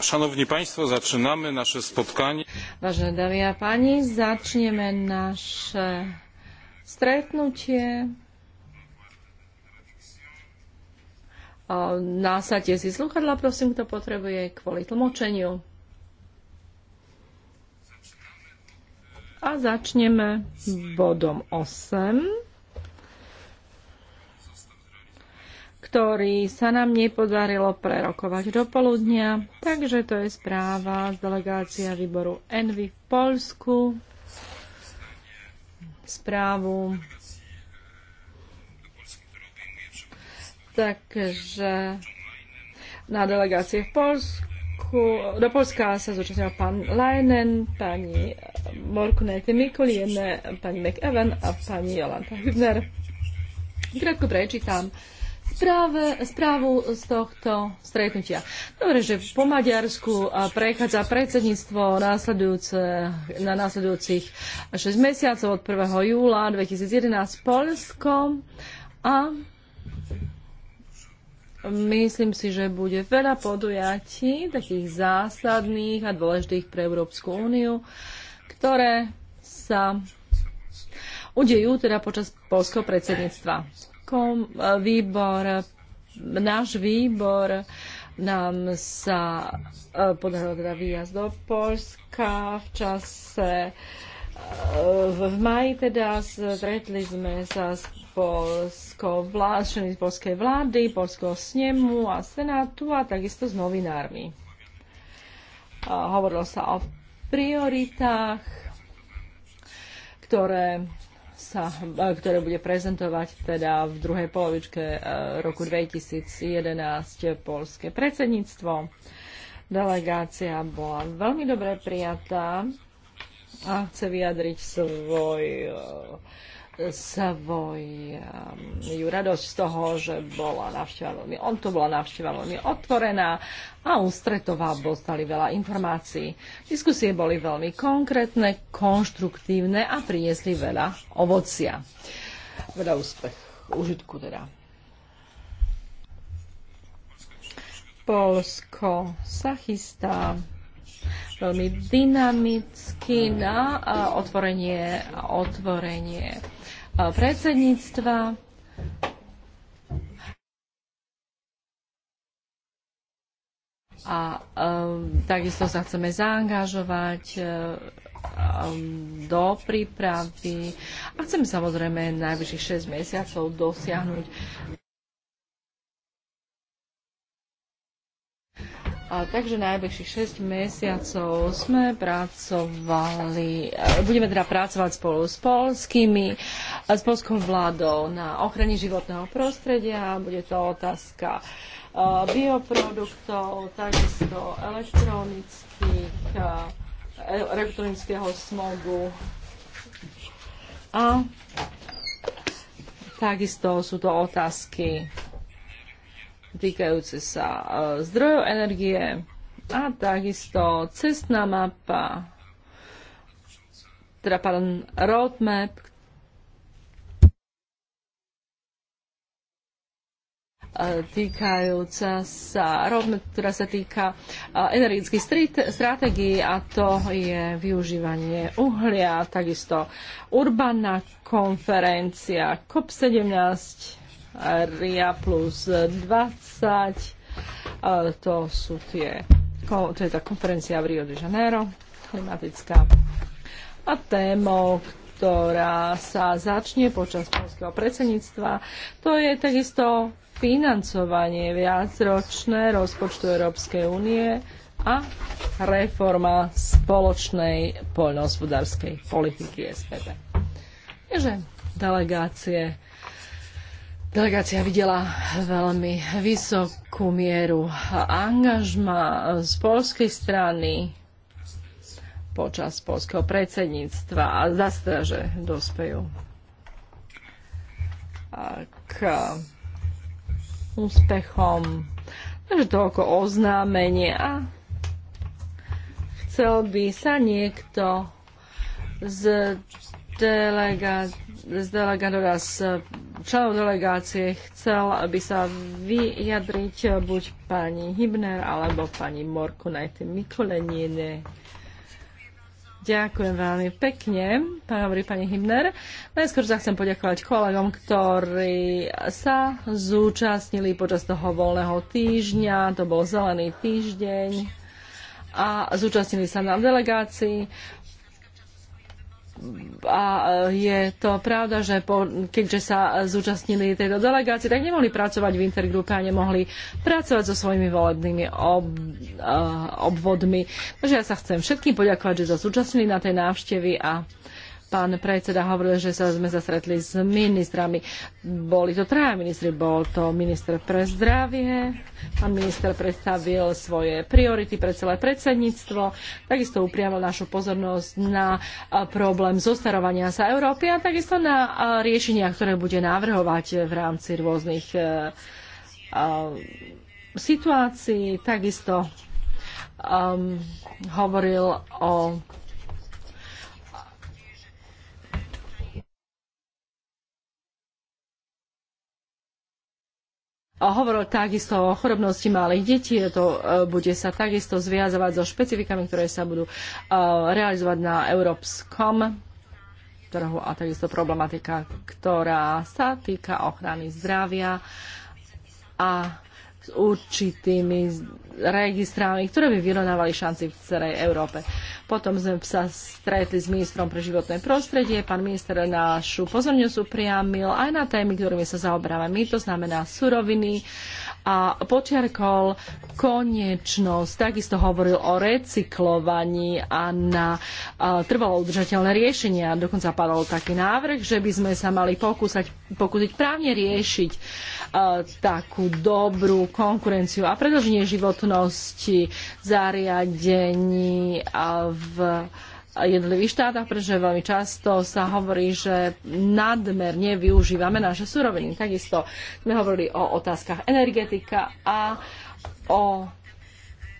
Szanowni Państwo, zaczynamy nasze spotkanie. Vážené a začneme naše si sluchadla, prosím, kto potrebuje kvôli tlmočeniu. A začneme bodom 8. ktorý sa nám nepodarilo prerokovať do poludnia. Takže to je správa z delegácia výboru Envy v Polsku. Správu. Takže na delegácie v Polsku. Do Polska sa zúčastnil pán Leinen, pani Morkunete Mikuliene, pani McEwen a pani Jolanta Hübner. Krátko prečítam Uh, správe, správu z tohto stretnutia. Dobre, že po Maďarsku prechádza predsedníctvo na následujúcich 6 mesiacov od 1. júla 2011 Polskom a Myslím si, že bude veľa podujatí, takých zásadných a dôležitých pre Európsku úniu, ktoré sa udejú teda počas polského predsedníctva kom, e, výbor, náš výbor nám sa e, podarilo teda výjazd do Polska v čase e, v maji teda stretli sme sa s polskou polskej vlády, polského snemu a senátu a takisto s novinármi. A hovorilo sa o prioritách, ktoré sa, e, ktoré bude prezentovať teda v druhej polovičke e, roku 2011 polské predsedníctvo. Delegácia bola veľmi dobre prijatá a chce vyjadriť svoj e, svoju um, radosť z toho, že bola návšteva veľmi, on to bola návšteva veľmi otvorená a ústretová dostali veľa informácií. Diskusie boli veľmi konkrétne, konštruktívne a priniesli veľa ovocia. Veľa úspech, užitku teda. Polsko sa chystá veľmi dynamicky na otvorenie, otvorenie predsedníctva. A ehm, takisto sa chceme zaangažovať ehm, do prípravy a chceme samozrejme najbližších 6 mesiacov dosiahnuť Takže najbližších 6 mesiacov sme pracovali, e, budeme teda pracovať spolu s polskými, e, s polskou vládou na ochrane životného prostredia. Bude to otázka e, bioproduktov, takisto elektronických, elektronického smogu. A takisto sú to otázky týkajúce sa e, zdrojov energie a takisto cestná mapa, teda pardon, roadmap, e, týkajúca sa, rovno, ktorá sa týka e, energetických stratégií a to je využívanie uhlia, takisto urbaná konferencia COP17 RIA plus 20. To, sú tie, to je tá konferencia v Rio de Janeiro, klimatická. A témou, ktorá sa začne počas polského predsedníctva, to je takisto financovanie viacročné rozpočtu Európskej únie a reforma spoločnej poľnohospodárskej politiky SPP. Takže delegácie Delegácia videla veľmi vysokú mieru angažma z polskej strany počas polského predsedníctva a zastá, teda, že dospejú k úspechom. Takže toľko oznámenie a chcel by sa niekto z delegát, členov delegácie chcel, by sa vyjadriť buď pani Hibner alebo pani Morkunajte Mikolenine. Ďakujem veľmi pekne, pán hovorí pani Himner. Najskôr sa chcem poďakovať kolegom, ktorí sa zúčastnili počas toho voľného týždňa, to bol zelený týždeň a zúčastnili sa na delegácii a e, je to pravda, že po, keďže sa zúčastnili tejto delegácie, tak nemohli pracovať v intergrupe a nemohli pracovať so svojimi volebnými ob, e, obvodmi. Takže ja sa chcem všetkým poďakovať, že sa zúčastnili na tej návštevy a Pán predseda hovoril, že sa sme zasretli s ministrami. Boli to traja ministri. Bol to minister pre zdravie. Pán minister predstavil svoje priority pre celé predsedníctvo. Takisto upriamil našu pozornosť na problém zostarovania sa Európy a takisto na riešenia, ktoré bude navrhovať v rámci rôznych e, situácií. Takisto um, hovoril o hovoril takisto o chorobnosti malých detí, to e, bude sa takisto zviazovať so špecifikami, ktoré sa budú e, realizovať na európskom trhu a takisto problematika, ktorá sa týka ochrany zdravia a s určitými registrami, ktoré by vyrovnávali šanci v celej Európe. Potom sme sa stretli s ministrom pre životné prostredie. Pán minister našu pozornosť upriamil aj na témy, ktorými sa zaoberáme my, to znamená suroviny a počiarkol konečnosť. Takisto hovoril o recyklovaní a na trvalo udržateľné riešenia. Dokonca padol taký návrh, že by sme sa mali pokúsať, pokúsiť právne riešiť takú dobrú konkurenciu a predlženie životnosti zariadení a v v jednotlivých štátach, pretože veľmi často sa hovorí, že nadmerne využívame naše suroviny. Takisto sme hovorili o otázkach energetika a o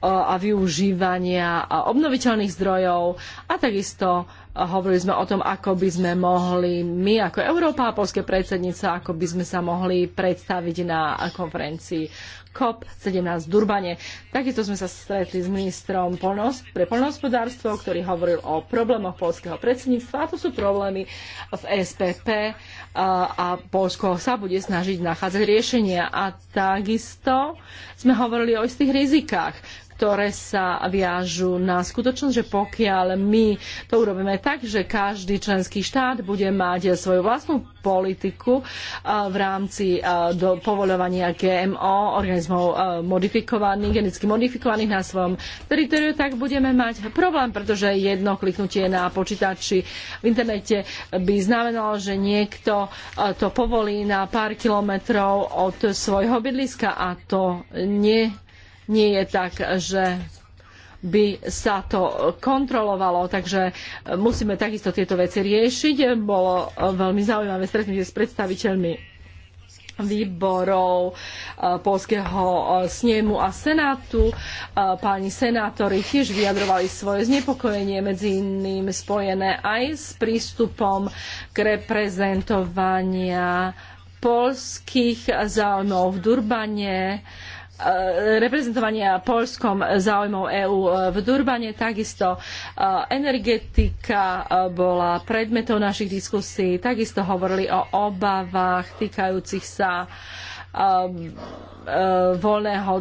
a využívania a obnoviteľných zdrojov a takisto hovorili sme o tom, ako by sme mohli my ako Európa a polské predsednica, ako by sme sa mohli predstaviť na konferencii COP17 v Durbane. Takisto sme sa stretli s ministrom pre poľnohospodárstvo, ktorý hovoril o problémoch polského predsedníctva. A to sú problémy v SPP a, a Polsko sa bude snažiť nachádzať riešenia. A takisto sme hovorili o istých rizikách, ktoré sa viažu na skutočnosť, že pokiaľ my to urobíme tak, že každý členský štát bude mať svoju vlastnú politiku eh, v rámci eh, do povoľovania GMO, organizmov eh, modifikovaných, geneticky modifikovaných na svojom teritoriu, tak budeme mať problém, pretože jedno kliknutie na počítači v internete by znamenalo, že niekto to povolí na pár kilometrov od svojho bydliska a to nie nie je tak, že by sa to kontrolovalo, takže e, musíme takisto tieto veci riešiť. Bolo e, veľmi zaujímavé stretnutie s predstaviteľmi výborov e, Polského snemu a senátu. Páni senátori tiež vyjadrovali svoje znepokojenie, medzi iným spojené aj s prístupom k reprezentovania polských záujmov v Durbane E, reprezentovania Polskom záujmov EÚ e, v Durbane. Takisto e, energetika bola predmetom našich diskusí. Takisto hovorili o obavách týkajúcich sa voľného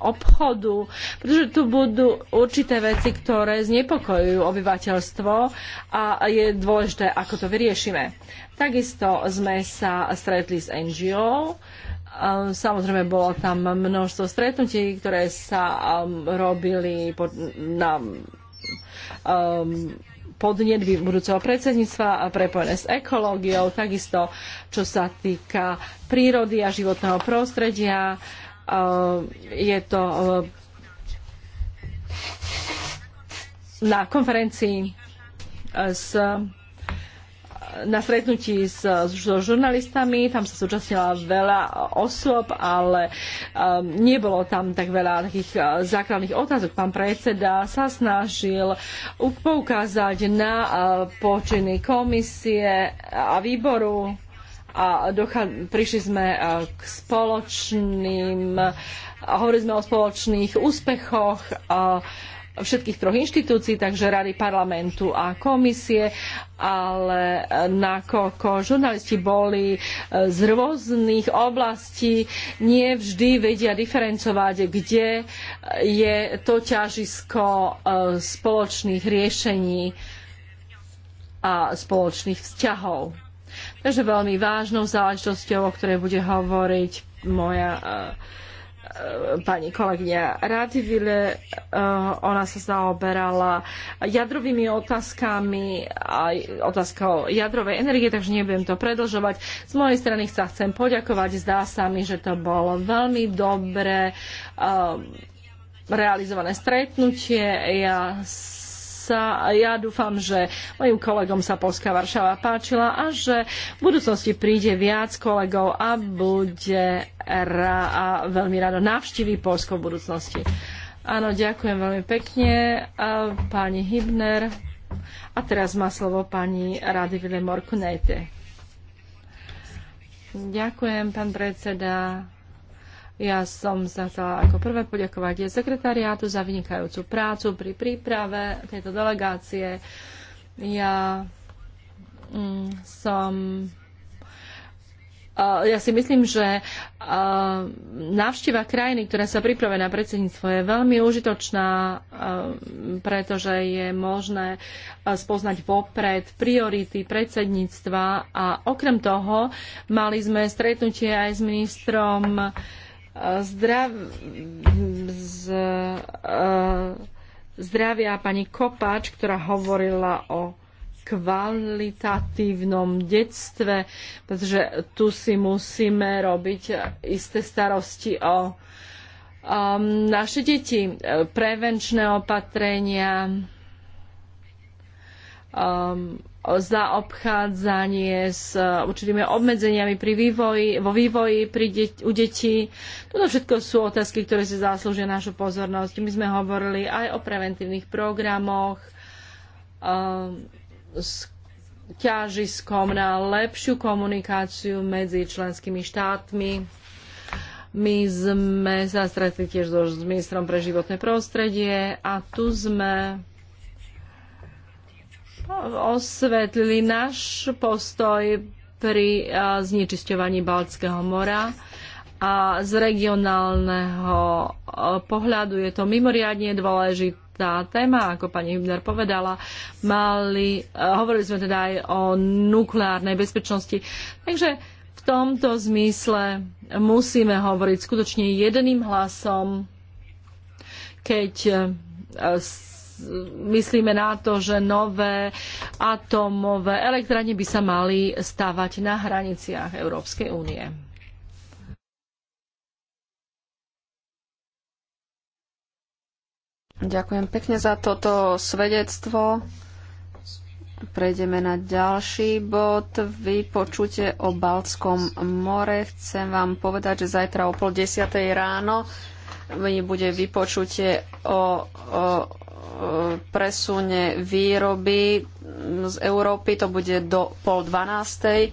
obchodu, pretože tu budú určité veci, ktoré znepokojujú obyvateľstvo a je dôležité, ako to vyriešime. Takisto sme sa stretli s NGO, Ehm, samozrejme, bolo tam množstvo stretnutí, ktoré sa ehm, robili pod, na um, ehm, podnet budúceho predsedníctva a prepojené s ekológiou, takisto čo sa týka prírody a životného prostredia. je to na konferencii e, s na stretnutí s, so žurnalistami, tam sa súčasnila veľa osôb, ale um, nebolo tam tak veľa takých uh, základných otázok. Pán predseda sa snažil poukázať na uh, počiny komisie a výboru a prišli sme uh, k spoločným, uh, hovorili sme o spoločných úspechoch, uh, všetkých troch inštitúcií, takže Rady parlamentu a komisie, ale nakoľko žurnalisti boli e, z rôznych oblastí, nie vždy vedia diferencovať, kde e, je to ťažisko e, spoločných riešení a spoločných vzťahov. Takže veľmi vážnou záležitosťou, o ktorej bude hovoriť moja uh, E, pani kolegyňa Radivile, e, ona sa zaoberala jadrovými otázkami aj otázkou jadrovej energie, takže nebudem to predlžovať. Z mojej strany sa chcem poďakovať. Zdá sa mi, že to bolo veľmi dobre realizované stretnutie. Ja sa a ja dúfam, že mojim kolegom sa Polská Varšava páčila a že v budúcnosti príde viac kolegov a bude ra a veľmi rado navštíví Polsko v budúcnosti. Áno, ďakujem veľmi pekne, pani Hibner. A teraz má slovo pani Radivile Morkunete. Ďakujem, pán predseda. Ja som sa chcela ako prvé poďakovať sekretariátu za vynikajúcu prácu pri príprave tejto delegácie. Ja mm, som ja si myslím, že návšteva krajiny, ktorá sa pripravuje na predsedníctvo, je veľmi užitočná, pretože je možné spoznať vopred priority predsedníctva a okrem toho mali sme stretnutie aj s ministrom zdrav, z, e, zdravia pani Kopáč, ktorá hovorila o kvalitatívnom detstve, pretože tu si musíme robiť isté starosti o um, naše deti, prevenčné opatrenia, um, zaobchádzanie s e, určitými obmedzeniami pri vývoji, vo vývoji pri de- u detí. Toto všetko sú otázky, ktoré si zaslúžia našu pozornosť. My sme hovorili aj o preventívnych programoch, um, s ťažiskom na lepšiu komunikáciu medzi členskými štátmi. My sme sa stretli tiež so, s ministrom pre životné prostredie a tu sme osvetlili náš postoj pri znečisťovaní Baltského mora a z regionálneho pohľadu je to mimoriadne dôležitá téma, ako pani Hübner povedala. Mali, hovorili sme teda aj o nukleárnej bezpečnosti. Takže v tomto zmysle musíme hovoriť skutočne jedným hlasom, keď myslíme na to, že nové atómové elektrárne by sa mali stavať na hraniciach Európskej únie. Ďakujem pekne za toto svedectvo. Prejdeme na ďalší bod. Vypočutie o Baltskom more. Chcem vám povedať, že zajtra o pol desiatej ráno bude vypočutie o, o presune výroby z Európy, to bude do pol dvanástej,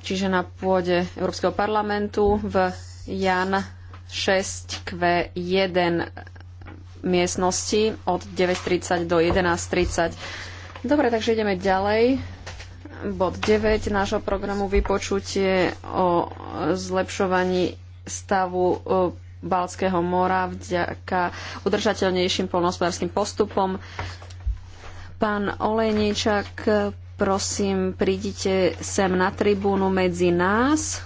čiže na pôde Európskeho parlamentu v Jan 6Q1 miestnosti od 9.30 do 11.30. Dobre, takže ideme ďalej. Bod 9 nášho programu vypočutie o zlepšovaní stavu e, Balckého mora vďaka udržateľnejším polnohospodárským postupom. Pán Olejničak, prosím, prídite sem na tribúnu medzi nás.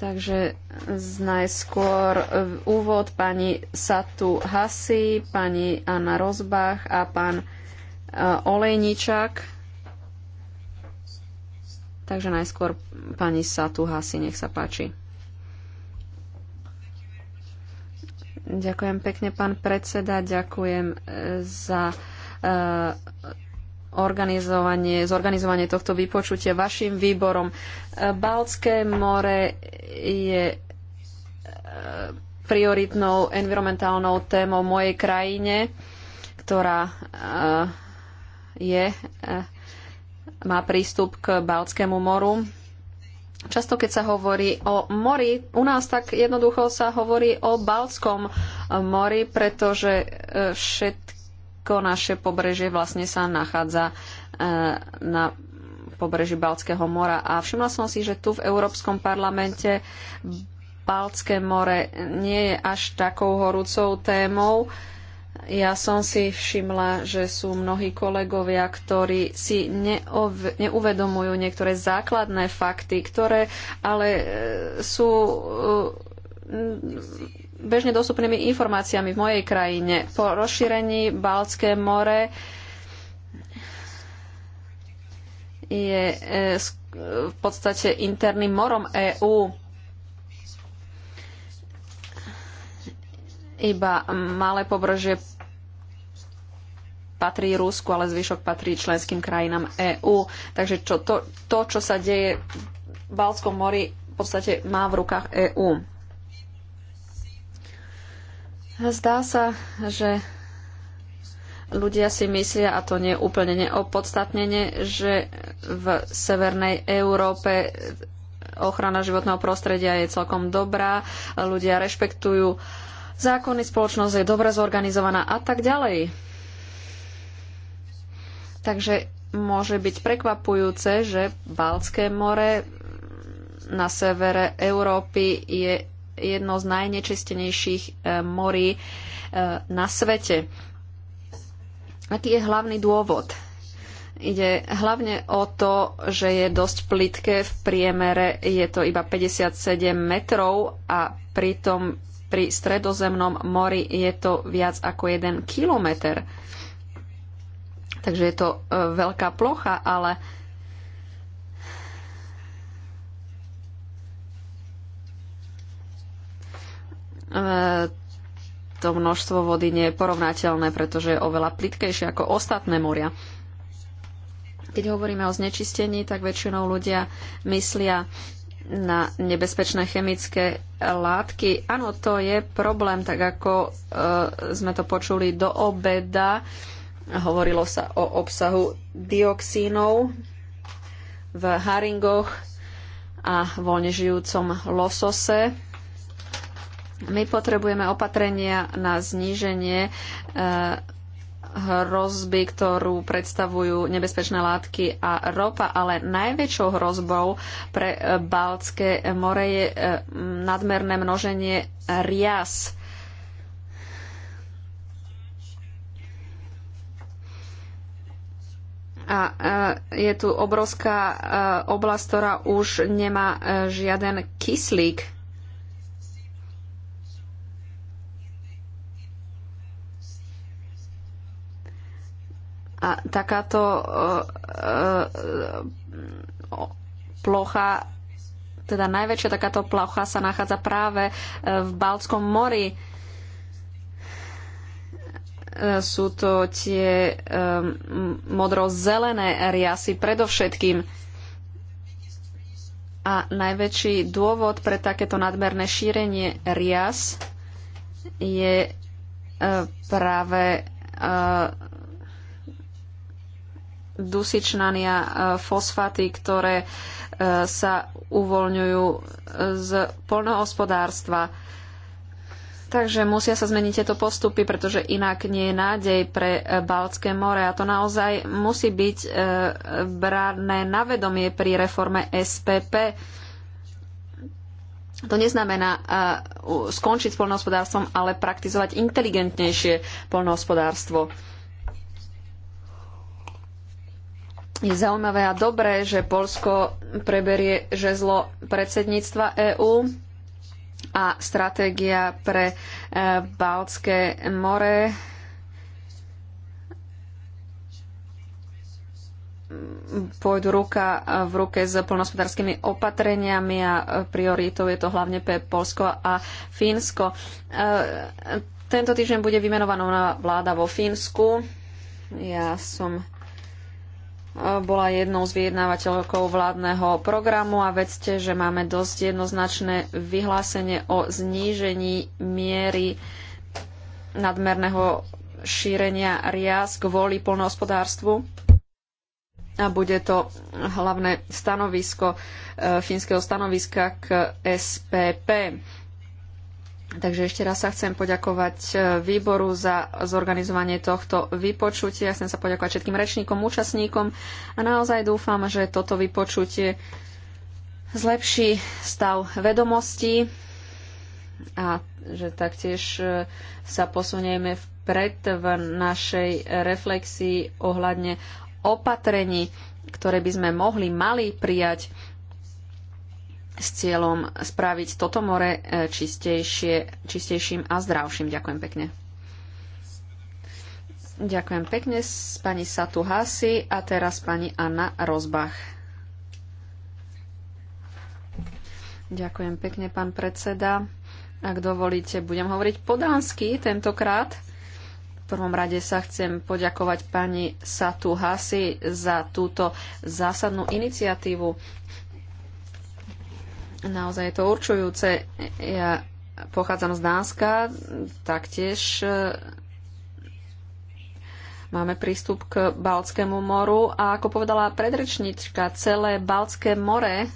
Takže najskôr úvod pani Satu Hasi, pani Anna Rozbach a pán e, Olejničak. Takže najskôr pani Hasi, nech sa páči. Ďakujem pekne, pán predseda. Ďakujem e, za e, organizovanie, zorganizovanie tohto vypočutia vašim výborom. E, Baltské more je prioritnou environmentálnou témou mojej krajine, ktorá je má prístup k Baltskému moru. Často, keď sa hovorí o mori, u nás tak jednoducho sa hovorí o Baltskom mori, pretože e, všetko naše pobrežie vlastne sa nachádza e, na pobreží Baltského mora. A všimla som si, že tu v Európskom parlamente Baltské more nie je až takou horúcou témou. Ja som si všimla, že sú mnohí kolegovia, ktorí si neuvedomujú niektoré základné fakty, ktoré ale e, sú e, bežne dostupnými informáciami v mojej krajine. Po rozšírení Baltské more je e, v podstate interným morom EÚ. Iba malé pobrožie patrí Rusku, ale zvyšok patrí členským krajinám EÚ. Takže čo, to, to, čo sa deje v Balskom mori, v podstate má v rukách EÚ. Zdá sa, že ľudia si myslia, a to nie je úplne neopodstatnenie, že v severnej Európe ochrana životného prostredia je celkom dobrá, ľudia rešpektujú zákony, spoločnosť je dobre zorganizovaná a tak ďalej. Takže môže byť prekvapujúce, že Baltské more na severe Európy je jedno z najnečistenejších e, morí e, na svete. Aký je hlavný dôvod? Ide hlavne o to, že je dosť plitké, v priemere je to iba 57 metrov a pritom pri stredozemnom mori je to viac ako jeden kilometr. Takže je to e, veľká plocha, ale e, to množstvo vody nie je porovnateľné, pretože je oveľa plitkejšie ako ostatné moria. Keď hovoríme o znečistení, tak väčšinou ľudia myslia na nebezpečné chemické látky. Áno, to je problém, tak ako e, sme to počuli do obeda. Hovorilo sa o obsahu dioxínov v haringoch a voľne žijúcom losose. My potrebujeme opatrenia na zníženie e, hrozby, ktorú predstavujú nebezpečné látky a ropa, ale najväčšou hrozbou pre e, Baltské more je e, nadmerné množenie rias. A e, je tu obrovská oblasť, ktorá už nemá žiaden kyslík A takáto e, e, plocha, teda najväčšia takáto plocha sa nachádza práve e, v Baltskom mori. Sú to tie modro-zelené riasy predovšetkým. A najväčší dôvod pre takéto nadmerné šírenie rias je práve dusičnania e, fosfaty, ktoré e, sa uvoľňujú e, z polnohospodárstva. Takže musia sa zmeniť tieto postupy, pretože inak nie je nádej pre Baltské more. A to naozaj musí byť brané na vedomie pri reforme SPP. To neznamená skončiť s polnohospodárstvom, ale praktizovať inteligentnejšie polnohospodárstvo. je zaujímavé a dobré, že Polsko preberie žezlo predsedníctva EÚ a stratégia pre e, Baltské more pôjdu ruka v ruke s plnohospodárskymi opatreniami a prioritou je to hlavne pre Polsko a Fínsko. E, tento týždeň bude vymenovaná vláda vo Fínsku. Ja som bola jednou z vyjednávateľkov vládneho programu a vedzte, že máme dosť jednoznačné vyhlásenie o znížení miery nadmerného šírenia rias kvôli polnohospodárstvu. A bude to hlavné stanovisko e, fínskeho stanoviska k SPP. Takže ešte raz sa chcem poďakovať e, výboru za zorganizovanie tohto vypočutia. Chcem sa poďakovať všetkým rečníkom, účastníkom a naozaj dúfam, že toto vypočutie zlepší stav vedomostí a že taktiež e, sa posunieme vpred v našej reflexii ohľadne opatrení, ktoré by sme mohli, mali prijať s cieľom spraviť toto more e, čistejšie, čistejším a zdravším. Ďakujem pekne. Ďakujem pekne pani Satu Hasi a teraz pani Anna Rozbach. Ďakujem pekne, pán predseda. Ak dovolíte, budem hovoriť po dánsky tentokrát. V prvom rade sa chcem poďakovať pani Satu Hasi za túto zásadnú iniciatívu. Naozaj je to určujúce. Ja pochádzam z Dánska, taktiež e, máme prístup k Baltskému moru a ako povedala predrečnička, celé Baltské more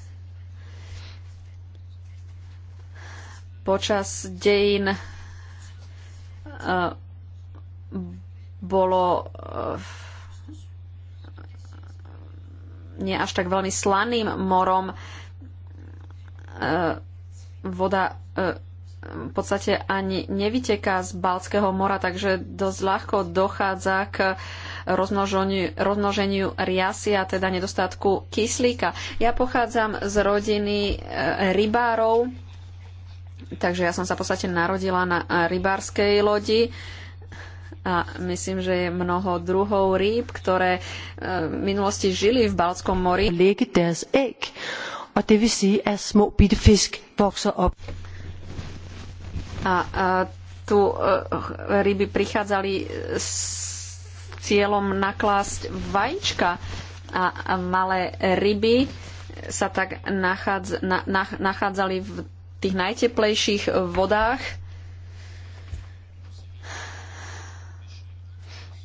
počas dejín e, bolo e, nie až tak veľmi slaným morom. E, voda e, v podstate ani nevyteká z Balckého mora, takže dosť ľahko dochádza k rozmnoženiu, rozmnoženiu riasy a teda nedostatku kyslíka. Ja pochádzam z rodiny e, rybárov, takže ja som sa v podstate narodila na rybárskej lodi a myslím, že je mnoho druhov rýb, ktoré v minulosti žili v Balckom mori. Legge deres æg og det vil sige, at små bitte fisk vokser op. A, a tu e, ryby prichádzali s cieľom naklásť vajíčka a malé ryby sa tak nachádz, na, na, nachádzali v tých najteplejších vodách.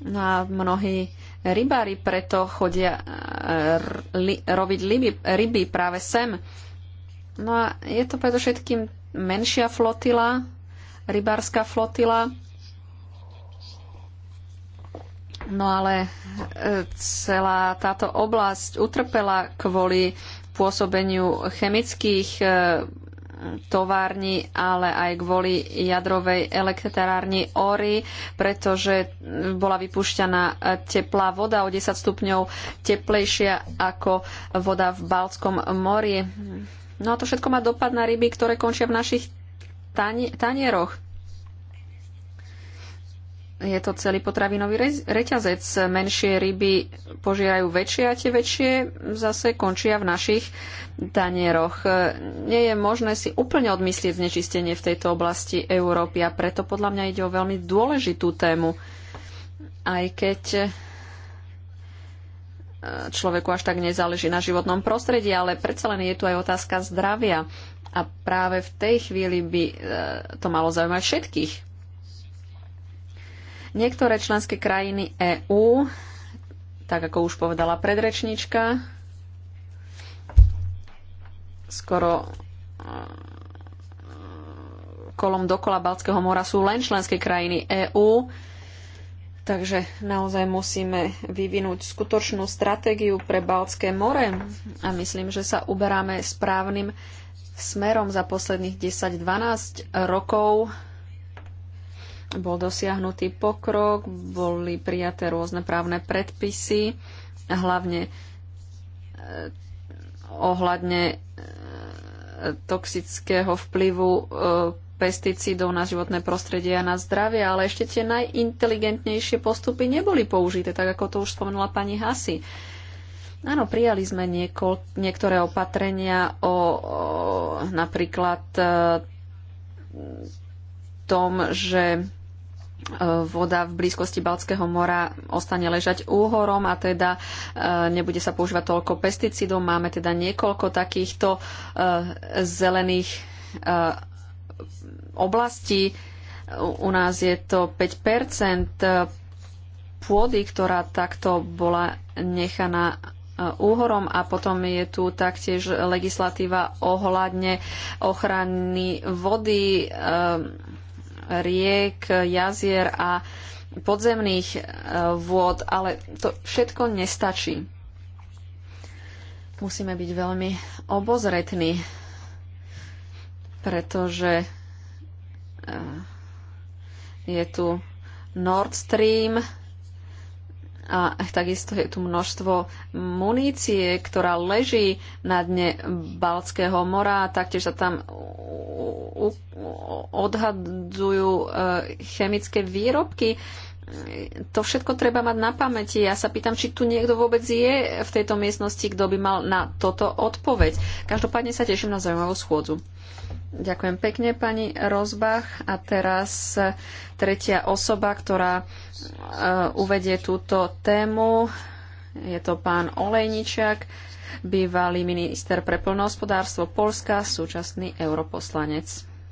No a mnohí rybári preto chodia eh, li, robiť ryby, ryby práve sem. No a je to predovšetkým menšia flotila, rybárska flotila. No ale eh, celá táto oblasť utrpela kvôli pôsobeniu chemických eh, továrni, ale aj kvôli jadrovej elektrárni Ory, pretože bola vypušťaná teplá voda o 10 stupňov teplejšia ako voda v Baltskom mori. No a to všetko má dopad na ryby, ktoré končia v našich tanieroch je to celý potravinový reťazec. Menšie ryby požierajú väčšie a tie väčšie zase končia v našich tanieroch. Nie je možné si úplne odmyslieť znečistenie v tejto oblasti Európy a preto podľa mňa ide o veľmi dôležitú tému. Aj keď e, človeku až tak nezáleží na životnom prostredí, ale predsa len je tu aj otázka zdravia. A práve v tej chvíli by e, to malo zaujímať všetkých. Niektoré členské krajiny EÚ, tak ako už povedala predrečníčka, skoro eh, kolom dokola Baltského mora sú len členské krajiny EÚ. Takže naozaj musíme vyvinúť skutočnú stratégiu pre Baltské more a myslím, že sa uberáme správnym smerom za posledných 10-12 rokov bol dosiahnutý pokrok, boli prijaté rôzne právne predpisy, hlavne eh, ohľadne eh, toxického vplyvu eh, pesticídov na životné prostredie a na zdravie, ale ešte tie najinteligentnejšie postupy neboli použité, tak ako to už spomenula pani Hasi. Áno, prijali sme niekoľ, niektoré opatrenia o, o napríklad e, tom, že voda v blízkosti Balckého mora ostane ležať úhorom a teda e, nebude sa používať toľko pesticídov. Máme teda niekoľko takýchto e, zelených e, oblastí. U nás je to 5 pôdy, ktorá takto bola nechaná úhorom a potom je tu taktiež legislatíva ohľadne ochrany vody riek, jazier a podzemných e, vôd, ale to všetko nestačí. Musíme byť veľmi obozretní, pretože e, je tu Nord Stream, a takisto je tu množstvo munície, ktorá leží na dne Balckého mora. Taktiež sa tam odhadzujú e, chemické výrobky. To všetko treba mať na pamäti. Ja sa pýtam, či tu niekto vôbec je v tejto miestnosti, kto by mal na toto odpoveď. Každopádne sa teším na zaujímavú schôdzu. Ďakujem pekne, pani Rozbach. A teraz tretia osoba, ktorá e, uvedie túto tému. Je to pán Olejničak, bývalý minister pre plnohospodárstvo Polska, súčasný europoslanec.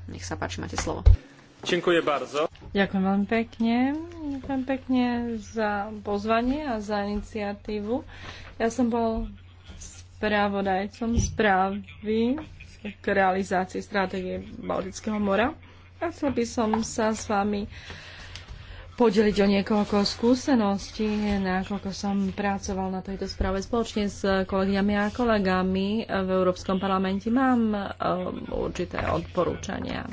Nech sa páči, máte slovo. Ďakujem bardzo. Ďakujem veľmi pekne. Ďakujem pekne za pozvanie a za iniciatívu. Ja som bol správodajcom správy k realizácii stratégie Baltického mora. A chcel by som sa s vami podeliť o niekoľko skúseností, nakoľko som pracoval na tejto správe spoločne s kolegyňami a kolegami v Európskom parlamente. Mám um, určité odporúčania.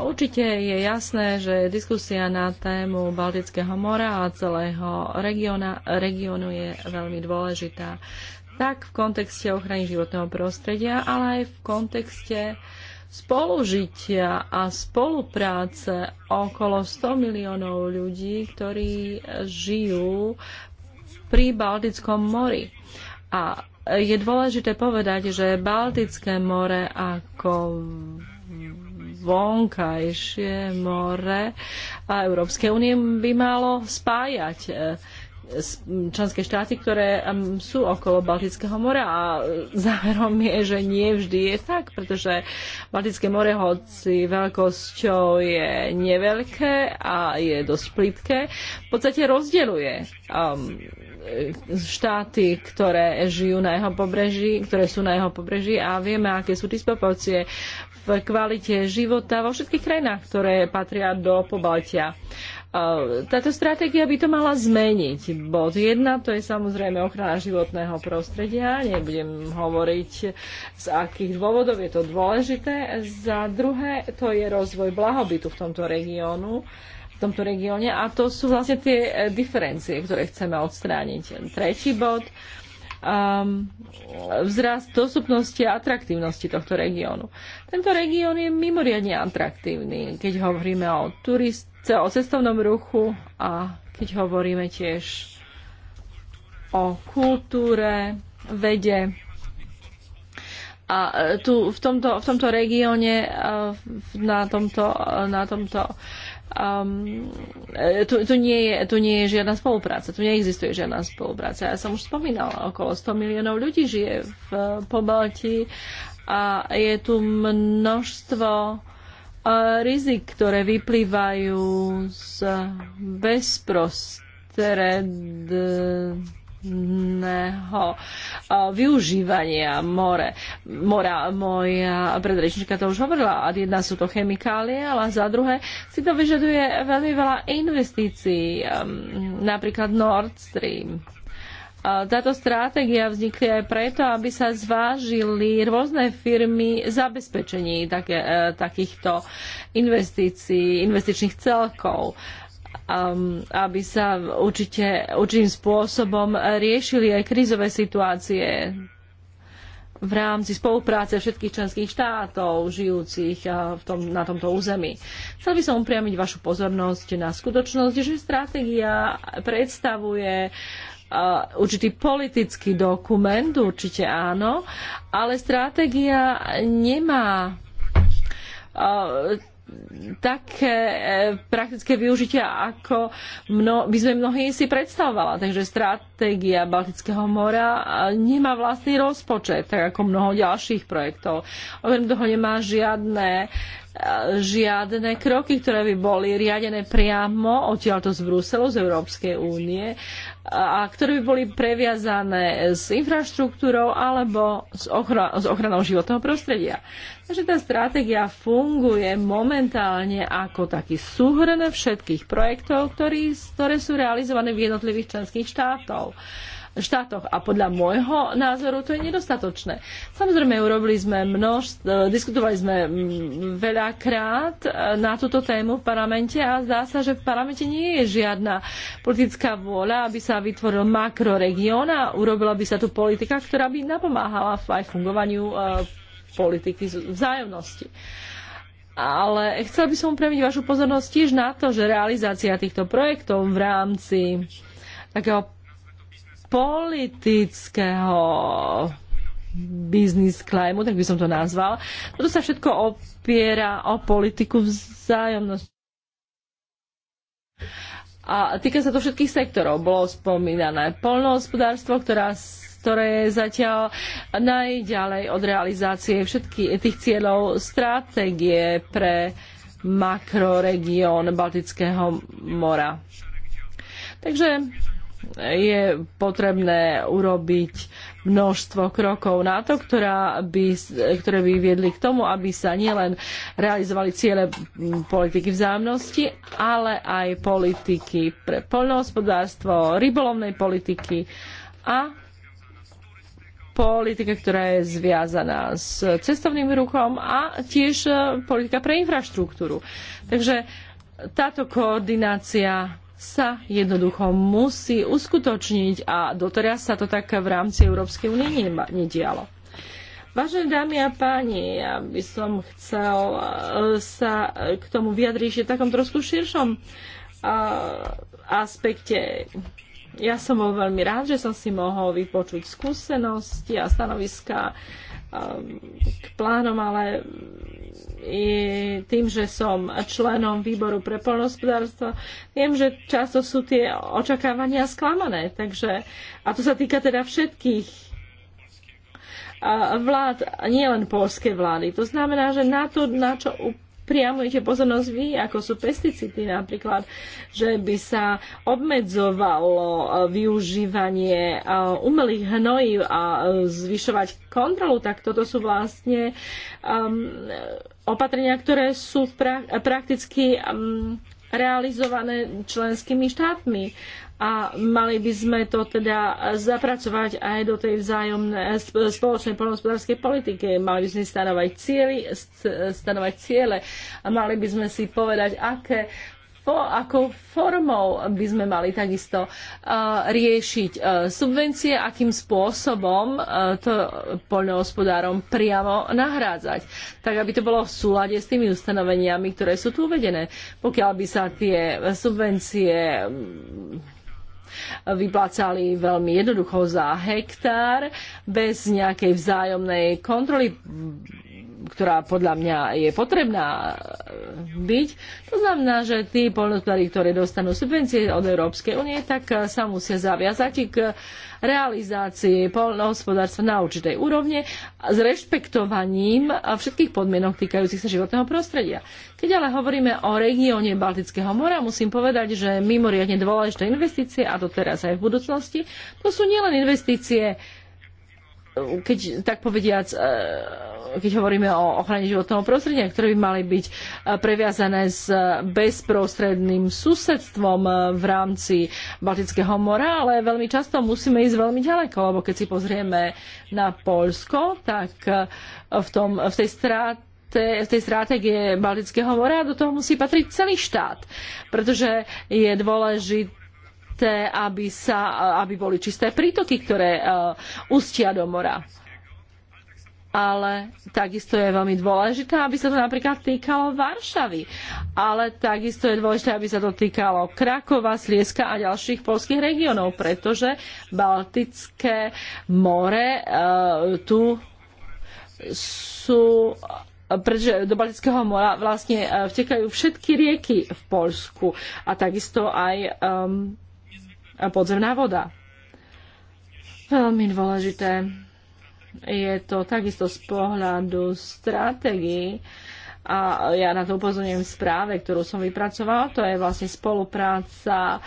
Určite je jasné, že diskusia na tému Baltického mora a celého regiona, regionu je veľmi dôležitá tak v kontexte ochrany životného prostredia, ale aj v kontexte spolužitia a spolupráce okolo 100 miliónov ľudí, ktorí žijú pri Baltickom mori. A je dôležité povedať, že Baltické more ako vonkajšie more a Európskej únie by malo spájať eh, členské štáty, ktoré sú okolo Baltického mora a záverom je, že nie vždy je tak, pretože Baltické more, hoci veľkosťou je neveľké a je dosť plitké, v podstate rozdeľuje um, štáty, ktoré žijú na jeho pobreží, ktoré sú na jeho pobreží a vieme, aké sú disproporcie v kvalite života vo všetkých krajinách, ktoré patria do Pobaltia. Eh, táto stratégia by to mala zmeniť. Bod jedna, to je samozrejme ochrana životného prostredia. Nebudem hovoriť z akých dôvodov je to dôležité. Za druhé to je rozvoj blahobytu v tomto regiónu v tomto regióne a to sú vlastne tie eh, diferencie, ktoré chceme odstrániť. Tretí bod, um, vzrast dostupnosti a atraktívnosti tohto regiónu. Tento región je mimoriadne atraktívny, keď hovoríme o turist, o cestovnom ruchu a keď hovoríme tiež o kultúre, vede. A e, tu v tomto, v tomto regióne, e, na tomto, e, na tomto Um, tu, tu, nie je, tu nie je žiadna spolupráca, tu neexistuje žiadna spolupráca. Ja som už spomínala, okolo 100 miliónov ľudí žije v Pobalti a je tu množstvo rizik, ktoré vyplývajú z bezprostredného využívania more. Mora, moja predrečnička to už hovorila, a jedna sú to chemikálie, ale za druhé si to vyžaduje veľmi veľa investícií, um, napríklad Nord Stream táto stratégia vznikla aj preto, aby sa zvážili rôzne firmy zabezpečení také, e, takýchto investícií, investičných celkov aby sa určite, určitým spôsobom riešili aj krízové situácie v rámci spolupráce všetkých členských štátov žijúcich v tom, na tomto území. Chcel by som upriamiť vašu pozornosť na skutočnosť, že stratégia predstavuje Uh, určitý politický dokument, určite áno, ale stratégia nemá uh, také uh, praktické využitia, ako mno, by sme mnohí si predstavovala. Takže stratégia Baltického mora nemá vlastný rozpočet, tak ako mnoho ďalších projektov. Okrem toho nemá žiadne žiadne kroky, ktoré by boli riadené priamo odtiaľto z Bruselu, z Európskej únie a ktoré by boli previazané s infraštruktúrou alebo s, ochra- s ochranou životného prostredia. Takže tá stratégia funguje momentálne ako taký súhrn všetkých projektov, ktorý, ktoré sú realizované v jednotlivých členských štátoch štátoch. A podľa môjho názoru to je nedostatočné. Samozrejme, urobili sme množstvo, e, diskutovali sme mm, veľakrát e, na túto tému v parlamente a zdá sa, že v parlamente nie je žiadna politická vôľa, aby sa vytvoril makroregión a urobila by sa tu politika, ktorá by napomáhala aj fungovaniu e, politiky vzájomnosti. Ale chcel by som upremiť vašu pozornosť tiež na to, že realizácia týchto projektov v rámci takého politického biznis climate, tak by som to nazval. Toto sa všetko opiera o politiku vzájomnosti. A týka sa to všetkých sektorov. Bolo spomínané polnohospodárstvo, ktorá, ktoré je zatiaľ najďalej od realizácie všetkých tých cieľov stratégie pre makroregión Baltického mora. Takže je potrebné urobiť množstvo krokov na to, ktorá by, ktoré by viedli k tomu, aby sa nielen realizovali ciele politiky vzájomnosti, ale aj politiky pre poľnohospodárstvo, rybolovnej politiky a politika, ktorá je zviazaná s cestovným ruchom a tiež e, politika pre infraštruktúru. Takže táto koordinácia sa jednoducho musí uskutočniť a doteraz sa to tak v rámci Európskej únie nedialo. Vážené dámy a páni, ja by som chcel e, sa k tomu vyjadriť v takom trošku širšom e, aspekte. Ja som bol veľmi rád, že som si mohol vypočuť skúsenosti a stanoviska e, k plánom, ale i tým, že som členom výboru pre polnohospodárstvo, viem, že často sú tie očakávania sklamané. Takže, a to sa týka teda všetkých vlád, nielen polskej vlády. To znamená, že na to, na čo priamujete pozornosť vy, ako sú pesticídy napríklad, že by sa obmedzovalo e, využívanie e, umelých hnojív a e, zvyšovať kontrolu, tak toto sú vlastne um, opatrenia, ktoré sú pra- prakticky um, realizované členskými štátmi a mali by sme to teda zapracovať aj do tej vzájomnej spoločnej poľnohospodárskej politiky. Mali by sme stanovať, cieľi, stanovať ciele a mali by sme si povedať, aké po, akou formou by sme mali takisto uh, riešiť uh, subvencie, akým spôsobom uh, to poľnohospodárom priamo nahrádzať. Tak, aby to bolo v súlade s tými ustanoveniami, ktoré sú tu uvedené. Pokiaľ by sa tie subvencie um, vyplácali veľmi jednoducho za hektár, bez nejakej vzájomnej kontroly ktorá podľa mňa je potrebná byť. To znamená, že tí polnospodári, ktorí dostanú subvencie od Európskej únie, tak eh, sa musia zaviazať k realizácii polnohospodárstva na určitej úrovne s rešpektovaním všetkých podmienok týkajúcich sa životného prostredia. Keď ale hovoríme o regióne Baltického mora, musím povedať, že mimoriadne dôležité investície, a to teraz aj v budúcnosti, to sú nielen investície eh, keď tak povediac eh, keď hovoríme o ochrane životného prostredia, ktoré by mali byť e, previazané s bezprostredným susedstvom e, v rámci Baltického mora, ale veľmi často musíme ísť veľmi ďaleko, lebo keď si pozrieme na Polsko, tak e, v, tom, v tej stráte v tej stratégie Baltického mora do toho musí patriť celý štát, pretože je dôležité dôležité, aby, sa, aby boli čisté prítoky, ktoré uh, ustia do mora ale takisto je veľmi dôležité, aby sa to napríklad týkalo Varšavy. Ale takisto je dôležité, aby sa to týkalo Krakova, Slieska a ďalších polských regiónov, pretože Baltické more e, tu sú pretože do Baltického mora vlastne e, vtekajú všetky rieky v Poľsku a takisto aj um, podzemná voda. Veľmi dôležité je to takisto z pohľadu stratégií a ja na to upozorujem v správe, ktorú som vypracoval, to je vlastne spolupráca e,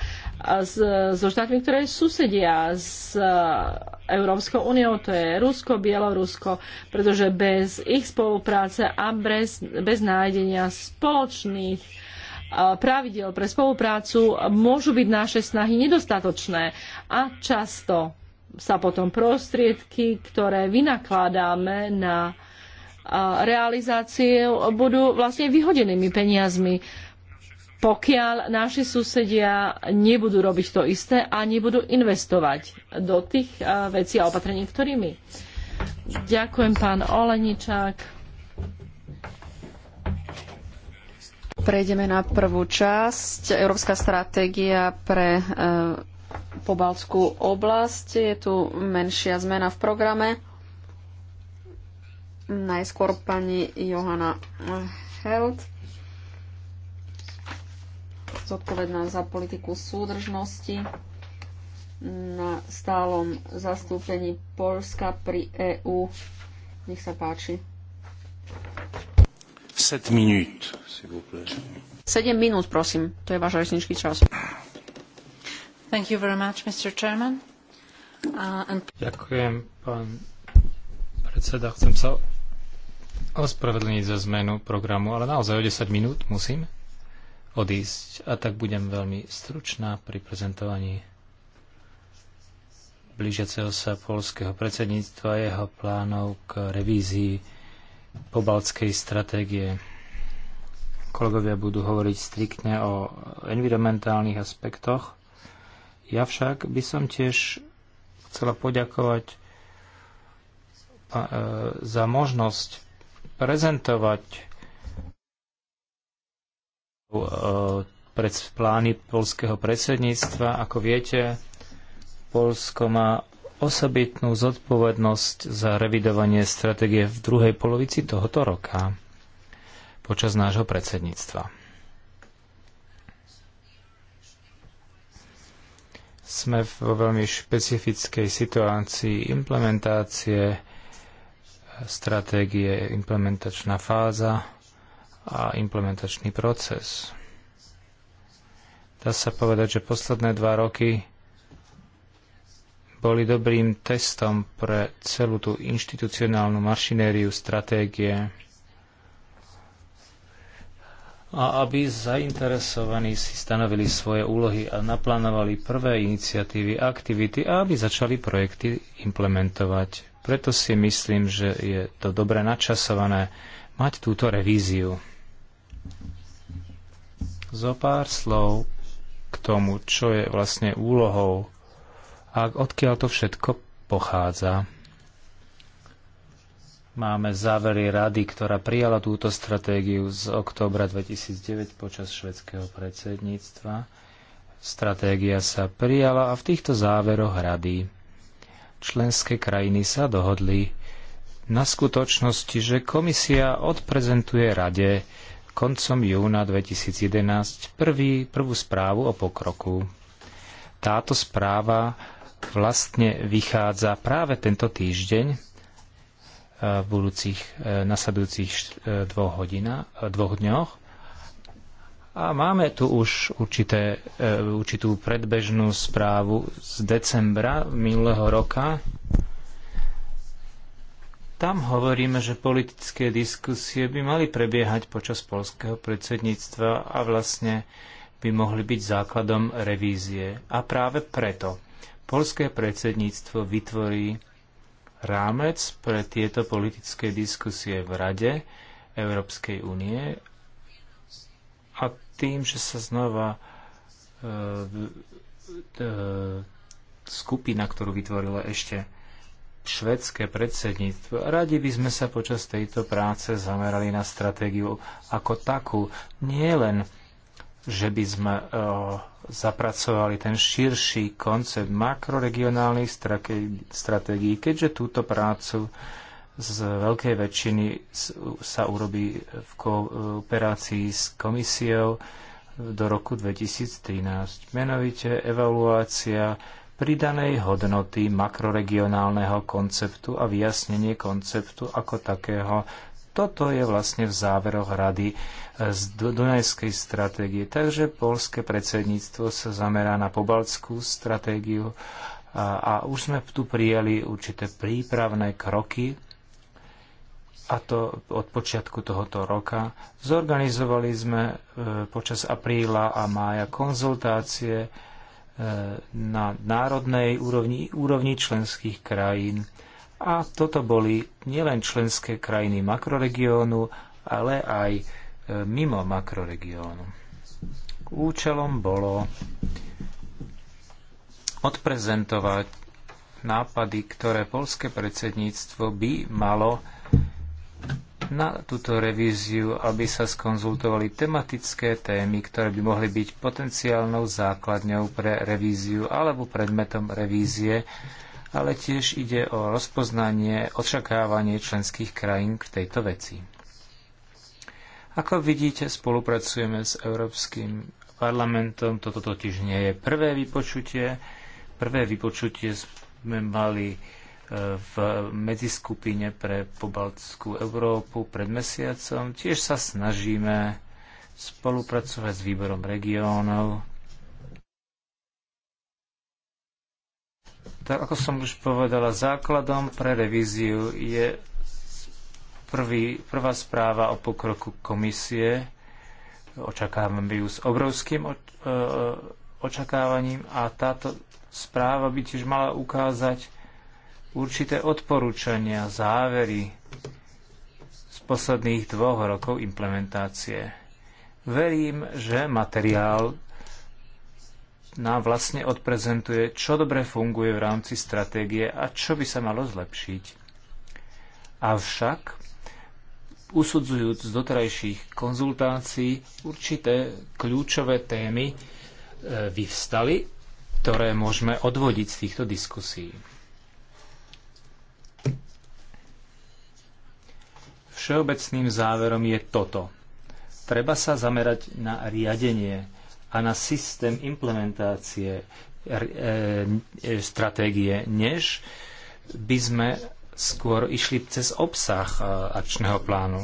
s, so štátmi, ktoré susedia s e, Európskou úniou, to je Rusko, Bielorusko, pretože bez ich spolupráce a bez, bez nájdenia spoločných e, pravidel pre spoluprácu môžu byť naše snahy nedostatočné a často sa potom prostriedky, ktoré vynakladáme na realizácie, budú vlastne vyhodenými peniazmi, pokiaľ naši susedia nebudú robiť to isté a nebudú investovať do tých vecí a opatrení, ktorými. Ďakujem, pán Oleničák. Prejdeme na prvú časť. Európska stratégia pre e, pobalskú oblasť. Je tu menšia zmena v programe. Najskôr pani Johana Held, zodpovedná za politiku súdržnosti na stálom zastúpení Polska pri EÚ. Nech sa páči. 7 minút, 7 minút, prosím. To je váš rečnícky čas. Much, uh, and... Ďakujem, pán predseda. Chcem sa ospravedlniť za zmenu programu, ale naozaj o 10 minút musím odísť a tak budem veľmi stručná pri prezentovaní blížiaceho sa polského predsedníctva a jeho plánov k revízii pobaltskej stratégie. Kolegovia budú hovoriť striktne o environmentálnych aspektoch ja však by som tiež chcela poďakovať e, za možnosť prezentovať e, pred plány polského predsedníctva. Ako viete, Polsko má osobitnú zodpovednosť za revidovanie stratégie v druhej polovici tohoto roka počas nášho predsedníctva. Sme vo veľmi špecifickej situácii implementácie e, stratégie, implementačná fáza a implementačný proces. Dá sa povedať, že posledné dva roky boli dobrým testom pre celú tú inštitucionálnu mašinériu stratégie a aby zainteresovaní si stanovili svoje úlohy a naplánovali prvé iniciatívy, aktivity a aby začali projekty implementovať. Preto si myslím, že je to dobre načasované mať túto revíziu. Zo pár slov k tomu, čo je vlastne úlohou a odkiaľ to všetko pochádza. Máme závery rady, ktorá prijala túto stratégiu z októbra 2009 počas švedského predsedníctva. Stratégia sa prijala a v týchto záveroch rady členské krajiny sa dohodli na skutočnosti, že komisia odprezentuje rade koncom júna 2011 prvý, prvú správu o pokroku. Táto správa vlastne vychádza práve tento týždeň v budúcich e, nasledujúcich e, dvoch, hodina, e, dvoch dňoch. A máme tu už určité, určitú predbežnú správu z decembra minulého roka. Tam hovoríme, že politické diskusie by mali prebiehať počas polského predsedníctva a vlastne by mohli byť základom revízie. A práve preto polské predsedníctvo vytvorí rámec pre tieto politické diskusie v Rade Európskej únie a tým, že sa znova e, e, skupina, ktorú vytvorilo ešte švedské predsedníctvo. Radi by sme sa počas tejto práce zamerali na stratégiu ako takú, nie len že by sme e, zapracovali ten širší koncept makroregionálnych stratégií, keďže túto prácu z veľkej väčšiny sa urobí v kooperácii s komisiou do roku 2013. Menovite evaluácia pridanej hodnoty makroregionálneho konceptu a vyjasnenie konceptu ako takého toto je vlastne v záveroch rady e, z Dunajskej stratégie. Takže polské predsedníctvo sa zamerá na pobaltskú stratégiu a, a už sme tu prijali určité prípravné kroky a to od počiatku tohoto roka. Zorganizovali sme e, počas apríla a mája konzultácie e, na národnej úrovni, úrovni členských krajín a toto boli nielen členské krajiny makroregiónu, ale aj e, mimo makroregiónu. Účelom bolo odprezentovať nápady, ktoré polské predsedníctvo by malo na túto revíziu, aby sa skonzultovali tematické témy, ktoré by mohli byť potenciálnou základňou pre revíziu alebo predmetom revízie ale tiež ide o rozpoznanie očakávanie členských krajín k tejto veci. Ako vidíte, spolupracujeme s Európskym parlamentom. Toto totiž nie je prvé vypočutie. Prvé vypočutie sme mali e, v medziskupine pre pobaltskú Európu pred mesiacom. Tiež sa snažíme spolupracovať s výborom regiónov Tak ako som už povedala, základom pre revíziu je prvý, prvá správa o pokroku komisie. Očakávame ju s obrovským e, očakávaním a táto správa by tiež mala ukázať určité odporúčania, závery z posledných dvoch rokov implementácie. Verím, že materiál nám vlastne odprezentuje, čo dobre funguje v rámci stratégie a čo by sa malo zlepšiť. Avšak, usudzujúc z doterajších konzultácií, určité kľúčové témy e, vyvstali, ktoré môžeme odvodiť z týchto diskusí. Všeobecným záverom je toto. Treba sa zamerať na riadenie a na systém implementácie e, e, stratégie, než by sme skôr išli cez obsah e, akčného plánu.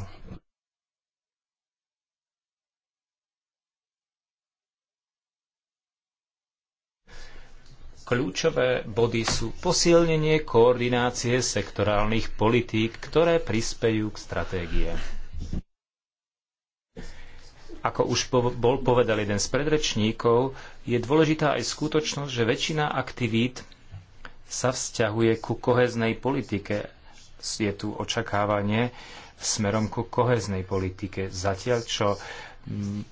Kľúčové body sú posilnenie koordinácie sektorálnych politík, ktoré prispejú k stratégie. Ako už po, bol povedal jeden z predrečníkov, je dôležitá aj skutočnosť, že väčšina aktivít sa vzťahuje ku koheznej politike. Je tu očakávanie smerom ku koheznej politike. Zatiaľ, čo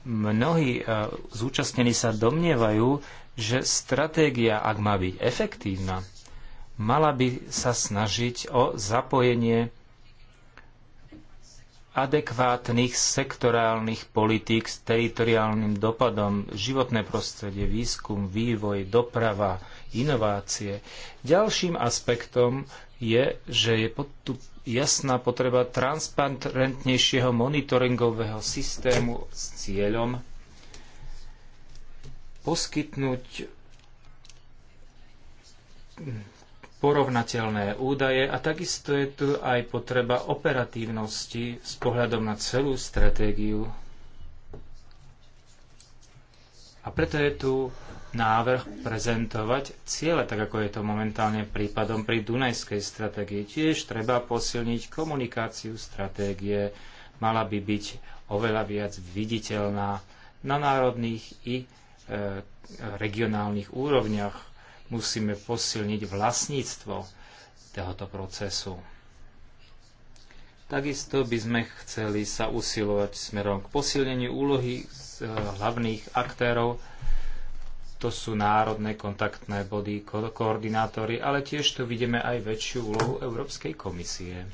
mnohí e, zúčastnení sa domnievajú, že stratégia, ak má byť efektívna, mala by sa snažiť o zapojenie adekvátnych sektorálnych politík s teritoriálnym dopadom, životné prostredie, výskum, vývoj, doprava, inovácie. Ďalším aspektom je, že je tu jasná potreba transparentnejšieho monitoringového systému s cieľom poskytnúť porovnateľné údaje a takisto je tu aj potreba operatívnosti s pohľadom na celú stratégiu. A preto je tu návrh prezentovať ciele, tak ako je to momentálne prípadom pri Dunajskej stratégii. Tiež treba posilniť komunikáciu stratégie, mala by byť oveľa viac viditeľná na národných i e, regionálnych úrovniach musíme posilniť vlastníctvo tohoto procesu. Takisto by sme chceli sa usilovať smerom k posilneniu úlohy e, hlavných aktérov. To sú národné kontaktné body, ko- koordinátory, ale tiež tu vidíme aj väčšiu úlohu Európskej komisie. E,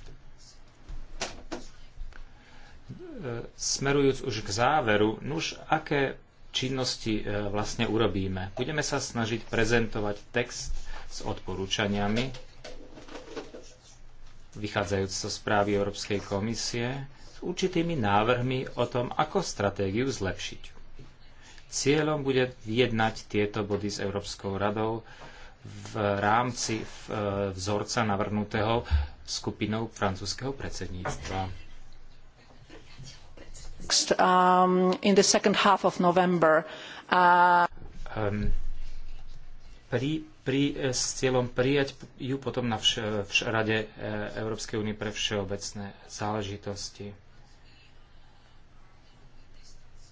smerujúc už k záveru, nuž aké činnosti e, vlastne urobíme. Budeme sa snažiť prezentovať text s odporúčaniami, vychádzajúc zo správy Európskej komisie, s určitými návrhmi o tom, ako stratégiu zlepšiť. Cieľom bude vyjednať tieto body s Európskou radou v rámci e, vzorca navrhnutého skupinou francúzskeho predsedníctva. Um, in the second half of November. Uh... Um, pri, pri, eh, s cieľom prijať ju potom na vš, eh, vš, Rade eh, Európskej únie pre všeobecné záležitosti.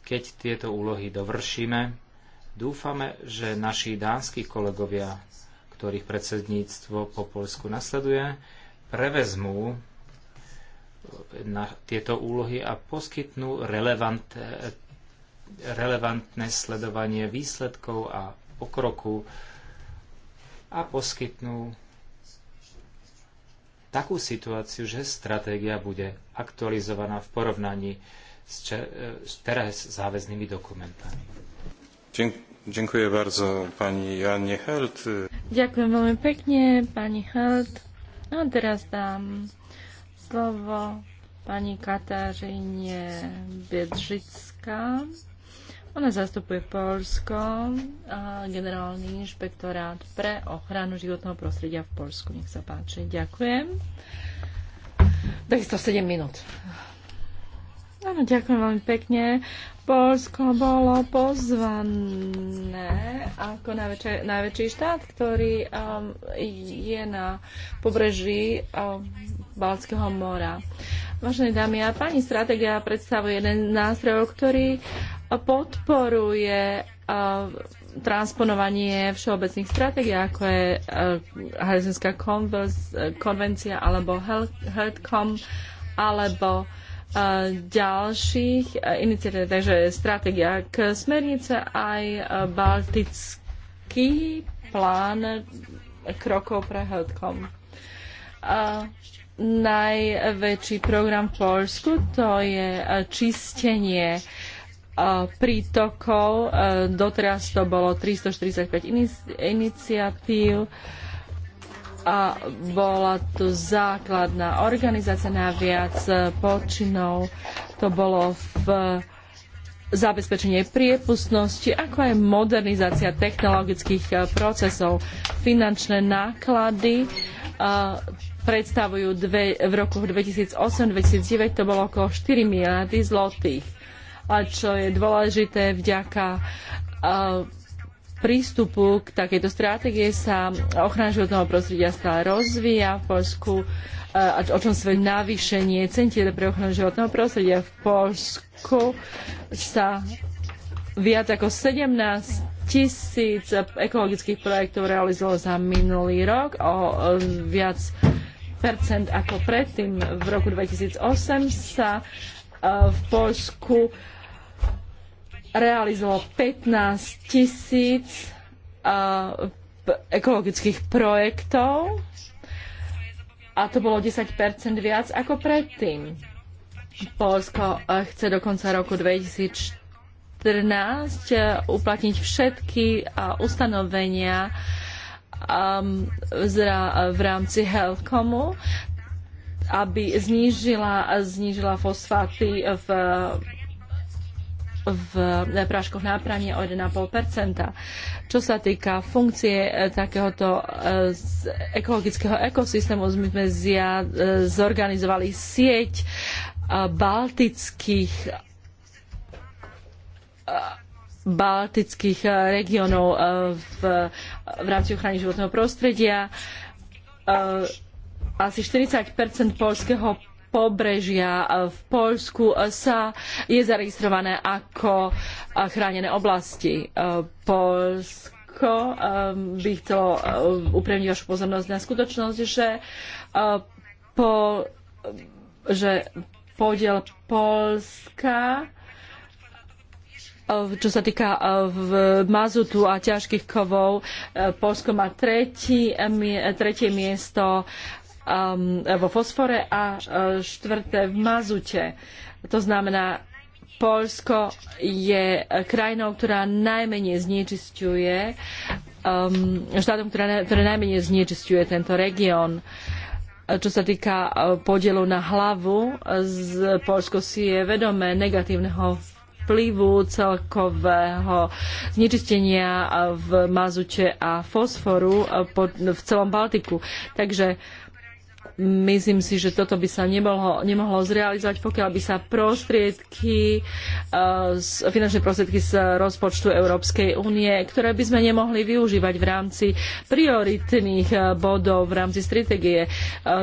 Keď tieto úlohy dovršíme, dúfame, že naši dánsky kolegovia, ktorých predsedníctvo po Polsku nasleduje, prevezmú na tieto úlohy a poskytnú relevant, eh, relevantné sledovanie výsledkov a pokroku a poskytnú takú situáciu, že stratégia bude aktualizovaná v porovnaní s, čer, eh, s teraz záväznými dokumentami. Ďakujem bardzo pani Janne Held. Ďakujem veľmi pekne pani Held. A teraz dám slovo pani Kataríne Biedřická. Ona zastupuje Polsko, a generálny inšpektorát pre ochranu životného prostredia v Polsku. Nech sa páči. Ďakujem. Takisto 7 minút. Áno, ďakujem veľmi pekne. Polsko bolo pozvané ako najväčšie, najväčší štát, ktorý um, je na pobreží um, Balckého mora. Vážené dámy a páni, stratégia predstavuje jeden nástroj, ktorý podporuje eh, transponovanie všeobecných stratégií, ako je eh, Helsinská konvencia alebo Heltcom, alebo eh, ďalších iniciatív. Takže stratégia k smernice aj baltický plán krokov pre HealthCom najväčší program v Polsku, to je e, čistenie e, prítokov. E, doteraz to bolo 345 iniciatív a bola tu základná organizácia na viac počinov. To bolo v zabezpečenie priepustnosti, ako aj modernizácia technologických procesov, finančné náklady predstavujú dve, v rokoch 2008-2009 to bolo okolo 4 miliardy zlotých. A čo je dôležité, vďaka uh, prístupu k takejto stratégie sa ochrana životného prostredia stále rozvíja v Polsku, uh, o čom svoje navýšenie centier pre ochranu životného prostredia v Polsku sa viac ako 17 tisíc ekologických projektov realizovalo za minulý rok o viac ako predtým. V roku 2008 sa e, v Polsku realizovalo 15 tisíc e, ekologických projektov a to bolo 10 viac ako predtým. Polsko e, chce do konca roku 2014 uplatniť všetky ustanovenia Um, v rámci Helcomu, aby znížila, znížila fosfáty v v práškoch na pranie o 1,5 Čo sa týka funkcie eh, takéhoto eh, ekologického ekosystému, my sme zja, eh, zorganizovali sieť baltických baltických eh, regiónov eh, v, v rámci ochrany životného prostredia. Eh, asi 40 polského pobrežia v Poľsku sa je zaregistrované ako chránené oblasti. Poľsko by chcelo upremniť vašu pozornosť na skutočnosť, že, po, že podiel Polska Eh, čo sa týka eh, mazutu a ťažkých kovov. Eh, Polsko má tretí, tretie miesto ehm, vo fosfore a štvrté v mazute. To znamená, Polsko je krajinou, ktorá najmenej znečisťuje, ehm, štátom, ktoré najmenej znečisťuje tento región čo sa týka podielu na hlavu, z Polsko si je vedomé negatívneho vplyvu celkového znečistenia v mazute a fosforu v celom Baltiku. Takže Myslím si, že toto by sa nemohlo, nemohlo zrealizovať, pokiaľ by sa prostriedky, eh, finančné prostriedky z rozpočtu Európskej únie, ktoré by sme nemohli využívať v rámci prioritných eh, bodov, v rámci stratégie. Eh,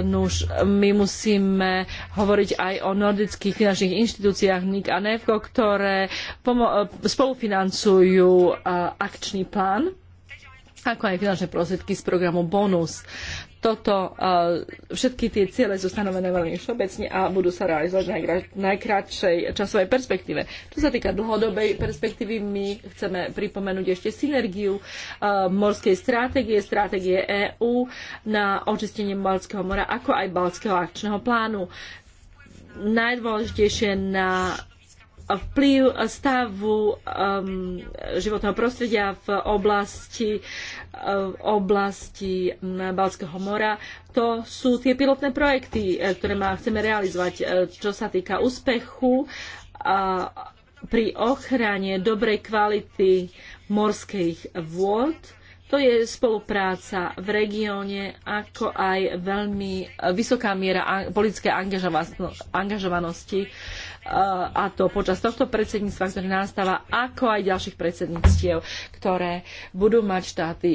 nuž, my musíme hovoriť aj o nordických finančných inštitúciách NIC a NEFCO, ktoré spolufinancujú akčný plán ako aj finančné prostriedky z programu Bonus toto, všetky tie ciele sú stanovené veľmi všeobecne a budú sa realizovať v najkratšej časovej perspektíve. Čo sa týka dlhodobej perspektívy, my chceme pripomenúť ešte synergiu morskej stratégie, stratégie EÚ na očistenie Balckého mora, ako aj Balckého akčného plánu najdôležitejšie na vplyv stavu um, životného prostredia v oblasti, v uh, oblasti Balského mora. To sú tie pilotné projekty, e, ktoré má, chceme realizovať, e, čo sa týka úspechu a pri ochrane dobrej kvality morských vôd. To je spolupráca v regióne, ako aj veľmi e, vysoká miera politickej angažovanosti a to počas tohto predsedníctva, ktoré nastáva, ako aj ďalších predsedníctiev, ktoré budú mať štáty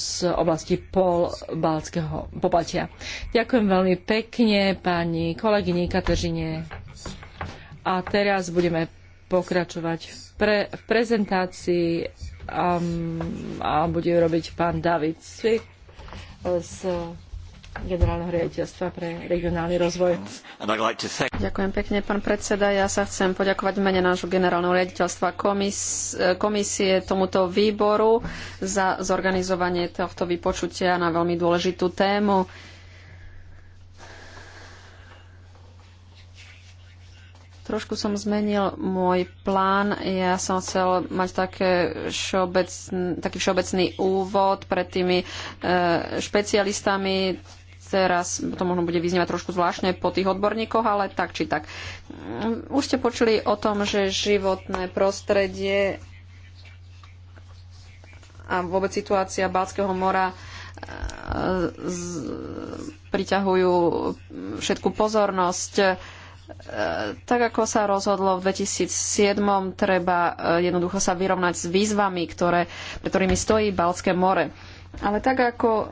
z oblasti pol balckého poplatia. Ďakujem veľmi pekne pani kolegyni Kateřine. A teraz budeme pokračovať v, pre, v prezentácii um, a bude ju robiť pán David Svik z generálneho riaditeľstva pre regionálny rozvoj. Ďakujem pekne, pán predseda. Ja sa chcem poďakovať v mene nášho generálneho riaditeľstva komisie tomuto výboru za zorganizovanie tohto vypočutia na veľmi dôležitú tému. Trošku som zmenil môj plán. Ja som chcel mať také taký všeobecný úvod pred tými e, špecialistami, teraz to možno bude vyznievať trošku zvláštne po tých odborníkoch, ale tak či tak. Mm, už ste počuli o tom, že životné prostredie a vôbec situácia Balckého mora e, z, priťahujú všetku pozornosť. E, tak ako sa rozhodlo v 2007, treba e, jednoducho sa vyrovnať s výzvami, ktoré, pre ktorými stojí Balské more. Ale tak ako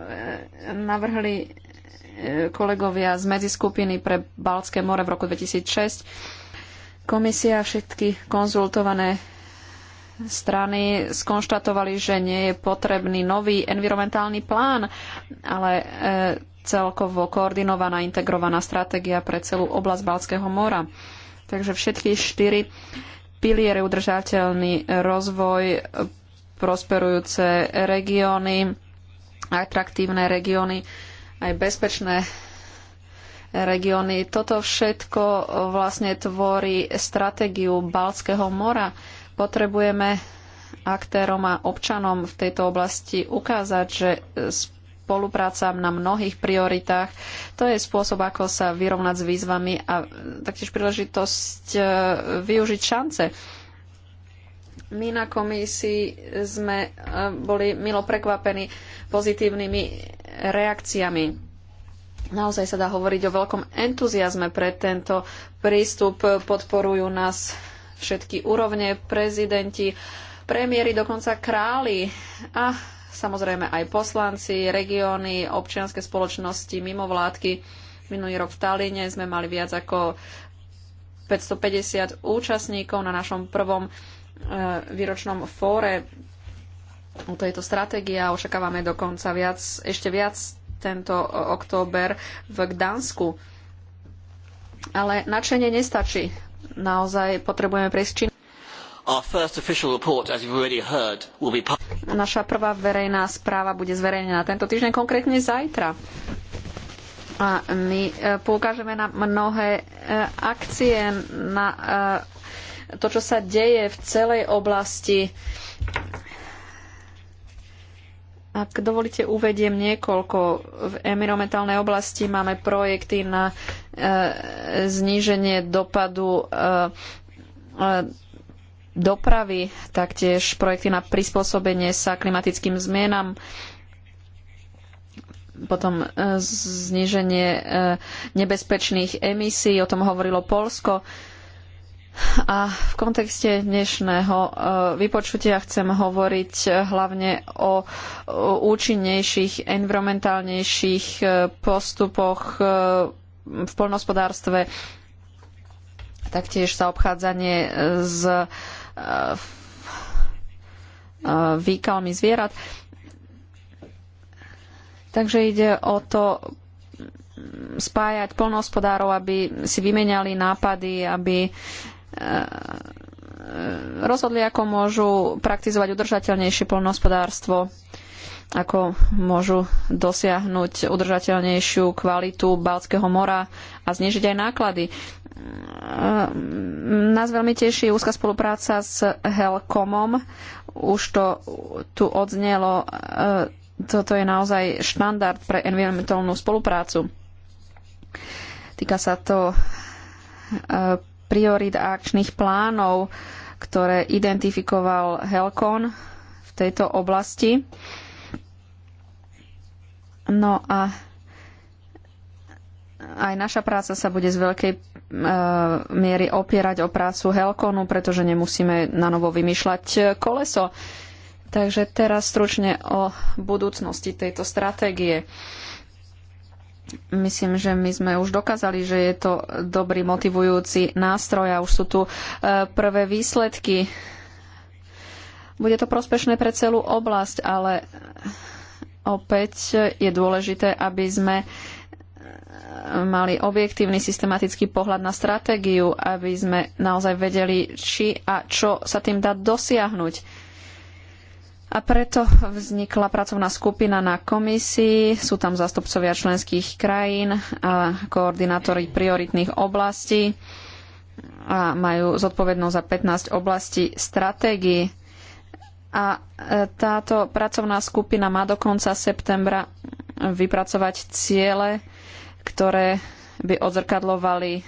navrhli Eh, kolegovia z medziskupiny pre Baltské more v roku 2006. Komisia a všetky konzultované strany skonštatovali, že nie je potrebný nový environmentálny plán, ale eh, celkovo koordinovaná, integrovaná stratégia pre celú oblasť Baltského mora. Takže všetky štyri piliere udržateľný rozvoj, prosperujúce regióny, atraktívne regióny, aj bezpečné regióny. Toto všetko vlastne tvorí stratégiu Balckého mora. Potrebujeme aktérom a občanom v tejto oblasti ukázať, že spolupráca na mnohých prioritách. To je spôsob, ako sa vyrovnať s výzvami a taktiež príležitosť e, využiť šance. My na komisii sme e, boli milo prekvapení pozitívnymi reakciami. Naozaj sa dá hovoriť o veľkom entuziasme pre tento prístup. Podporujú nás všetky úrovne, prezidenti, premiéry, dokonca králi a samozrejme aj poslanci, regióny, občianske spoločnosti, mimovládky. Minulý rok v Talíne sme mali viac ako 550 účastníkov na našom prvom e, výročnom fóre tejto stratégie a očakávame dokonca viac, ešte viac tento október v Gdansku. Ale nadšenie nestačí. Naozaj potrebujeme prejsť čin. Naša prvá verejná správa bude zverejnená tento týždeň, konkrétne zajtra. A my e, poukážeme na mnohé e, akcie, na e, to, čo sa deje v celej oblasti ak dovolíte, uvediem niekoľko. V environmentálnej oblasti máme projekty na e, zníženie dopadu e, e, dopravy, taktiež projekty na prispôsobenie sa klimatickým zmenám, potom zníženie nebezpečných emisí, o tom hovorilo Polsko. E, a v kontexte dnešného eh, vypočutia chcem hovoriť hlavne o účinnejších, environmentálnejších eh, postupoch eh, v poľnohospodárstve, taktiež sa obchádzanie s výkalmi zvierat. Takže ide o to mm, spájať poľnohospodárov, aby si vymeniali nápady, aby rozhodli, ako môžu praktizovať udržateľnejšie poľnohospodárstvo, ako môžu dosiahnuť udržateľnejšiu kvalitu Balckého mora a znižiť aj náklady. Nás veľmi teší úzka spolupráca s Helcomom. Už to tu odznelo. Toto je naozaj štandard pre environmentálnu spoluprácu. Týka sa to priorit a akčných plánov, ktoré identifikoval Helkon v tejto oblasti. No a aj naša práca sa bude z veľkej e, miery opierať o prácu Helkonu, pretože nemusíme na novo vymýšľať e, koleso. Takže teraz stručne o budúcnosti tejto stratégie. E, Myslím, že my sme už dokázali, že je to dobrý motivujúci nástroj a už sú tu e, prvé výsledky. Bude to prospešné pre celú oblasť, ale opäť je dôležité, aby sme e, mali objektívny, systematický pohľad na stratégiu, aby sme naozaj vedeli, či a čo sa tým dá dosiahnuť a preto vznikla pracovná skupina na komisii, sú tam zastupcovia členských krajín a koordinátori prioritných oblastí a majú zodpovednosť za 15 oblastí stratégií. A e, táto pracovná skupina má do konca septembra vypracovať ciele, ktoré by odzrkadlovali e,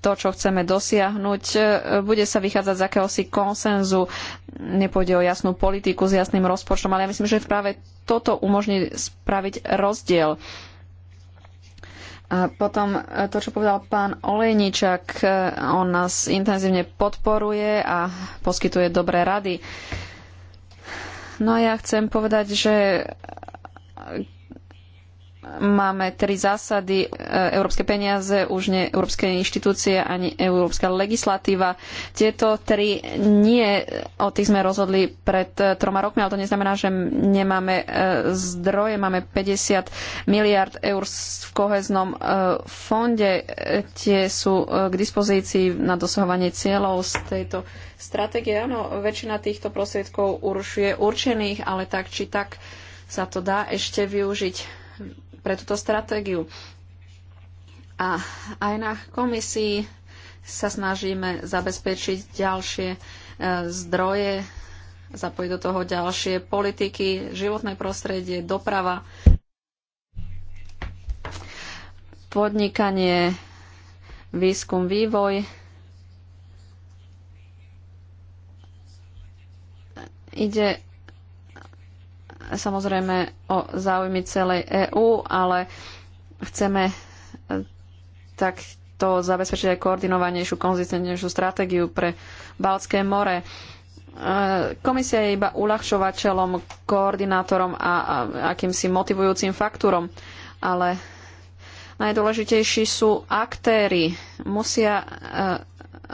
to, čo chceme dosiahnuť. E, bude sa vychádzať z akéhosi konsenzu nepôjde o jasnú politiku s jasným rozpočtom, ale ja myslím, že práve toto umožní spraviť rozdiel. A potom e, to, čo povedal pán Olejničak, e, on nás intenzívne podporuje a poskytuje dobré rady. No a ja chcem povedať, že máme tri zásady. E, európske peniaze, už nie európske inštitúcie ani európska legislatíva. Tieto tri nie, o tých sme rozhodli pred e, troma rokmi, ale to neznamená, že nemáme e, zdroje. Máme 50 miliard eur v koheznom fonde. Tie sú k dispozícii na dosahovanie cieľov z tejto stratégie. Áno, väčšina týchto prostriedkov už je určených, ale tak či tak sa to dá ešte využiť pre túto stratégiu. A aj na komisii sa snažíme zabezpečiť ďalšie e, zdroje, zapojiť do toho ďalšie politiky, životné prostredie, doprava, podnikanie, výskum, vývoj. Ide samozrejme o záujmy celej EÚ, ale chceme eh, takto zabezpečiť aj koordinovanejšiu, konzistentnejšiu stratégiu pre Baltské more. Eh, komisia je iba uľahčovateľom, koordinátorom a akýmsi motivujúcim faktúrom, ale najdôležitejší sú aktéry. Musia eh, E,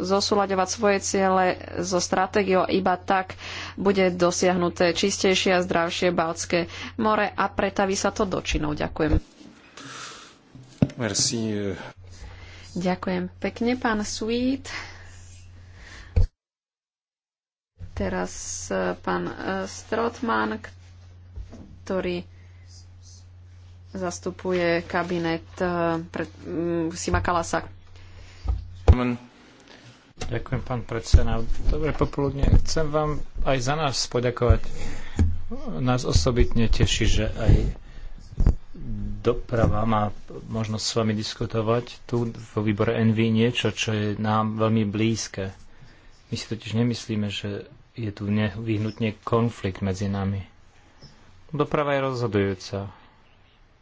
zosúľaďovať svoje ciele so stratégiou. Iba tak bude dosiahnuté čistejšie a zdravšie Baltské more a pretaví sa to do činov. Ďakujem. Merci. Ďakujem pekne, pán Sweet. Teraz e, pán e, Strotman, ktorý zastupuje kabinet Sima Kalasa. Ďakujem, pán predseda. Dobre popoludne. Chcem vám aj za nás poďakovať. Nás osobitne teší, že aj doprava má možnosť s vami diskutovať tu vo výbore NV niečo, čo je nám veľmi blízke. My si totiž nemyslíme, že je tu nevyhnutne konflikt medzi nami. Doprava je rozhodujúca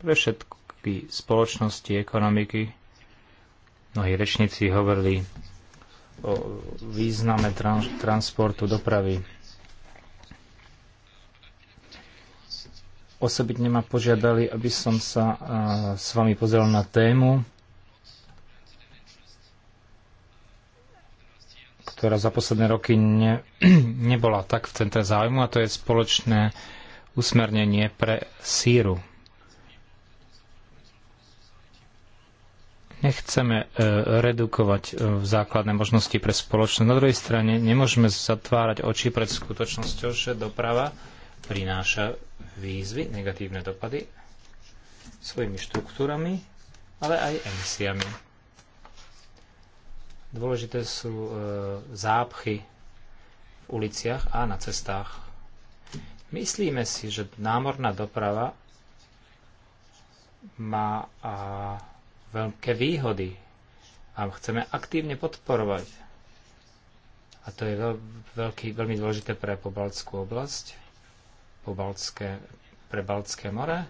pre všetky spoločnosti, ekonomiky. Mnohí rečníci hovorili o význame trans- transportu dopravy. Osobitne ma požiadali, aby som sa s vami pozrel na tému, ktorá za posledné roky ne, nebola tak v centre záujmu, a to je spoločné usmernenie pre síru. Nechceme e, redukovať e, základné možnosti pre spoločnosť. Na druhej strane nemôžeme zatvárať oči pred skutočnosťou, že doprava prináša výzvy, negatívne dopady svojimi štruktúrami, ale aj emisiami. Dôležité sú e, zápchy v uliciach a na cestách. Myslíme si, že námorná doprava má veľké výhody a chceme aktívne podporovať. A to je veľ, veľký, veľmi dôležité pre Pobaltskú oblasť, Pobaltské, pre Baltské more.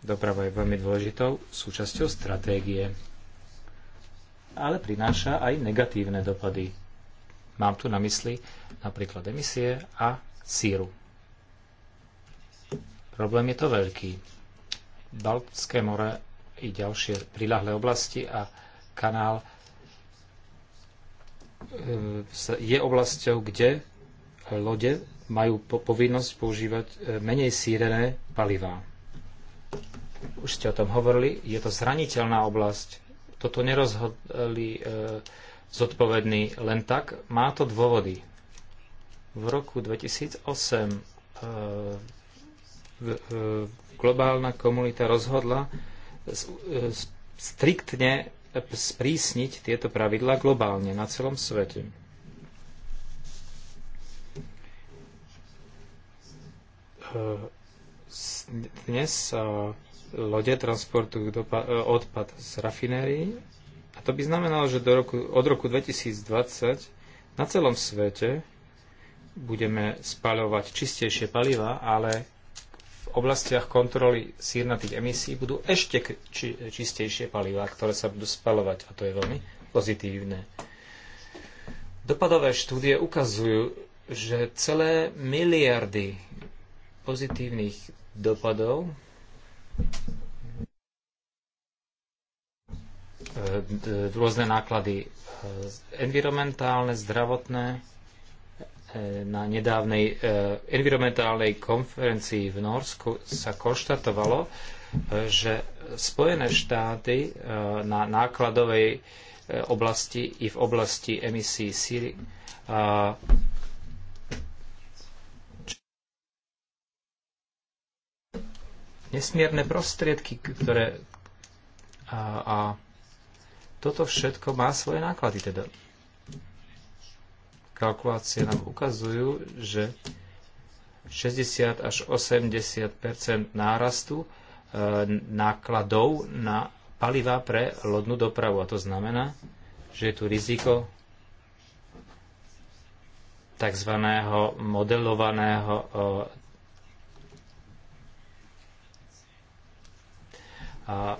Doprava je veľmi dôležitou súčasťou stratégie, ale prináša aj negatívne dopady. Mám tu na mysli napríklad emisie a síru. Problém je to veľký. Baltské more i ďalšie prilahlé oblasti a kanál e, je oblasťou, kde lode majú povinnosť používať e, menej sírené palivá. Už ste o tom hovorili, je to zraniteľná oblasť. Toto nerozhodli e, zodpovední len tak. Má to dôvody. V roku 2008 globálna komunita rozhodla, E, striktne sprísniť tieto pravidlá globálne na celom svete. E, dnes lode transportujú e, odpad z rafinérií a to by znamenalo, že do roku, od roku 2020 na celom svete budeme spaľovať čistejšie paliva, ale oblastiach kontroly sírnatých emisí budú ešte či, čistejšie palivá, ktoré sa budú spalovať a to je veľmi pozitívne. Dopadové štúdie ukazujú, že celé miliardy pozitívnych dopadov e, rôzne náklady e, environmentálne, zdravotné, na nedávnej e, environmentálnej konferencii v Norsku sa konštatovalo, e, že Spojené štáty e, na nákladovej oblasti i v oblasti emisí síry nesmierne prostriedky, ktoré a, a toto všetko má svoje náklady teda kalkulácie nám ukazujú, že 60 až 80 nárastu e, nákladov na palivá pre lodnú dopravu. A to znamená, že je tu riziko tzv. modelovaného e,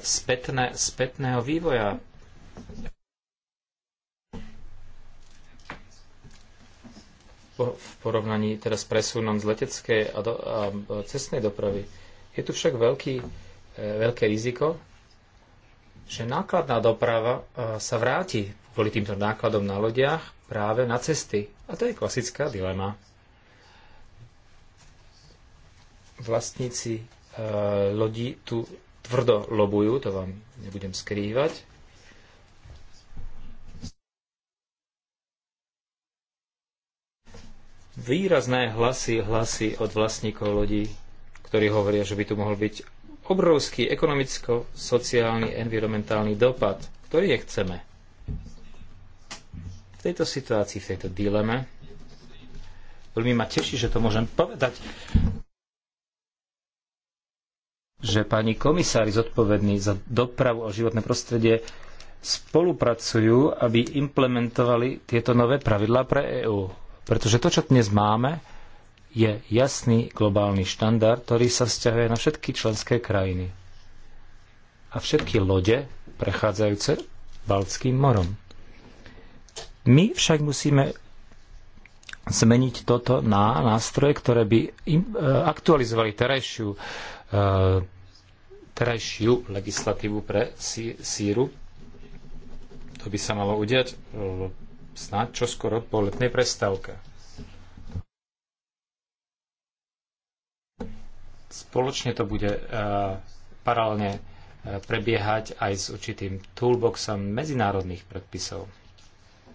spätné, spätného vývoja v porovnaní teda s presunom z leteckej a, do, a e, cestnej dopravy. Je tu však veľký, e, veľké riziko, že nákladná doprava e, sa vráti kvôli týmto nákladom na lodiach práve na cesty. A to je klasická dilema. Vlastníci e, lodí tu tvrdo lobujú, to vám nebudem skrývať. výrazné hlasy, hlasy od vlastníkov lodí, ktorí hovoria, že by tu mohol byť obrovský ekonomicko-sociálny, environmentálny dopad, ktorý chceme V tejto situácii, v tejto dileme, veľmi ma teší, že to môžem povedať, že pani komisári zodpovední za dopravu a životné prostredie spolupracujú, aby implementovali tieto nové pravidlá pre EÚ pretože to, čo dnes máme, je jasný globálny štandard, ktorý sa vzťahuje na všetky členské krajiny. A všetky lode prechádzajúce Baltským morom. My však musíme zmeniť toto na nástroje, ktoré by im, e, aktualizovali terajšiu, e, terajšiu legislatívu pre síru. To by sa malo udiať snáď čoskoro po letnej prestávke. Spoločne to bude eh, paralelne eh, prebiehať aj s určitým toolboxom medzinárodných predpisov.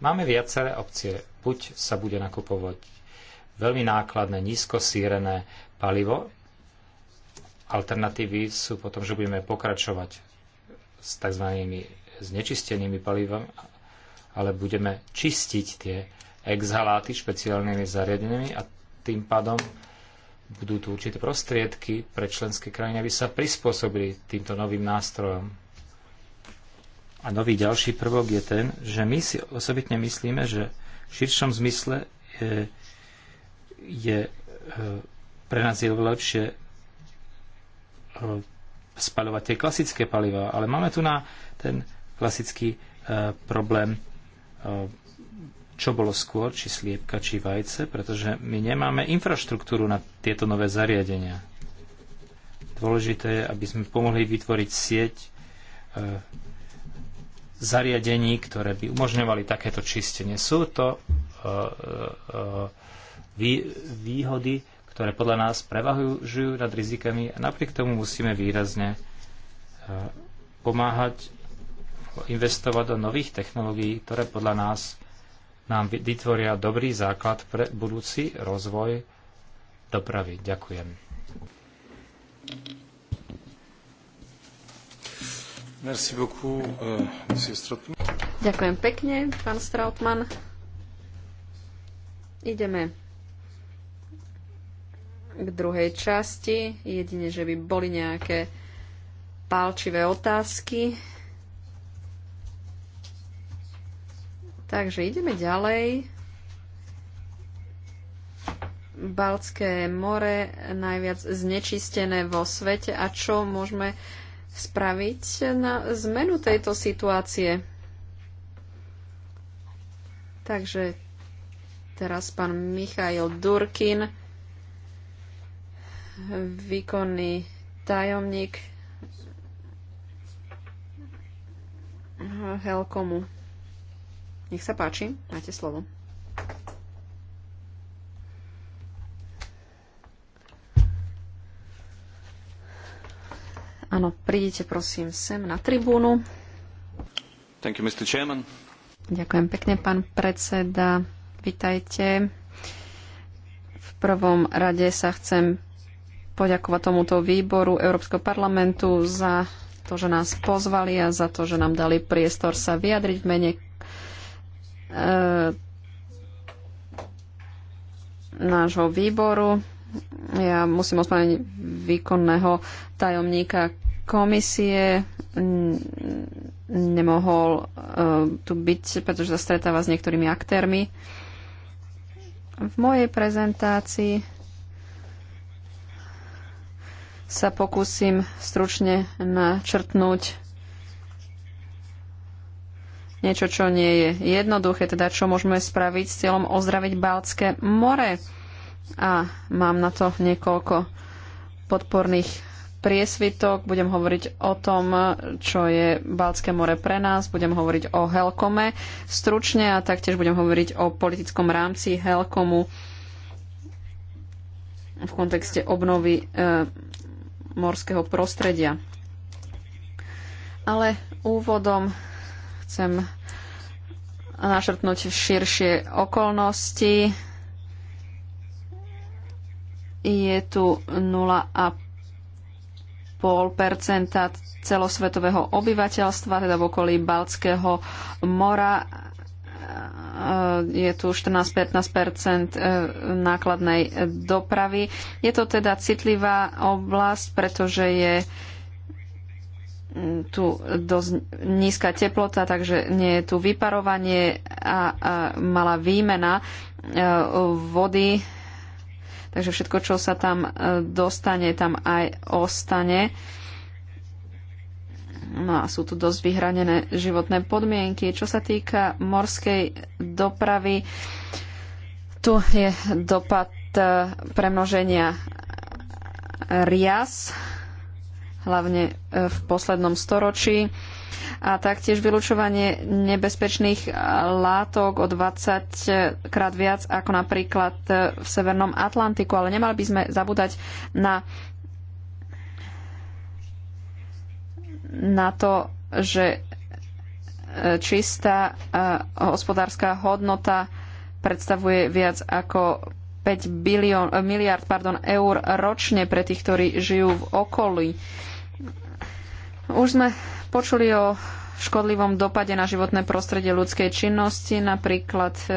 Máme viaceré opcie. Buď sa bude nakupovať veľmi nákladné, nízko sírené palivo. Alternatívy sú potom, že budeme pokračovať s tzv. znečistenými palivami, ale budeme čistiť tie exhaláty špeciálnymi zariadeniami a tým pádom budú tu určité prostriedky pre členské krajiny, aby sa prispôsobili týmto novým nástrojom. A nový ďalší prvok je ten, že my si osobitne myslíme, že v širšom zmysle je, je e, pre nás je lepšie e, spaľovať tie klasické paliva, ale máme tu na ten klasický e, problém Ehm, čo bolo skôr, či sliepka, či vajce, pretože my nemáme infraštruktúru na tieto nové zariadenia. Dôležité je, aby sme pomohli vytvoriť sieť ehm, zariadení, ktoré by umožňovali takéto čistenie. Sú to ehm, výhody, ktoré podľa nás prevahujú nad rizikami a napriek tomu musíme výrazne pomáhať investovať do nových technológií, ktoré podľa nás nám vytvoria dobrý základ pre budúci rozvoj dopravy. Ďakujem. Merci beaucoup, euh, Ďakujem pekne, pán Strautmann. Ideme k druhej časti, jedine, že by boli nejaké pálčivé otázky. Takže ideme ďalej. Baltské more najviac znečistené vo svete a čo môžeme spraviť na zmenu tejto situácie. Takže teraz pán Michail Durkin, výkonný tajomník Helkomu. Nech sa páči, máte slovo. Áno, prídite prosím sem na tribúnu. Thank you, Mr. Chairman. Ďakujem pekne, pán predseda. Vítajte. V prvom rade sa chcem poďakovať tomuto výboru Európskeho parlamentu za to, že nás pozvali a za to, že nám dali priestor sa vyjadriť v mene E, nášho výboru. Ja musím ospravedlniť výkonného tajomníka komisie nemohol e, tu byť, pretože sa stretáva s niektorými aktérmi. V mojej prezentácii sa pokúsim stručne načrtnúť niečo, čo nie je jednoduché, teda čo môžeme spraviť s cieľom ozdraviť Baltské more. A mám na to niekoľko podporných priesvitok, budem hovoriť o tom, čo je Baltské more pre nás, budem hovoriť o Helkome stručne a taktiež budem hovoriť o politickom rámci Helkomu v kontexte obnovy e, morského prostredia. Ale úvodom chcem našrtnúť širšie okolnosti. Je tu 0,5 celosvetového obyvateľstva, teda v okolí Baltského mora. Je tu 14-15 e, nákladnej dopravy. Je to teda citlivá oblasť, pretože je tu dosť nízka teplota, takže nie je tu vyparovanie a, a malá výmena e, vody. Takže všetko, čo sa tam e, dostane, tam aj ostane. No a sú tu dosť vyhranené životné podmienky. Čo sa týka morskej dopravy, tu je dopad e, premnoženia rias hlavne e, v poslednom storočí. A taktiež vylučovanie nebezpečných látok o 20 krát viac ako napríklad e, v Severnom Atlantiku. Ale nemali by sme zabúdať na, na to, že e, čistá hospodárska hodnota predstavuje viac ako 5 bilión, miliard pardon, eur ročne pre tých, ktorí žijú v okolí už sme počuli o škodlivom dopade na životné prostredie ľudskej činnosti, napríklad e,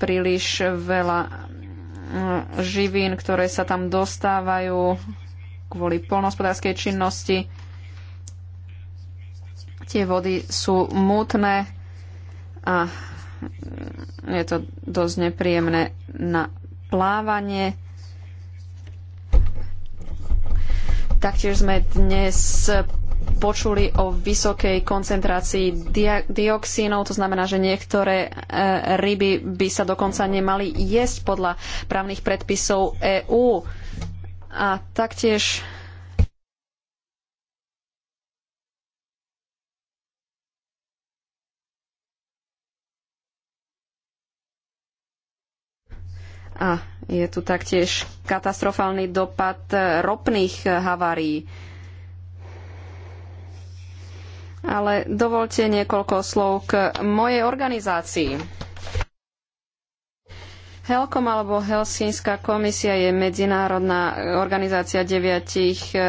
príliš veľa živín, ktoré sa tam dostávajú kvôli polnohospodárskej činnosti. Tie vody sú mutné a je to dosť nepríjemné na plávanie. Taktiež sme dnes počuli o vysokej koncentrácii dioxínov, to znamená, že niektoré e, ryby by sa dokonca nemali jesť podľa právnych predpisov EÚ. A taktiež A je tu taktiež katastrofálny dopad ropných havárií ale dovolte niekoľko slov k mojej organizácii. Helkom alebo Helsínska komisia je medzinárodná organizácia deviatich e,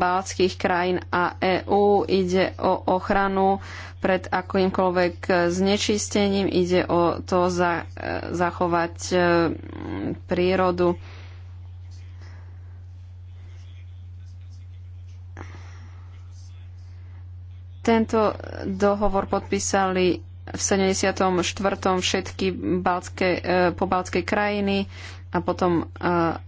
baltských krajín a EÚ. Ide o ochranu pred akýmkoľvek znečistením, ide o to za, e, zachovať e, prírodu Tento dohovor podpísali v 74. všetky baltské, e, pobaltské krajiny a potom e,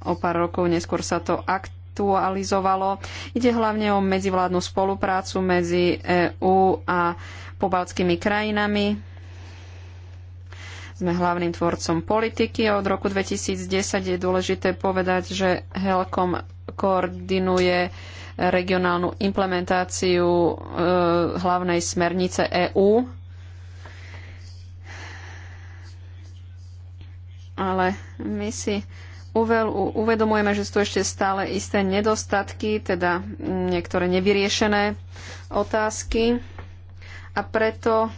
o pár rokov neskôr sa to aktualizovalo. Ide hlavne o medzivládnu spoluprácu medzi EÚ a pobaltskými krajinami. Sme hlavným tvorcom politiky. Od roku 2010 je dôležité povedať, že Helkom koordinuje regionálnu implementáciu e, hlavnej smernice EÚ. Ale my si uvedomujeme, že sú ešte stále isté nedostatky, teda niektoré nevyriešené otázky. A preto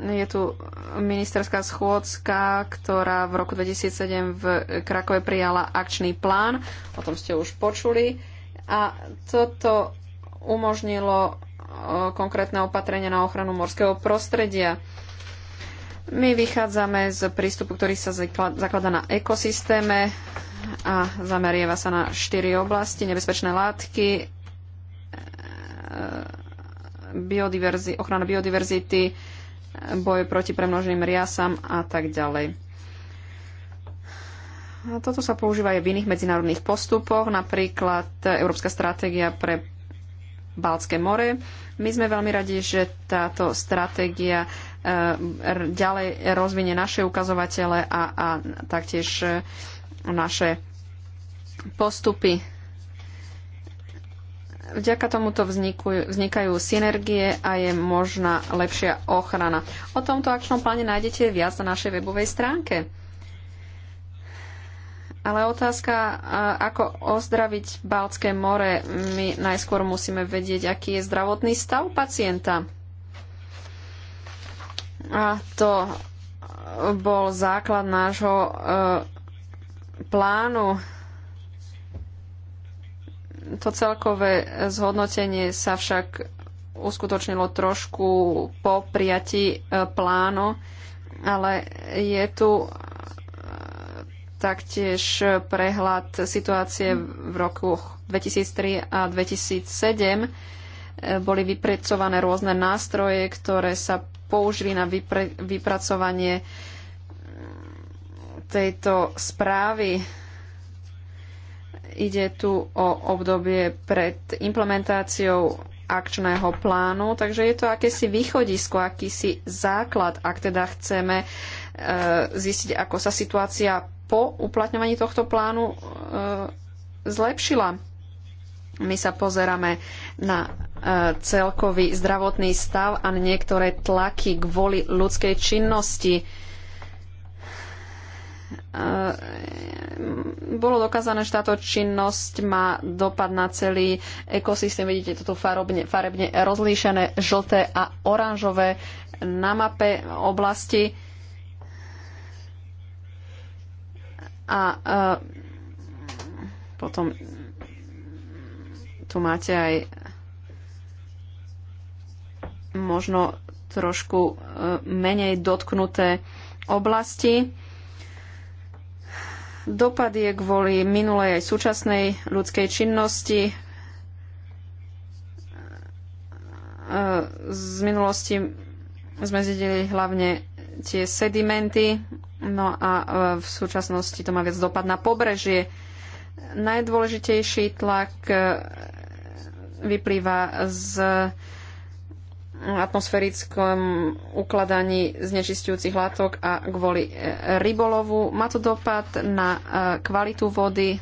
je tu ministerská schôdzka, ktorá v roku 2007 v Krakove prijala akčný plán. O tom ste už počuli. A toto umožnilo e, konkrétne opatrenia na ochranu morského prostredia. My vychádzame z prístupu, ktorý sa zaklada na ekosystéme a zamerieva sa na štyri oblasti. Nebezpečné látky, e, biodiverzi- ochrana biodiverzity, boj proti premnoženým riasam a tak ďalej. Toto sa používa aj v iných medzinárodných postupoch, napríklad Európska stratégia pre Balcké more. My sme veľmi radi, že táto stratégia eh, ďalej rozvinie naše ukazovatele a, a taktiež eh, naše postupy. Vďaka tomuto vznikujú, vznikajú synergie a je možná lepšia ochrana. O tomto akčnom pláne nájdete viac na našej webovej stránke. Ale otázka, ako ozdraviť Baltské more, my najskôr musíme vedieť, aký je zdravotný stav pacienta. A to bol základ nášho e, plánu. To celkové zhodnotenie sa však uskutočnilo trošku po prijatí e, plánu, ale je tu taktiež prehľad situácie v roku 2003 a 2007. E, boli vypracované rôzne nástroje, ktoré sa použili na vypre, vypracovanie tejto správy. Ide tu o obdobie pred implementáciou akčného plánu, takže je to akési východisko, akýsi základ, ak teda chceme e, zistiť, ako sa situácia po uplatňovaní tohto plánu e, zlepšila. My sa pozeráme na e, celkový zdravotný stav a niektoré tlaky kvôli ľudskej činnosti. E, bolo dokázané, že táto činnosť má dopad na celý ekosystém. Vidíte, toto farobne, farebne rozlíšené žlté a oranžové na mape oblasti A uh, potom tu máte aj možno trošku uh, menej dotknuté oblasti. Dopad je kvôli minulej aj súčasnej ľudskej činnosti. E, z minulosti sme zideli hlavne tie sedimenty. No a e, v súčasnosti to má viac dopad na pobrežie. Najdôležitejší tlak e, vyplýva z atmosférickom ukladaní znečistujúcich látok a kvôli e, rybolovu. Má to dopad na kvalitu vody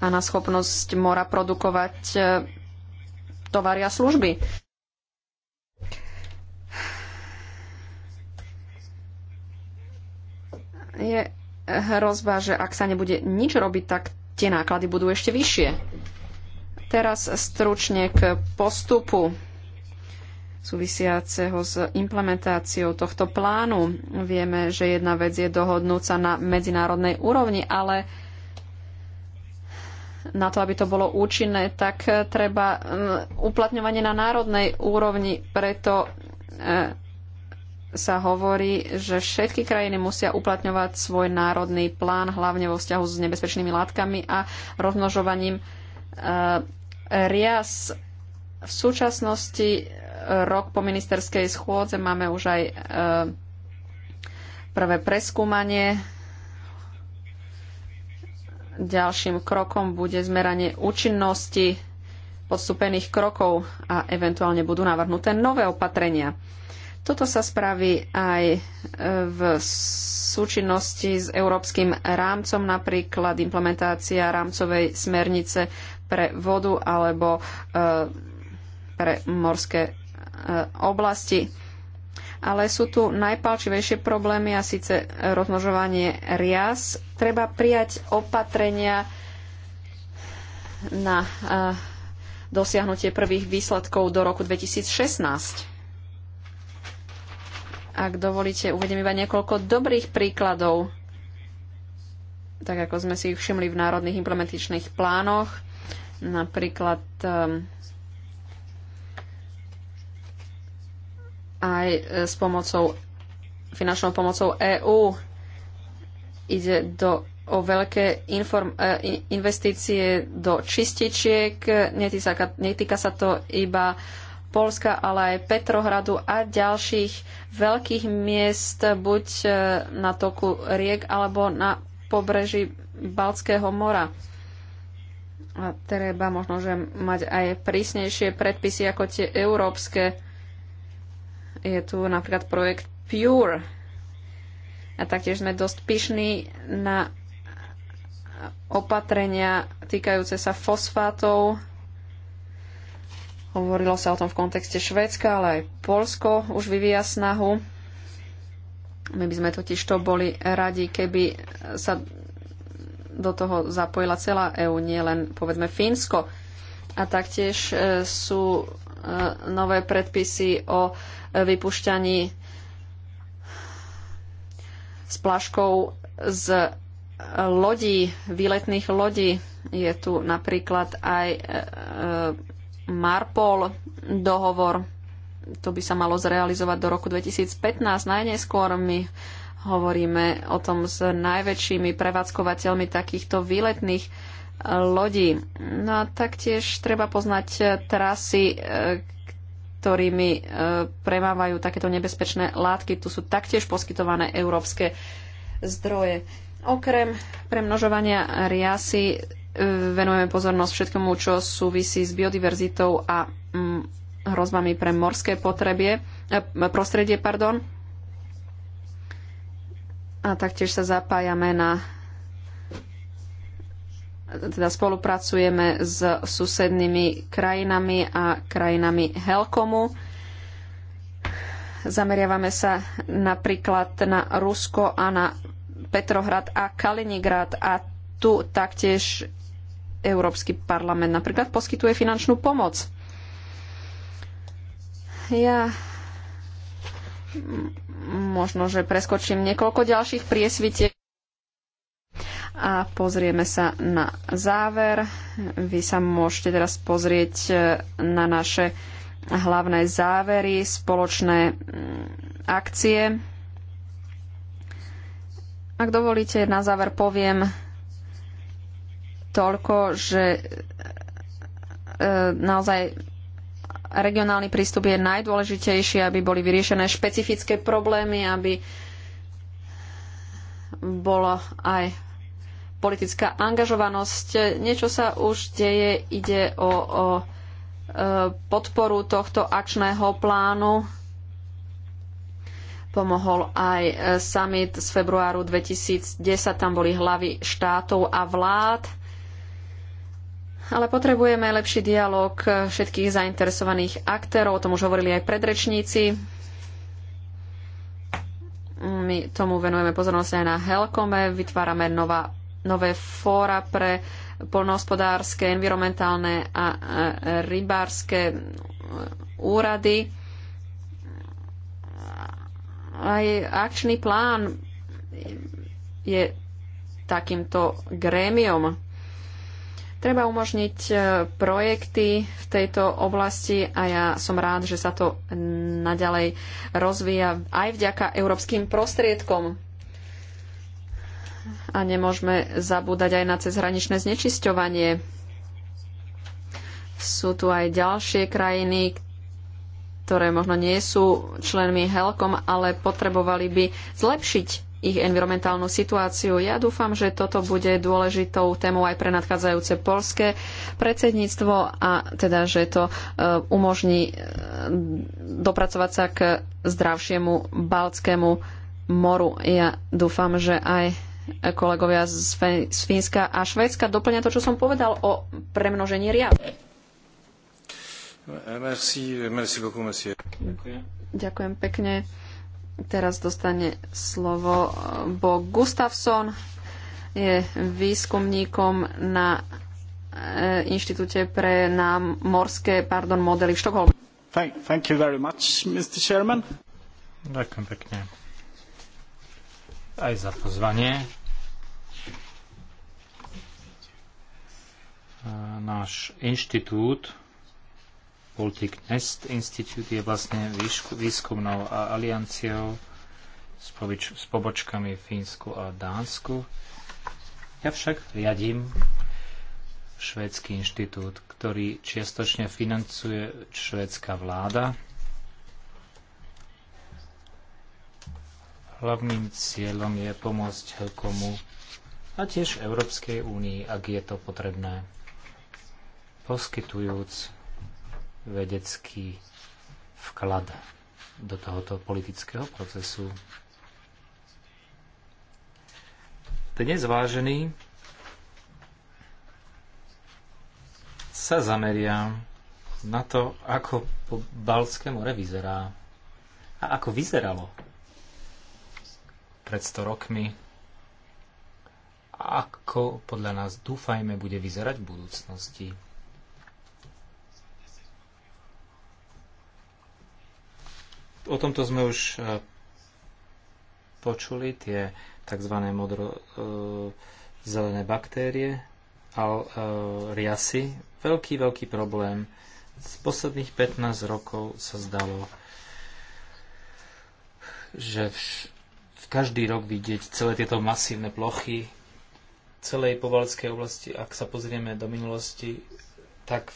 a na schopnosť mora produkovať tovary a služby. je hrozba, že ak sa nebude nič robiť, tak tie náklady budú ešte vyššie. Teraz stručne k postupu súvisiaceho s implementáciou tohto plánu. Vieme, že jedna vec je dohodnúť sa na medzinárodnej úrovni, ale na to, aby to bolo účinné, tak treba mm, uplatňovanie na národnej úrovni. Preto e, sa hovorí, že všetky krajiny musia uplatňovať svoj národný plán, hlavne vo vzťahu s nebezpečnými látkami a rozmnožovaním e, rias. V súčasnosti e, rok po ministerskej schôdze máme už aj e, prvé preskúmanie. Ďalším krokom bude zmeranie účinnosti podstúpených krokov a eventuálne budú navrhnuté nové opatrenia. Toto sa spraví aj e, v súčinnosti s európskym rámcom, napríklad implementácia rámcovej smernice pre vodu alebo e, pre morské e, oblasti. Ale sú tu najpalčivejšie problémy a síce rozmnožovanie rias. Treba prijať opatrenia na dosiahnutie prvých výsledkov do roku 2016 ak dovolíte, uvedem iba niekoľko dobrých príkladov, tak ako sme si ich všimli v národných implementačných plánoch. Napríklad um, aj e, s pomocou, finančnou pomocou EÚ ide do o veľké inform, e, investície do čističiek. Netýka, netýka sa to iba Polska, ale aj Petrohradu a ďalších veľkých miest, buď e, na toku riek alebo na pobreží Balckého mora. A treba možno, že mať aj prísnejšie predpisy ako tie európske. Je tu napríklad projekt Pure. A taktiež sme dosť pyšní na opatrenia týkajúce sa fosfátov Hovorilo sa o tom v kontexte Švédska, ale aj Polsko už vyvíja snahu. My by sme totiž to boli radi, keby sa do toho zapojila celá EÚ, nie len povedzme Fínsko. A taktiež e, sú e, nové predpisy o vypušťaní plaškou z lodí, výletných lodí. Je tu napríklad aj e, Marpol dohovor. To by sa malo zrealizovať do roku 2015. Najneskôr my hovoríme o tom s najväčšími prevádzkovateľmi takýchto výletných e, lodí. No a taktiež treba poznať e, trasy, e, ktorými premávajú takéto nebezpečné látky. Tu sú taktiež poskytované európske zdroje. Okrem premnožovania riasy venujeme pozornosť všetkému, čo súvisí s biodiverzitou a mm, hrozbami pre morské potrebie, e, prostredie. Pardon. A taktiež sa zapájame na teda spolupracujeme s susednými krajinami a krajinami Helkomu. Zameriavame sa napríklad na Rusko a na Petrohrad a Kaliningrad a tu taktiež Európsky parlament napríklad poskytuje finančnú pomoc. Ja možno, že preskočím niekoľko ďalších priesvitiek a pozrieme sa na záver. Vy sa môžete teraz pozrieť e, na naše hlavné závery, spoločné mm, akcie. Ak dovolíte, na záver poviem toľko, že e, naozaj regionálny prístup je najdôležitejší, aby boli vyriešené špecifické problémy, aby bola aj politická angažovanosť. Niečo sa už deje, ide o, o e, podporu tohto akčného plánu. Pomohol aj e, summit z februáru 2010, tam boli hlavy štátov a vlád ale potrebujeme lepší dialog všetkých zainteresovaných aktérov, o tom už hovorili aj predrečníci. My tomu venujeme pozornosť aj na Helkome, vytvárame nová, nové fóra pre polnohospodárske, environmentálne a e, rybárske e, úrady. Aj akčný plán je takýmto grémiom Treba umožniť e, projekty v tejto oblasti a ja som rád, že sa to naďalej rozvíja aj vďaka európskym prostriedkom. A nemôžeme zabúdať aj na cezhraničné znečisťovanie. Sú tu aj ďalšie krajiny, ktoré možno nie sú členmi HELKOM, ale potrebovali by zlepšiť ich environmentálnu situáciu. Ja dúfam, že toto bude dôležitou témou aj pre nadchádzajúce polské predsedníctvo a teda, že to e, umožní e, dopracovať sa k zdravšiemu Baltskému moru. Ja dúfam, že aj kolegovia z Fínska a Švédska doplňa to, čo som povedal o premnožení riad. Merci, merci beaucoup, Ďakujem pekne. Teraz dostane slovo eh, Bo Gustafsson. Je výskumníkom na eh, Inštitúte pre morské pardon, modely v Štokholme. Thank, thank you very much, Mr. Chairman. Ďakujem pekne. Aj za pozvanie. Eh, náš inštitút Baltic Nest Institute je vlastne výskumnou alianciou s, pobič, s pobočkami v Fínsku a Dánsku. Ja však riadím Švédsky inštitút, ktorý čiastočne financuje švédska vláda. Hlavným cieľom je pomôcť komu a tiež Európskej únii, ak je to potrebné, poskytujúc vedecký vklad do tohoto politického procesu. Dnes vážený sa zameriam na to, ako po Balské more vyzerá a ako vyzeralo pred 100 rokmi a ako podľa nás dúfajme bude vyzerať v budúcnosti. O tomto sme už e, počuli, tie tzv. modro-zelené e, baktérie, al, e, riasy. Veľký, veľký problém. Z posledných 15 rokov sa zdalo, že v každý rok vidieť celé tieto masívne plochy celej povalskej oblasti, ak sa pozrieme do minulosti, tak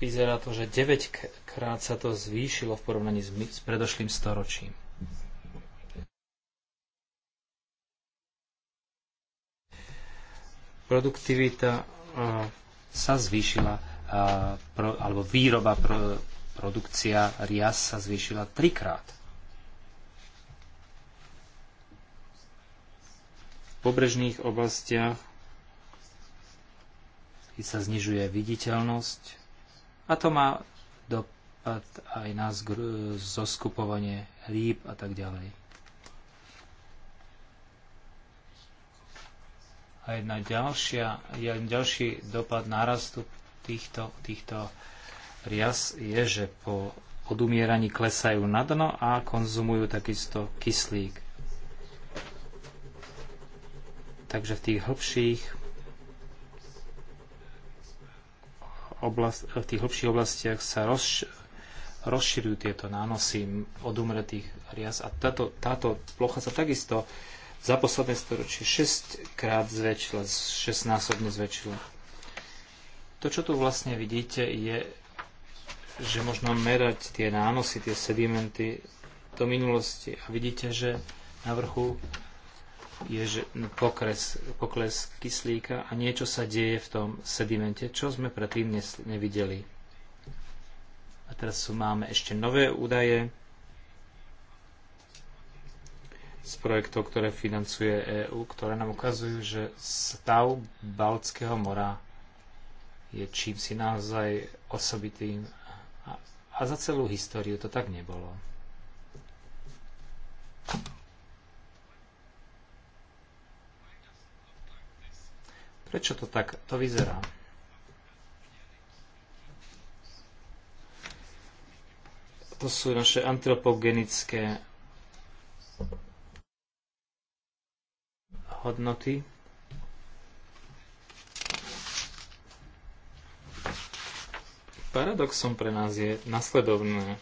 vyzerá to, že 9 krát sa to zvýšilo v porovnaní s, s predošlým storočím. Produktivita e, sa zvýšila, e, alebo výroba, produkcia rias sa zvýšila trikrát. V pobrežných oblastiach sa znižuje viditeľnosť a to má dopad aj na zoskupovanie rýb a tak ďalej. A jedna ďalšia, jeden ďalší dopad nárastu týchto, týchto rias je, že po odumieraní klesajú na dno a konzumujú takisto kyslík. Takže v tých hlbších oblast, v tých hlbších oblastiach sa rozš- rozširujú tieto nánosy od umretých rias a táto, táto plocha sa takisto za posledné storočie 6 krát zväčšila, 6 násobne zväčšila. To, čo tu vlastne vidíte, je, že možno merať tie nánosy, tie sedimenty do minulosti a vidíte, že na vrchu je že no, pokres, pokles kyslíka a niečo sa deje v tom sedimente, čo sme predtým nevideli. A teraz sú, máme ešte nové údaje z projektov, ktoré financuje EÚ, ktoré nám ukazujú, že stav Baltského mora je čím si naozaj osobitým a, a za celú históriu to tak nebolo. Prečo to tak to vyzerá? To sú naše antropogenické hodnoty. Paradoxom pre nás je nasledovné.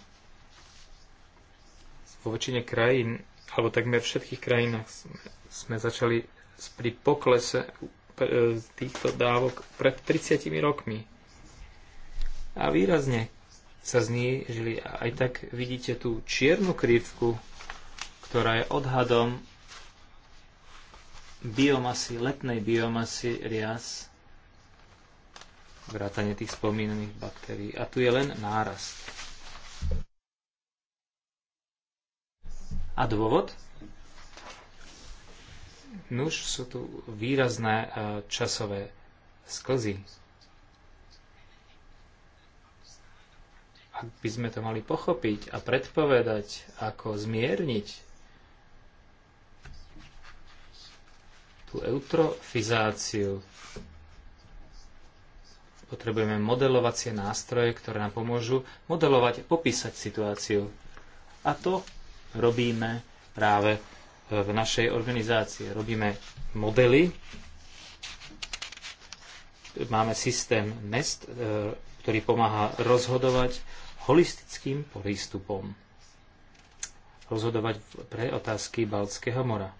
Vo väčšine krajín, alebo takmer všetkých krajinách sme, sme začali pri poklese E, týchto dávok pred 30 rokmi. A výrazne sa znížili. Aj tak vidíte tú čiernu krivku, ktorá je odhadom biomasy, letnej biomasy rias, vrátane tých spomínaných baktérií. A tu je len nárast. A dôvod? Nuž sú tu výrazné e, časové sklzy. Ak by sme to mali pochopiť a predpovedať, ako zmierniť tú eutrofizáciu, potrebujeme modelovacie nástroje, ktoré nám pomôžu modelovať, a popísať situáciu. A to robíme práve v našej organizácii. Robíme modely, máme systém NEST, e, ktorý pomáha rozhodovať holistickým prístupom. Rozhodovať pre otázky Baltského mora.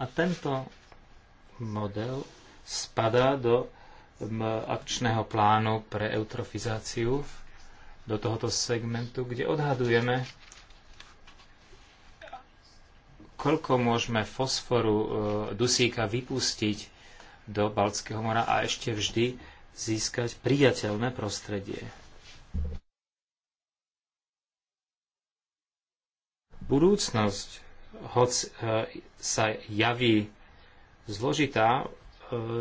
A tento model spadá do akčného plánu pre eutrofizáciu do tohoto segmentu, kde odhadujeme koľko môžeme fosforu, e, dusíka vypustiť do Baltského mora a ešte vždy získať priateľné prostredie. Budúcnosť, hoc e, sa javí zložitá, e,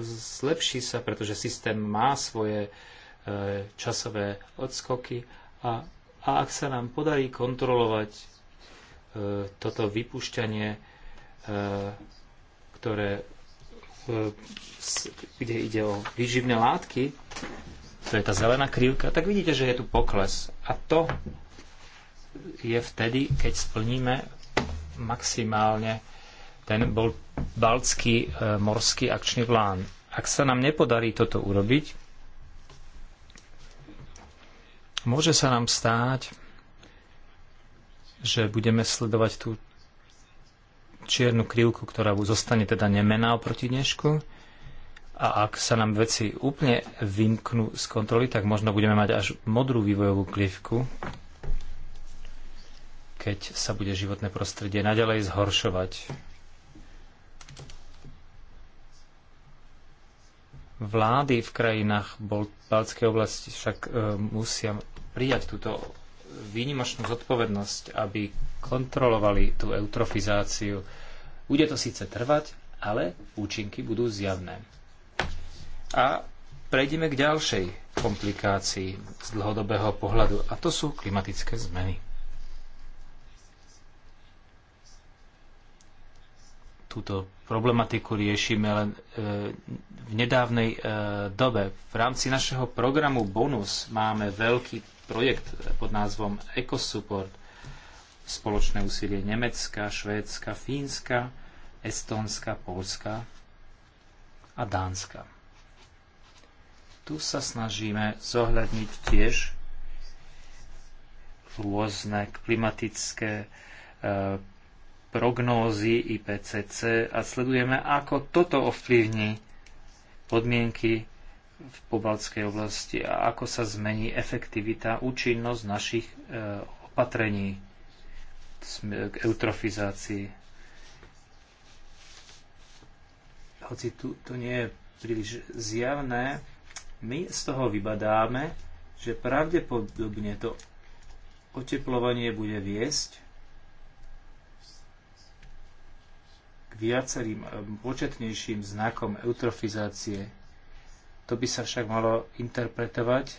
zlepší sa, pretože systém má svoje časové odskoky a, a ak sa nám podarí kontrolovať E, toto vypúšťanie, e, ktoré, e, kde ide o výživné látky, to je tá zelená krivka, tak vidíte, že je tu pokles. A to je vtedy, keď splníme maximálne ten bol baltský morský akčný plán. Ak sa nám nepodarí toto urobiť, môže sa nám stáť, že budeme sledovať tú čiernu krivku, ktorá zostane teda nemená oproti dnešku. A ak sa nám veci úplne vymknú z kontroly, tak možno budeme mať až modrú vývojovú krivku, keď sa bude životné prostredie naďalej zhoršovať. Vlády v krajinách Baltskej oblasti však e, musia prijať túto výnimočnú zodpovednosť, aby kontrolovali tú eutrofizáciu. Bude to síce trvať, ale účinky budú zjavné. A prejdeme k ďalšej komplikácii z dlhodobého pohľadu, a to sú klimatické zmeny. Túto problematiku riešime len e, v nedávnej e, dobe. V rámci našeho programu Bonus máme veľký projekt pod názvom EcoSupport, spoločné úsilie Nemecka, Švédska, Fínska, Estónska, Polska a Dánska. Tu sa snažíme zohľadniť tiež rôzne klimatické e, prognózy IPCC a sledujeme, ako toto ovplyvní podmienky v pobaltskej oblasti a ako sa zmení efektivita, účinnosť našich e, opatrení k eutrofizácii. Hoci tu, to nie je príliš zjavné, my z toho vybadáme, že pravdepodobne to oteplovanie bude viesť k viacerým e, početnejším znakom eutrofizácie to by sa však malo interpretovať.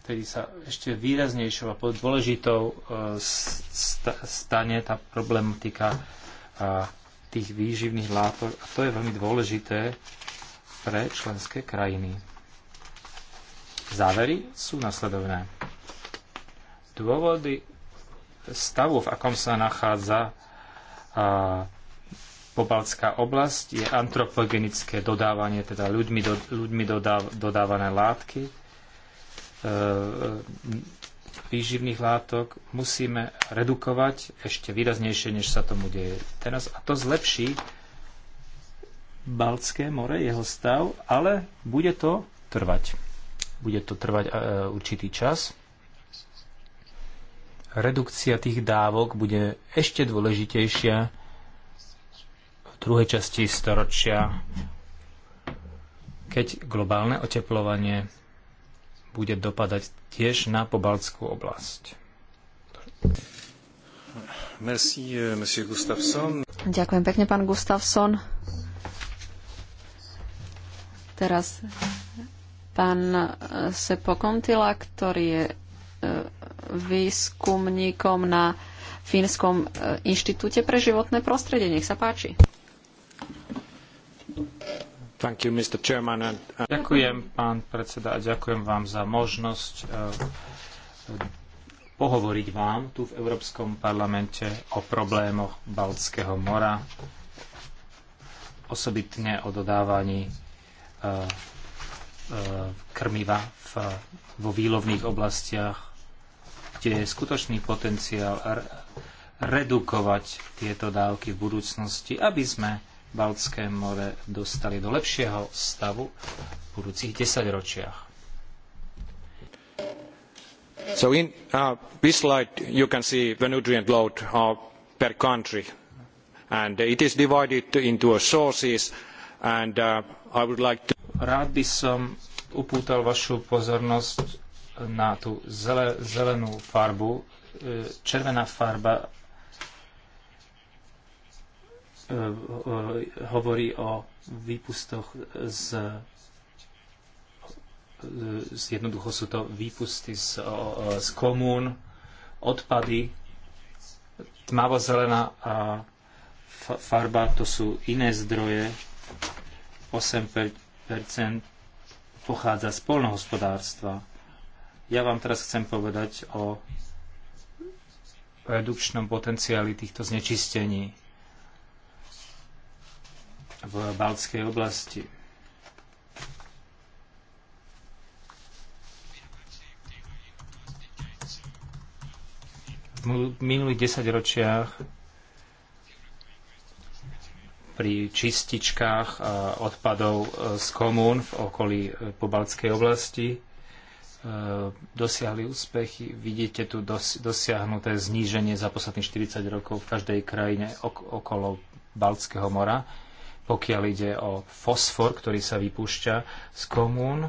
Vtedy sa ešte výraznejšou a dôležitou e, stane tá problematika e, tých výživných látok. A to je veľmi dôležité pre členské krajiny. Závery sú nasledovné. Dôvody stavu, v akom sa nachádza Pobaltská oblasť je antropogenické dodávanie, teda ľuďmi, do, ľuďmi dodáv, dodávané látky, e, e, výživných látok musíme redukovať ešte výraznejšie, než sa tomu deje teraz. A to zlepší Baltské more, jeho stav, ale bude to trvať. Bude to trvať e, určitý čas. Redukcia tých dávok bude ešte dôležitejšia, druhej časti storočia, keď globálne oteplovanie bude dopadať tiež na pobaltskú oblasť. Merci, euh, monsieur Gustafsson. Ďakujem pekne, pán Gustafsson. Teraz pán e, Sepo Kontila, ktorý je e, výskumníkom na Fínskom e, inštitúte pre životné prostredie. Nech sa páči. Uh, ďakujem, pán predseda, a ďakujem vám za možnosť uh, pohovoriť vám tu v Európskom parlamente o problémoch Baltského mora, osobitne o dodávaní uh, krmiva vo výlovných oblastiach, kde je skutočný potenciál redukovať tieto dávky v budúcnosti, aby sme Baltské more dostali do lepšieho stavu v budúcich desaťročiach. So in uh, this slide you can see the nutrient load uh, per country and uh, it is divided into sources and uh, I would like to... Rád by som upútal vašu pozornosť na tú zelenú farbu. E, červená farba E, e, hovorí o výpustoch e, z jednoducho sú to výpusty z, z komún, odpady, tmavo-zelená farba, to sú iné zdroje, 8% pochádza z polnohospodárstva. Ja vám teraz chcem povedať o redukčnom potenciáli týchto znečistení v Baltskej oblasti. V minulých desaťročiach pri čističkách odpadov e, z komún v okolí e, Pobaltskej oblasti e, dosiahli úspechy. Vidíte tu dosiahnuté zníženie za posledných 40 rokov v každej krajine okolo Baltského mora pokiaľ ide o fosfor, ktorý sa vypúšťa z komún,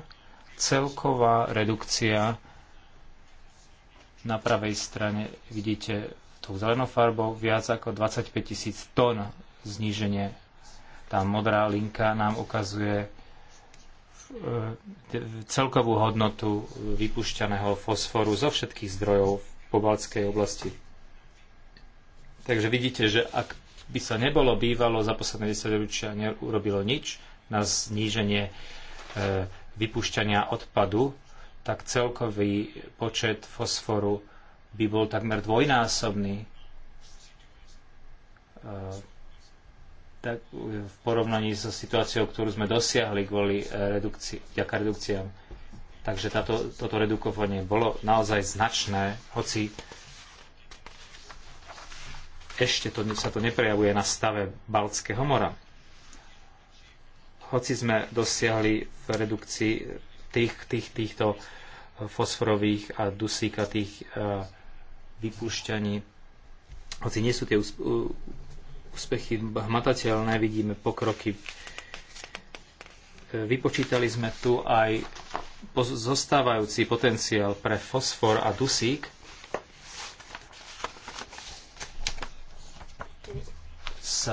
celková redukcia na pravej strane vidíte tou zelenou farbou viac ako 25 tisíc tón zníženie. Tá modrá linka nám ukazuje e, celkovú hodnotu vypušťaného fosforu zo všetkých zdrojov v pobalskej oblasti. Takže vidíte, že ak by sa nebolo bývalo za posledné 10 ročia neurobilo nič na zníženie e, vypúšťania odpadu, tak celkový počet fosforu by bol takmer dvojnásobný e, tak v porovnaní so situáciou, ktorú sme dosiahli kvôli e, redukcii, vďaka redukciám. Takže táto, toto redukovanie bolo naozaj značné, hoci ešte to, sa to neprejavuje na stave Baltského mora. Hoci sme dosiahli v redukcii tých, tých, týchto fosforových a dusíkatých e, vypúšťaní, hoci nie sú tie úspechy hmatateľné, vidíme pokroky. E, vypočítali sme tu aj zostávajúci potenciál pre fosfor a dusík, z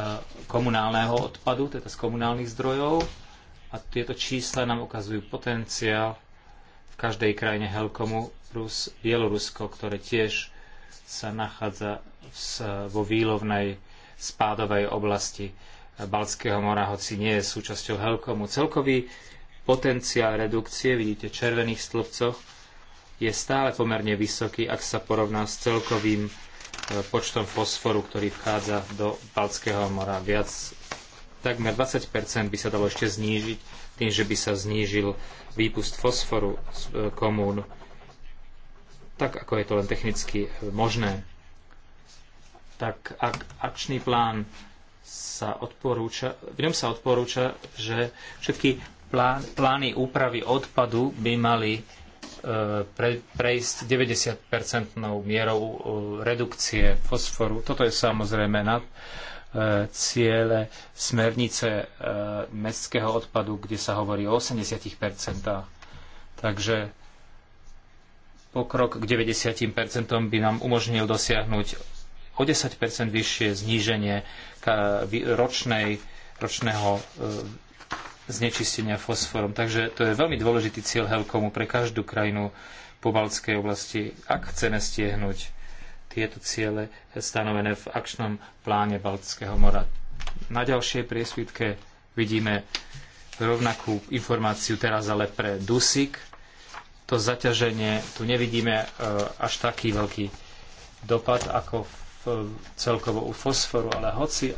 komunálneho odpadu, teda z komunálnych zdrojov. A tieto čísla nám ukazujú potenciál v každej krajine Helkomu plus Bielorusko, ktoré tiež sa nachádza vo výlovnej spádovej oblasti Balckého mora, hoci nie je súčasťou Helkomu. Celkový potenciál redukcie, vidíte v červených stĺpcoch, je stále pomerne vysoký, ak sa porovná s celkovým počtom fosforu, ktorý vchádza do Balckého mora. Viac, takmer 20 by sa dalo ešte znížiť tým, že by sa znížil výpust fosforu z e, komún, tak ako je to len technicky e, možné. Tak ak akčný plán sa odporúča, v ňom sa odporúča, že všetky plán, plány úpravy odpadu by mali E, pre, prejsť 90-percentnou mierou e, redukcie fosforu. Toto je samozrejme na e, ciele smernice mestského odpadu, kde sa hovorí o 80%. Takže pokrok k 90% by nám umožnil dosiahnuť o 10% vyššie zníženie ročnej, ročného znečistenia fosforom. Takže to je veľmi dôležitý cieľ Helkomu pre každú krajinu pobaltskej oblasti, ak chceme stiehnúť tieto ciele stanovené v akčnom pláne Baltského mora. Na ďalšej priesvitke vidíme rovnakú informáciu teraz ale pre Dusik. To zaťaženie, tu nevidíme e, až taký veľký dopad ako v, e, celkovo u fosforu, ale hoci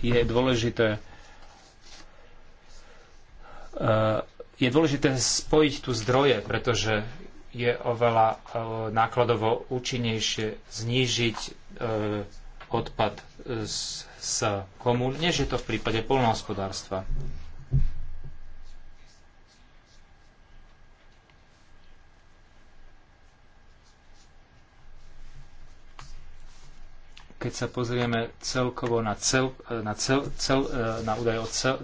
je dôležité je dôležité spojiť tu zdroje, pretože je oveľa e, nákladovo účinnejšie znížiť e, odpad e, z, z komún, než je to v prípade poľnohospodárstva. Keď sa pozrieme celkovo na, cel, na, cel, cel, na údaje o cel,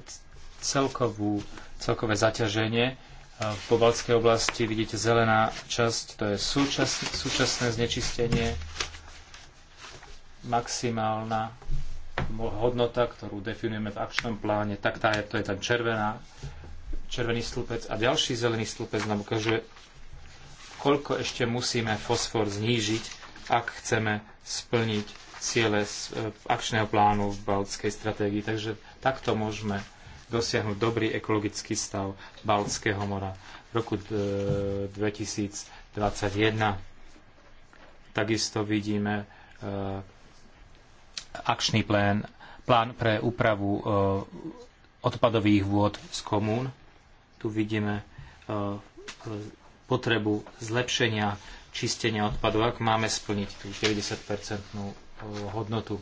celkovú, celkové zaťaženie v e, pobalskej oblasti. Vidíte zelená časť, to je súčasné, súčasné znečistenie, maximálna hodnota, ktorú definujeme v akčnom pláne, tak tá je, to je tam červená, červený stĺpec a ďalší zelený stĺpec nám ukazuje, koľko ešte musíme fosfor znížiť, ak chceme splniť ciele z e, akčného plánu v Baltskej stratégii. Takže takto môžeme dosiahnuť dobrý ekologický stav Baltského mora v roku 2021. E, Takisto vidíme e, akčný plán, plán pre úpravu e, odpadových vôd z komún. Tu vidíme potrebu zlepšenia čistenia odpadov, ak máme splniť tú 90-percentnú hodnotu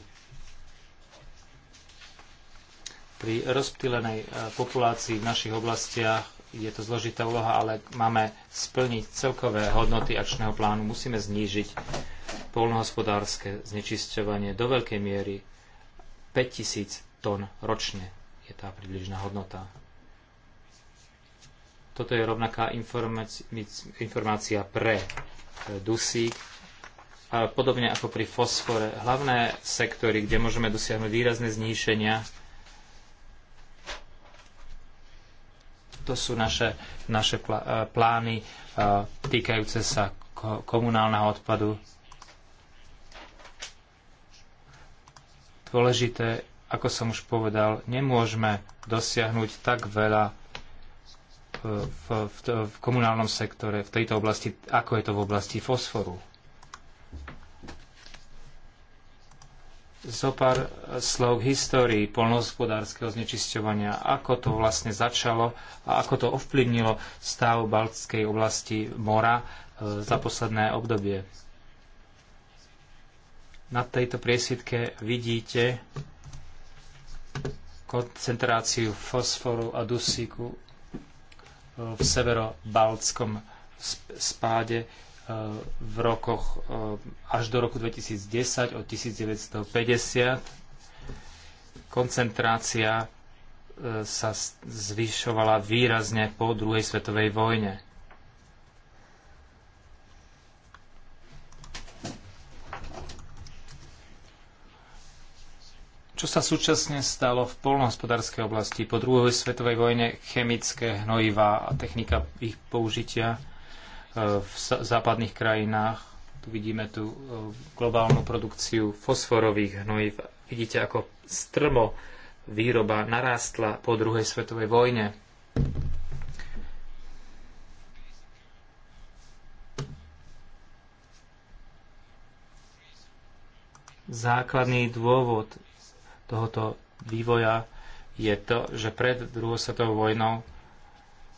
Pri rozptýlenej e, populácii v našich oblastiach je to zložitá úloha, ale máme splniť celkové hodnoty akčného plánu. Musíme znížiť poľnohospodárske znečisťovanie do veľkej miery 5000 tón ročne je tá približná hodnota. Toto je rovnaká informácia pre e, dusík, podobne ako pri fosfore. Hlavné sektory, kde môžeme dosiahnuť výrazné zníšenia, To sú naše, naše e, plány e, týkajúce sa komunálneho odpadu. Dôležité, ako som už povedal, nemôžeme dosiahnuť tak veľa e, v, v, v komunálnom sektore v tejto oblasti, ako je to v oblasti fosforu. zo pár slov histórii poľnohospodárskeho znečisťovania, ako to vlastne začalo a ako to ovplyvnilo stav Baltskej oblasti mora e, za posledné obdobie. Na tejto priesvitke vidíte koncentráciu fosforu a dusíku e, v severobaltskom spáde v rokoch eh, až do roku 2010 od 1950 koncentrácia eh, sa zvyšovala výrazne po druhej svetovej vojne. Čo sa súčasne stalo v poľnohospodárskej oblasti? Po druhej svetovej vojne chemické hnojivá a technika ich použitia v západných krajinách. Tu vidíme tú e, globálnu produkciu fosforových hnojív. Vidíte, ako strmo výroba narástla po druhej svetovej vojne. Základný dôvod tohoto vývoja je to, že pred druhou svetovou vojnou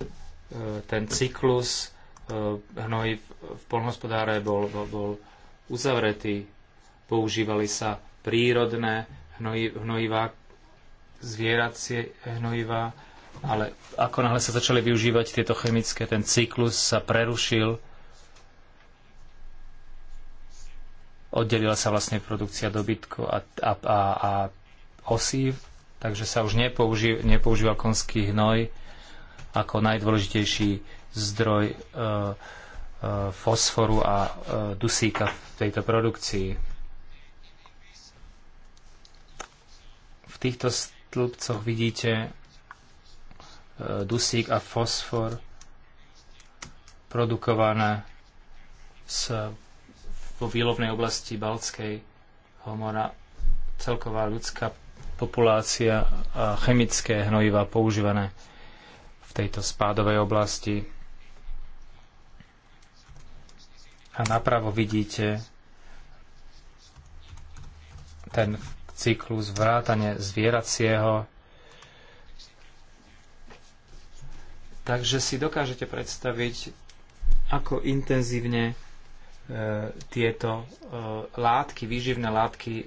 e, ten cyklus Eh, hnoj v polnospodáre bol, bol, bol uzavretý. Používali sa prírodné hnojivá, zvieracie hnojivá, ale ako náhle sa začali využívať tieto chemické, ten cyklus sa prerušil. Oddelila sa vlastne produkcia dobytku a, a, a, a osív, takže sa už nepoužíval, nepoužíval konský hnoj ako najdôležitejší zdroj e, e, fosforu a e, dusíka v tejto produkcii. V týchto stĺpcoch vidíte dusík a fosfor produkované z, vo výlovnej oblasti Balckej homora. Celková ľudská populácia a chemické hnojiva používané v tejto spádovej oblasti a napravo vidíte ten cyklus vrátane zvieracieho. Takže si dokážete predstaviť, ako intenzívne e, tieto e, látky, výživné látky e,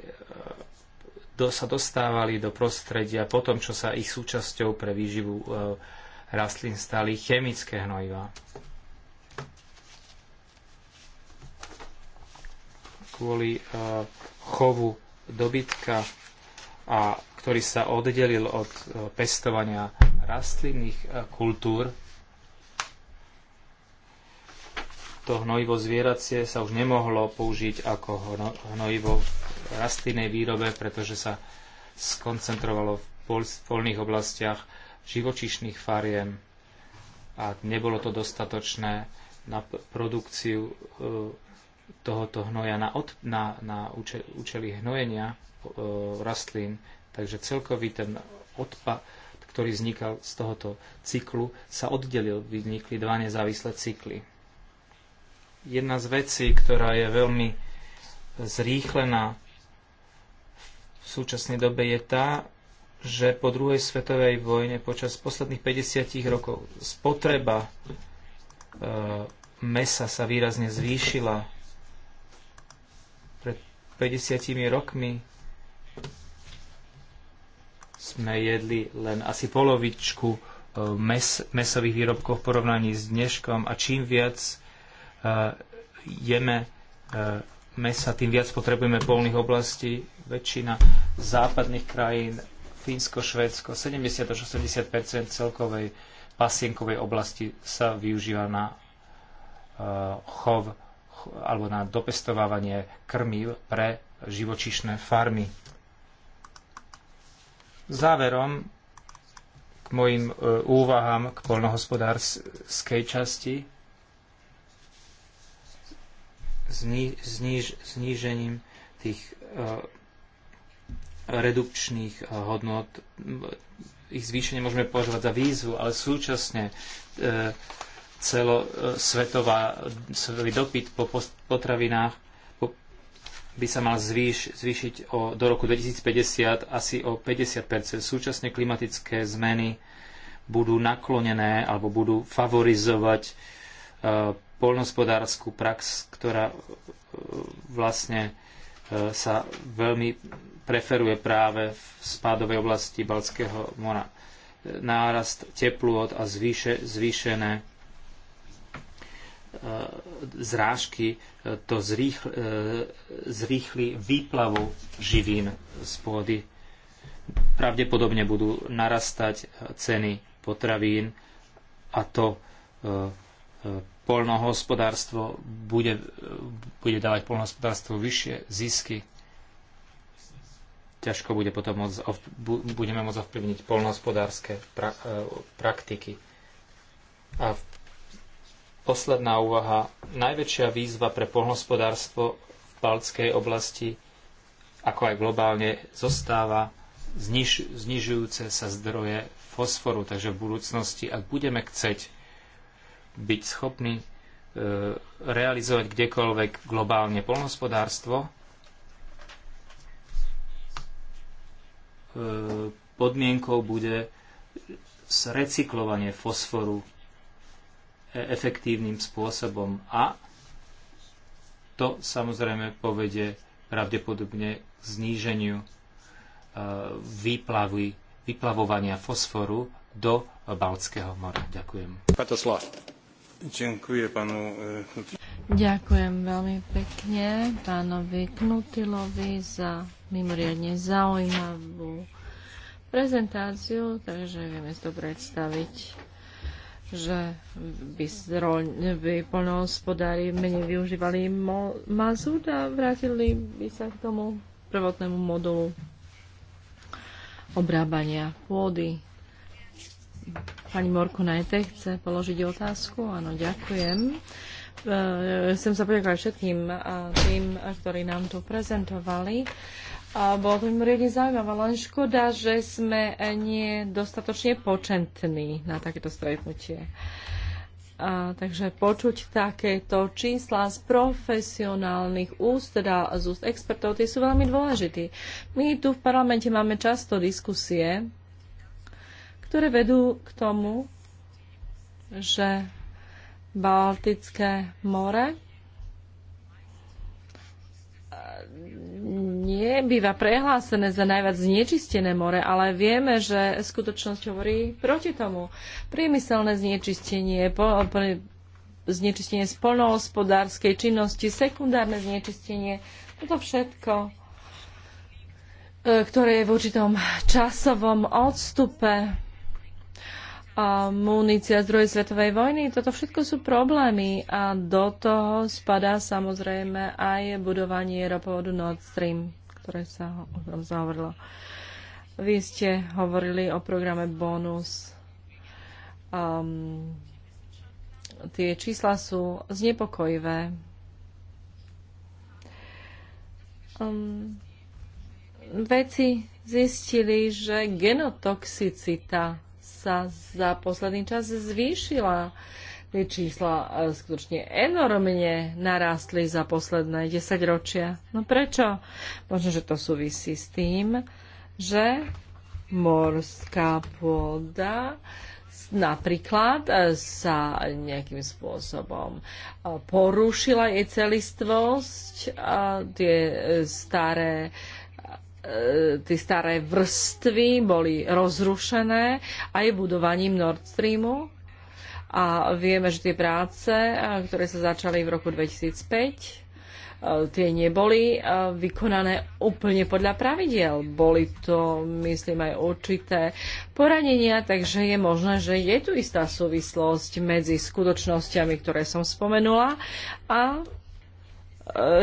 do, sa dostávali do prostredia po tom, čo sa ich súčasťou pre výživu e, rastlín stali chemické hnojivá. kvôli e, chovu dobytka, a ktorý sa oddelil od e, pestovania rastlinných e, kultúr. To hnojivo zvieracie sa už nemohlo použiť ako hnojivo v rastlinnej výrobe, pretože sa skoncentrovalo v polných oblastiach živočíšnych fariem a nebolo to dostatočné na produkciu tohoto hnoja na, od, na, na účely hnojenia e, rastlín. Takže celkový ten odpad, ktorý vznikal z tohoto cyklu, sa oddelil. vznikli dva nezávislé cykly. Jedna z vecí, ktorá je veľmi zrýchlená v súčasnej dobe, je tá, že po druhej svetovej vojne počas posledných 50 rokov spotreba e, mesa sa výrazne zvýšila 50 rokmi sme jedli len asi polovičku e, mes, mesových výrobkov v porovnaní s dneškom a čím viac uh, jeme uh, mesa, tým viac potrebujeme polných oblastí. Väčšina západných krajín, Fínsko, Švédsko, 70 až 80 celkovej pasienkovej oblasti sa využíva na uh, chov alebo na dopestovávanie krmív pre živočišné farmy. Záverom k mojim e, úvahám k polnohospodárskej časti znížením tých e, redukčných e, hodnot. Ich zvýšenie môžeme považovať za výzvu, ale súčasne celosvetový dopyt po potravinách by sa mal zvýš, zvýšiť o, do roku 2050 asi o 50 Súčasne klimatické zmeny budú naklonené alebo budú favorizovať uh, poľnohospodárskú prax, ktorá e, vlastne e, sa veľmi preferuje práve v spádovej oblasti Balckého mora. Nárast teplôt a zvýše, zvýšené E, zrážky e, to zrýchli, e, zrýchli výplavu živín z pôdy. Pravdepodobne budú narastať ceny potravín a to polnohospodárstvo bude, bude dávať polnohospodárstvu vyššie zisky. Ťažko bude potom môcť budeme môcť ovplyvniť polnohospodárske pra, praktiky. A v Posledná úvaha. Najväčšia výzva pre poľnohospodárstvo v Baltskej oblasti, ako aj globálne, zostáva zniž, znižujúce sa zdroje fosforu. Takže v budúcnosti, ak budeme chceť byť schopní e, realizovať kdekoľvek globálne poľnohospodárstvo, e, podmienkou bude recyklovanie fosforu efektívnym spôsobom. A to samozrejme povede pravdepodobne k zníženiu e, výplavy, vyplavovania fosforu do Baltského mora. Ďakujem. Ďakujem, panu... E, Ďakujem veľmi pekne pánovi Knutilovi za mimoriadne zaujímavú prezentáciu, takže vieme si to predstaviť že by, zroň, by polnohospodári menej využívali mo, mazut a vrátili by sa k tomu prvotnému modulu obrábania pôdy. Pani Morko Najte chce položiť otázku. Áno, ďakujem. E, chcem sa poďakovať všetkým tým, ktorí nám tu prezentovali a bolo to mimoriadne zaujímavé, len škoda, že sme nie dostatočne počentní na takéto stretnutie. A, takže počuť takéto čísla z profesionálnych úst, teda z úst expertov, tie sú veľmi dôležité. My tu v parlamente máme často diskusie, ktoré vedú k tomu, že Baltické more nie býva prehlásené za najviac znečistené more, ale vieme, že skutočnosť hovorí proti tomu. Priemyselné znečistenie, po, po, znečistenie spolnohospodárskej činnosti, sekundárne znečistenie, toto všetko, e, ktoré je v určitom časovom odstupe munícia z druhej svetovej vojny. Toto všetko sú problémy a do toho spadá samozrejme aj budovanie ropovodu Nord Stream ktoré sa zavrlo. Vy ste hovorili o programe Bonus. Um, tie čísla sú znepokojivé. Um, veci zistili, že genotoxicita sa za posledný čas zvýšila. Uh, Tie čísla e, skutočne enormne narastli za posledné 10 ročia. No prečo? Možno, že to súvisí s tým, že morská pôda napríklad e, sa nejakým spôsobom e, porušila jej celistvosť, tie staré tie staré vrstvy boli rozrušené aj budovaním Nord Streamu a vieme, že tie práce, ktoré sa začali v roku 2005, e, tie neboli e, vykonané úplne podľa pravidiel. Boli to, myslím, aj určité poranenia, takže je možné, že je tu istá súvislosť medzi skutočnosťami, ktoré som spomenula a e,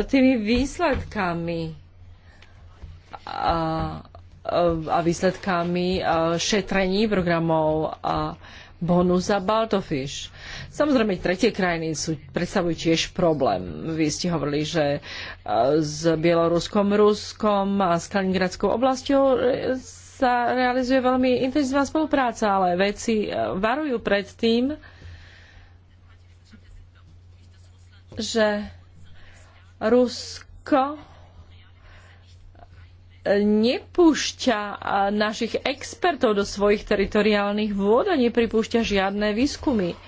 tými výsledkami a, a výsledkami šetrení programov a, bonus za Baltofish. Samozrejme, tretie krajiny sú, predstavujú tiež problém. Vy ste hovorili, že e, s Bieloruskom, Ruskom a s Kaliningradskou oblasťou e, sa realizuje veľmi intenzívna spolupráca, ale veci e, varujú pred tým, že Rusko nepúšťa našich expertov do svojich teritoriálnych vôd a nepripúšťa žiadne výskumy.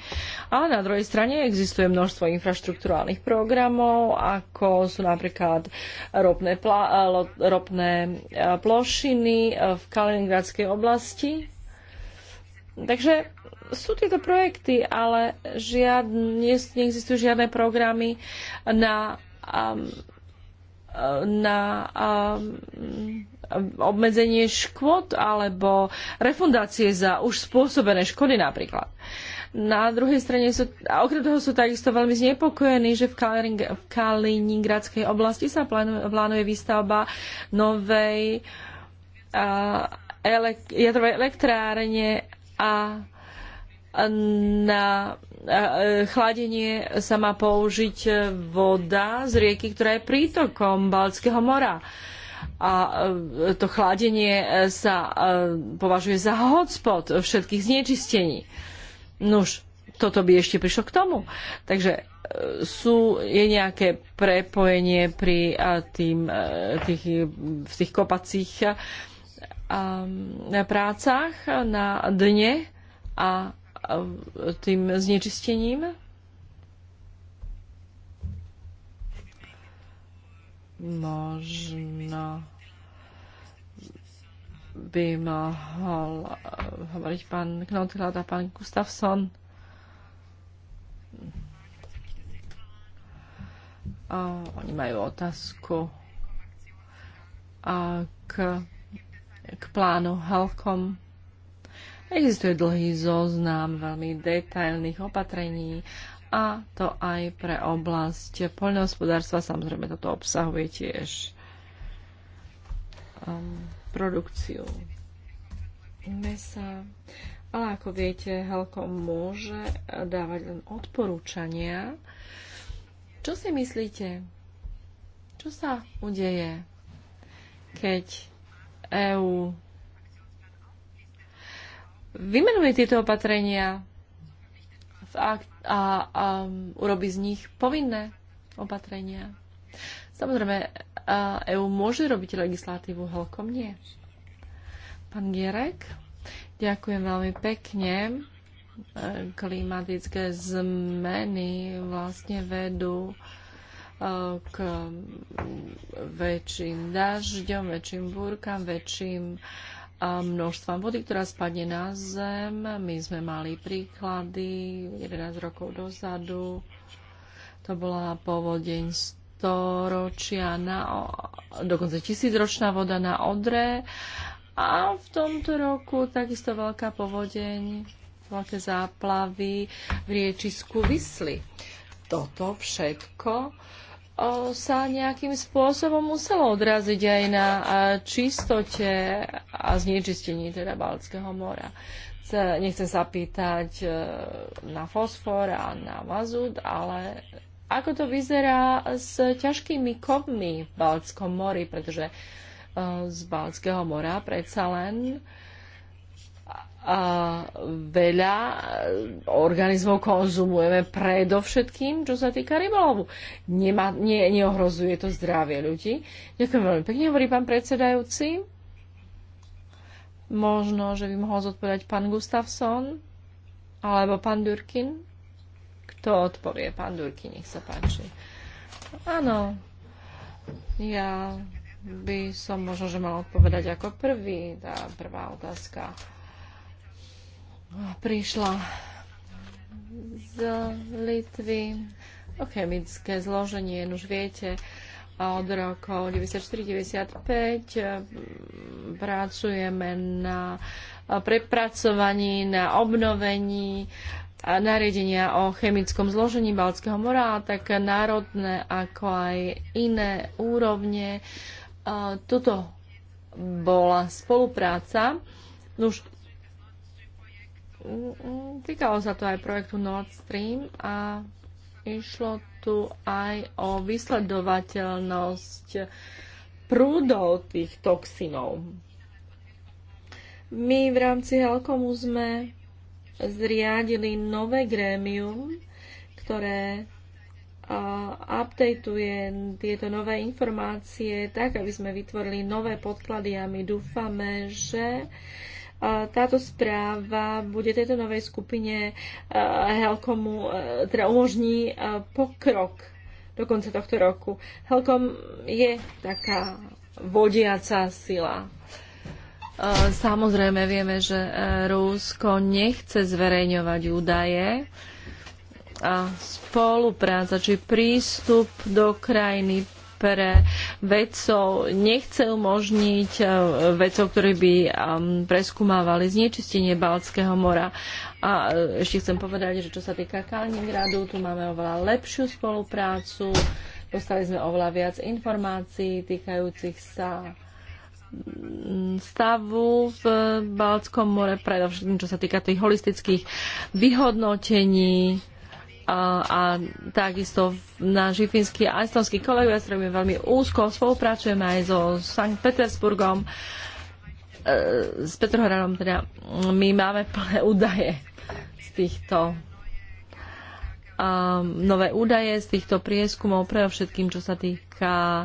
A na druhej strane existuje množstvo infraštruktúrálnych programov, ako sú napríklad ropné, ropné e, plošiny e, v Kaliningradskej oblasti. Takže sú tieto projekty, ale žiadne, neexistujú žiadne programy na um, na um, obmedzenie škôd alebo refundácie za už spôsobené škody napríklad. Na druhej strane sú, a okrem toho sú takisto veľmi znepokojení, že v, Kaling, v Kaliningradskej oblasti sa plánuje, plánuje výstavba novej uh, ele, jadrovej elektrárne a na eh, eh, chladenie sa má použiť eh, voda z rieky, ktorá je prítokom Balckého mora. A to chladenie sa považuje za hotspot všetkých znečistení. Nuž, toto by ešte prišlo k tomu. Takže sú, je nejaké prepojenie pri tým, tých, v tých kopacích prácach na dne a tým znečistením? Možno by mohol hovoriť pán Knotlad a pán Gustafsson. A oni majú otázku a k, k plánu Helcom Existuje dlhý zoznam veľmi detailných opatrení a to aj pre oblasť poľnohospodárstva. Samozrejme, toto obsahuje tiež um, produkciu mesa. Ale ako viete, Helko môže dávať len odporúčania. Čo si myslíte? Čo sa udeje, keď EÚ vymenuje tieto opatrenia a, a, a um, urobí z nich povinné opatrenia. Samozrejme, EÚ môže robiť legislatívu, holkom nie. Pán Gierek, ďakujem veľmi pekne. Klimatické zmeny vlastne vedú e, k väčším dažďom, väčším búrkam, väčším uh, množstvom vody, ktorá spadne na zem. My sme mali príklady 11 rokov dozadu. To bola povodeň 100 ročia, na, dokonca tisícročná voda na Odre. A v tomto roku takisto veľká povodeň, veľké záplavy v riečisku Vysly. Toto všetko sa nejakým spôsobom muselo odraziť aj na čistote a znečistení teda Balckého mora. Nechcem sa pýtať e, na fosfor a na mazut, ale ako to vyzerá s ťažkými kovmi v Balckom mori, pretože e, z Balckého mora predsa len uh, veľa eh, organizmov konzumujeme predovšetkým, čo sa týka rybolovu. Nemá, nie, neohrozuje to zdravie ľudí. Ďakujem veľmi pekne, hovorí pán predsedajúci. Možno, že by mohol zodpovedať pán Gustafsson alebo pán Durkin. Kto odpovie? Pán Durkin, nech sa páči. Áno, ja by som možno, že mal odpovedať ako prvý, tá prvá otázka prišla z Litvy. O chemické zloženie, no už viete, od rokov 94-95 eh, pracujeme na prepracovaní, na obnovení eh, nariadenia o chemickom zložení Balckého mora, tak národné ako aj iné úrovne. Eh, toto bola spolupráca. No už Týkalo sa to aj projektu Nord Stream a išlo tu aj o vysledovateľnosť prúdov tých toxinov. My v rámci Helkomu sme zriadili nové grémium, ktoré updateuje tieto nové informácie tak, aby sme vytvorili nové podklady a my dúfame, že táto správa bude tejto novej skupine e, Helkomu, e, teda umožní e, pokrok do konca tohto roku. Helkom je taká vodiaca sila. Samozrejme vieme, že Rúsko nechce zverejňovať údaje. A spolupráca či prístup do krajiny pre vedcov nechce umožniť e, vedcov, ktorí by preskúmávali znečistenie Balckého mora. A e, ešte chcem povedať, že čo sa týka Kaliningradu, tu máme oveľa lepšiu spoluprácu, dostali sme oveľa viac informácií týkajúcich sa stavu v Balckom more, predovšetkým čo sa týka tých holistických vyhodnotení a takisto naši fínsky a estonskí kolegovia, s ktorými veľmi úzko spolupracujeme aj so Sankt Petersburgom, e, s Petrohradom, teda my máme plné údaje z týchto um, nové údaje z týchto prieskumov, pre všetkým, čo sa týka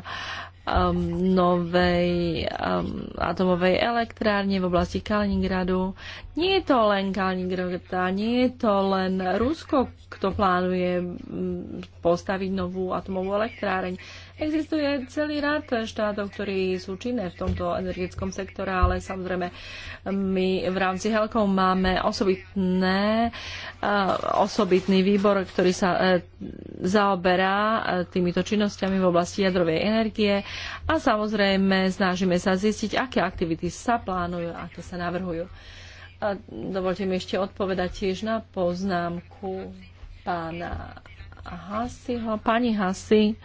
um, novej um, atomovej elektrárne v oblasti Kaliningradu. Nie je to len Kaliningrad, nie je to len Rusko, kto plánuje mm, postaviť novú atomovú elektráreň. Existuje celý rad štátov, ktorí sú činné v tomto energetickom sektore, ale samozrejme my v rámci Helkov máme osobitné, e, osobitný výbor, ktorý sa e, zaoberá e, týmito činnosťami v oblasti jadrovej energie a samozrejme snažíme sa zistiť, aké aktivity sa plánujú, aké sa navrhujú. A dovolte mi ešte odpovedať tiež na poznámku pána Hasiho. Pani Hasi,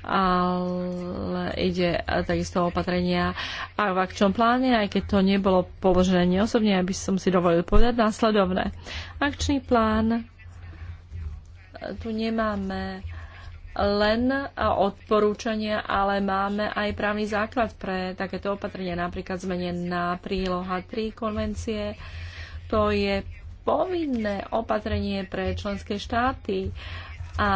ale ide takisto o opatrenia a v akčnom pláne, aj keď to nebolo položené neosobne, aby som si dovolil povedať následovné. Akčný plán tu nemáme len odporúčania, ale máme aj právny základ pre takéto opatrenia, napríklad zmenená príloha 3 konvencie. To je povinné opatrenie pre členské štáty a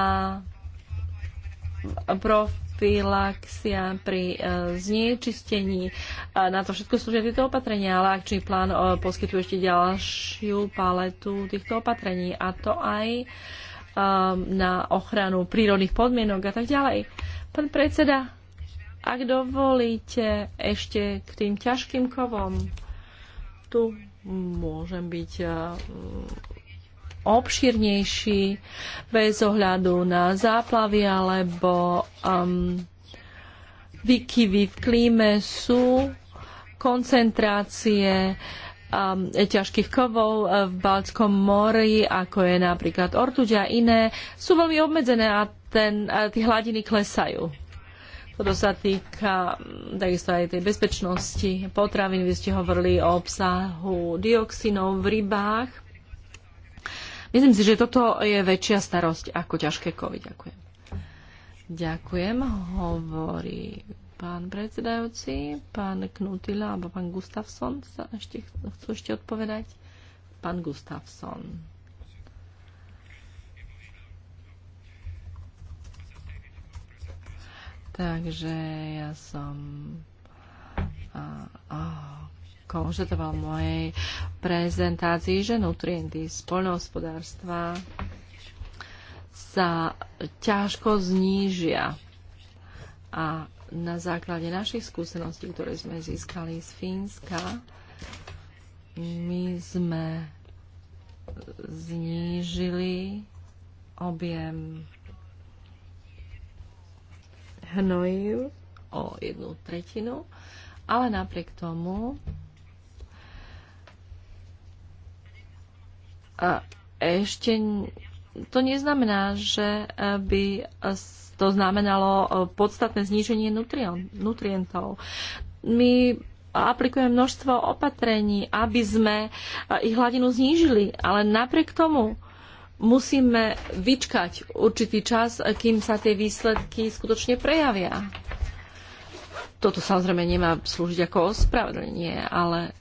profilaxia pri e, znečistení. E, na to všetko slúžia tieto opatrenia, ale akčný plán e, poskytuje ešte ďalšiu paletu týchto opatrení a to aj na ochranu prírodných podmienok a tak ďalej. Pán predseda, ak dovolíte ešte k tým ťažkým kovom, tu môžem byť obširnejší bez ohľadu na záplavy alebo um, výkyvy v klíme sú koncentrácie um, ťažkých kovov uh, v Baltskom mori, ako je napríklad ortuď a iné, sú veľmi obmedzené a a tie hladiny klesajú. Toto sa týka mm, takisto aj tej bezpečnosti potravín. Vy ste hovorili o obsahu dioxinov v rybách Myslím si, že toto je väčšia starosť ako ťažké kovy. Ďakujem. Ďakujem, hovorí pán predsedajúci, pán Knutila alebo pán Gustafsson sa ešte chcú ešte odpovedať. Pán Gustafsson. Takže ja som a, oh, konštatoval v mojej prezentácii, že nutrienty z poľnohospodárstva sa ťažko znížia. A na základe našich skúseností, ktoré sme získali z Fínska, my sme znížili objem hnojiv o jednu tretinu, ale napriek tomu ešte to neznamená, že e, by to znamenalo e, podstatné zníženie nutrientov. My aplikujeme množstvo opatrení, aby sme e, ich hladinu znížili, ale napriek tomu musíme vyčkať určitý čas, kým sa tie výsledky skutočne prejavia. Toto samozrejme nemá slúžiť ako ospravedlnenie, ale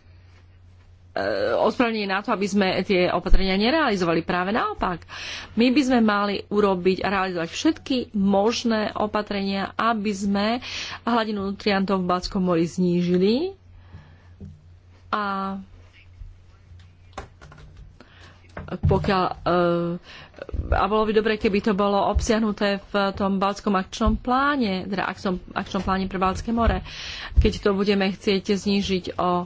E, ospravedlnenie na to, aby sme tie opatrenia nerealizovali. Práve naopak. My by sme mali urobiť a realizovať všetky možné opatrenia, aby sme hladinu nutriantov v Balckom mori znížili a pokiaľ e, a bolo by dobre, keby to bolo obsiahnuté v tom Balckom akčnom pláne, teda akčnom, akčnom pláne pre Balcké more, keď to budeme chcieť znížiť o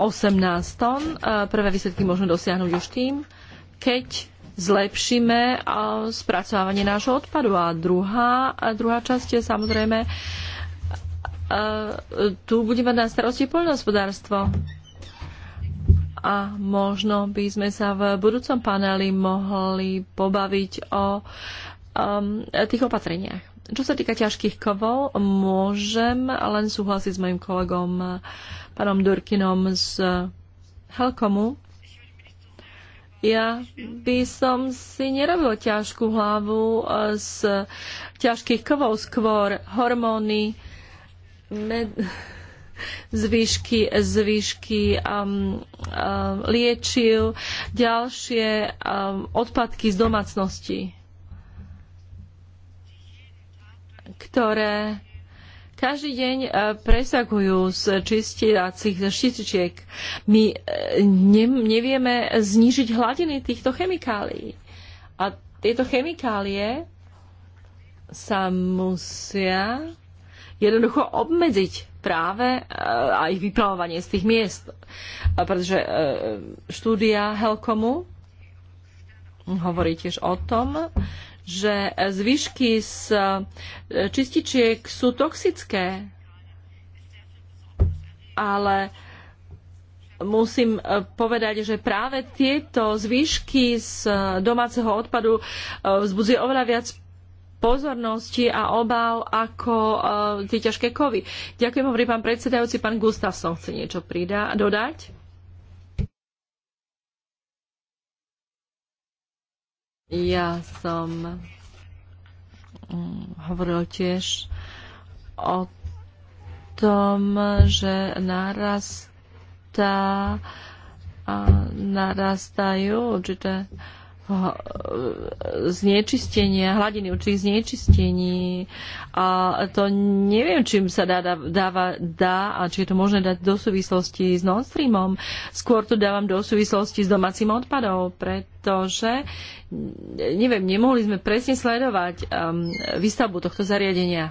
18 tón. E, prvé výsledky môžeme dosiahnuť už tým, keď zlepšíme e, spracovanie nášho odpadu. A druhá, a druhá časť je samozrejme, e, tu budeme mať na starosti poľnohospodárstvo. A možno by sme sa v budúcom paneli mohli pobaviť o um, tých opatreniach. Čo sa týka ťažkých kovov, môžem len súhlasiť s mojim kolegom pánom Durkinom z Helkomu. Ja by som si nerobil ťažkú hlavu e, z ťažkých kovov, skôr hormóny, med, zvyšky, zvýšky um, um, liečiv, ďalšie um, odpadky z domácnosti, ktoré každý deň e, presakujú z čistiacich štítičiek. My e, ne, nevieme znižiť hladiny týchto chemikálií. A tieto chemikálie sa musia jednoducho obmedziť práve e, a ich vyplavovanie z tých miest. Pretože štúdia Helkomu hovorí tiež o tom, že zvyšky z e, čističiek sú toxické, ale musím e, povedať, že práve tieto zvyšky z e, domáceho odpadu vzbudzuje oveľa viac pozornosti a obav ako tie ťažké kovy. Ďakujem, hovorí pán predsedajúci, pán Gustafsson chce niečo pridať, dodať. Ja som mm, hovoril tiež o tom, že narastá, narastajú určité znečistenia, hladiny určitých znečistení. A to neviem, čím sa dá, dáva, dá a či je to možné dať do súvislosti s Nord Streamom. Skôr to dávam do súvislosti s domácim odpadom, pretože neviem, nemohli sme presne sledovať um, výstavbu tohto zariadenia.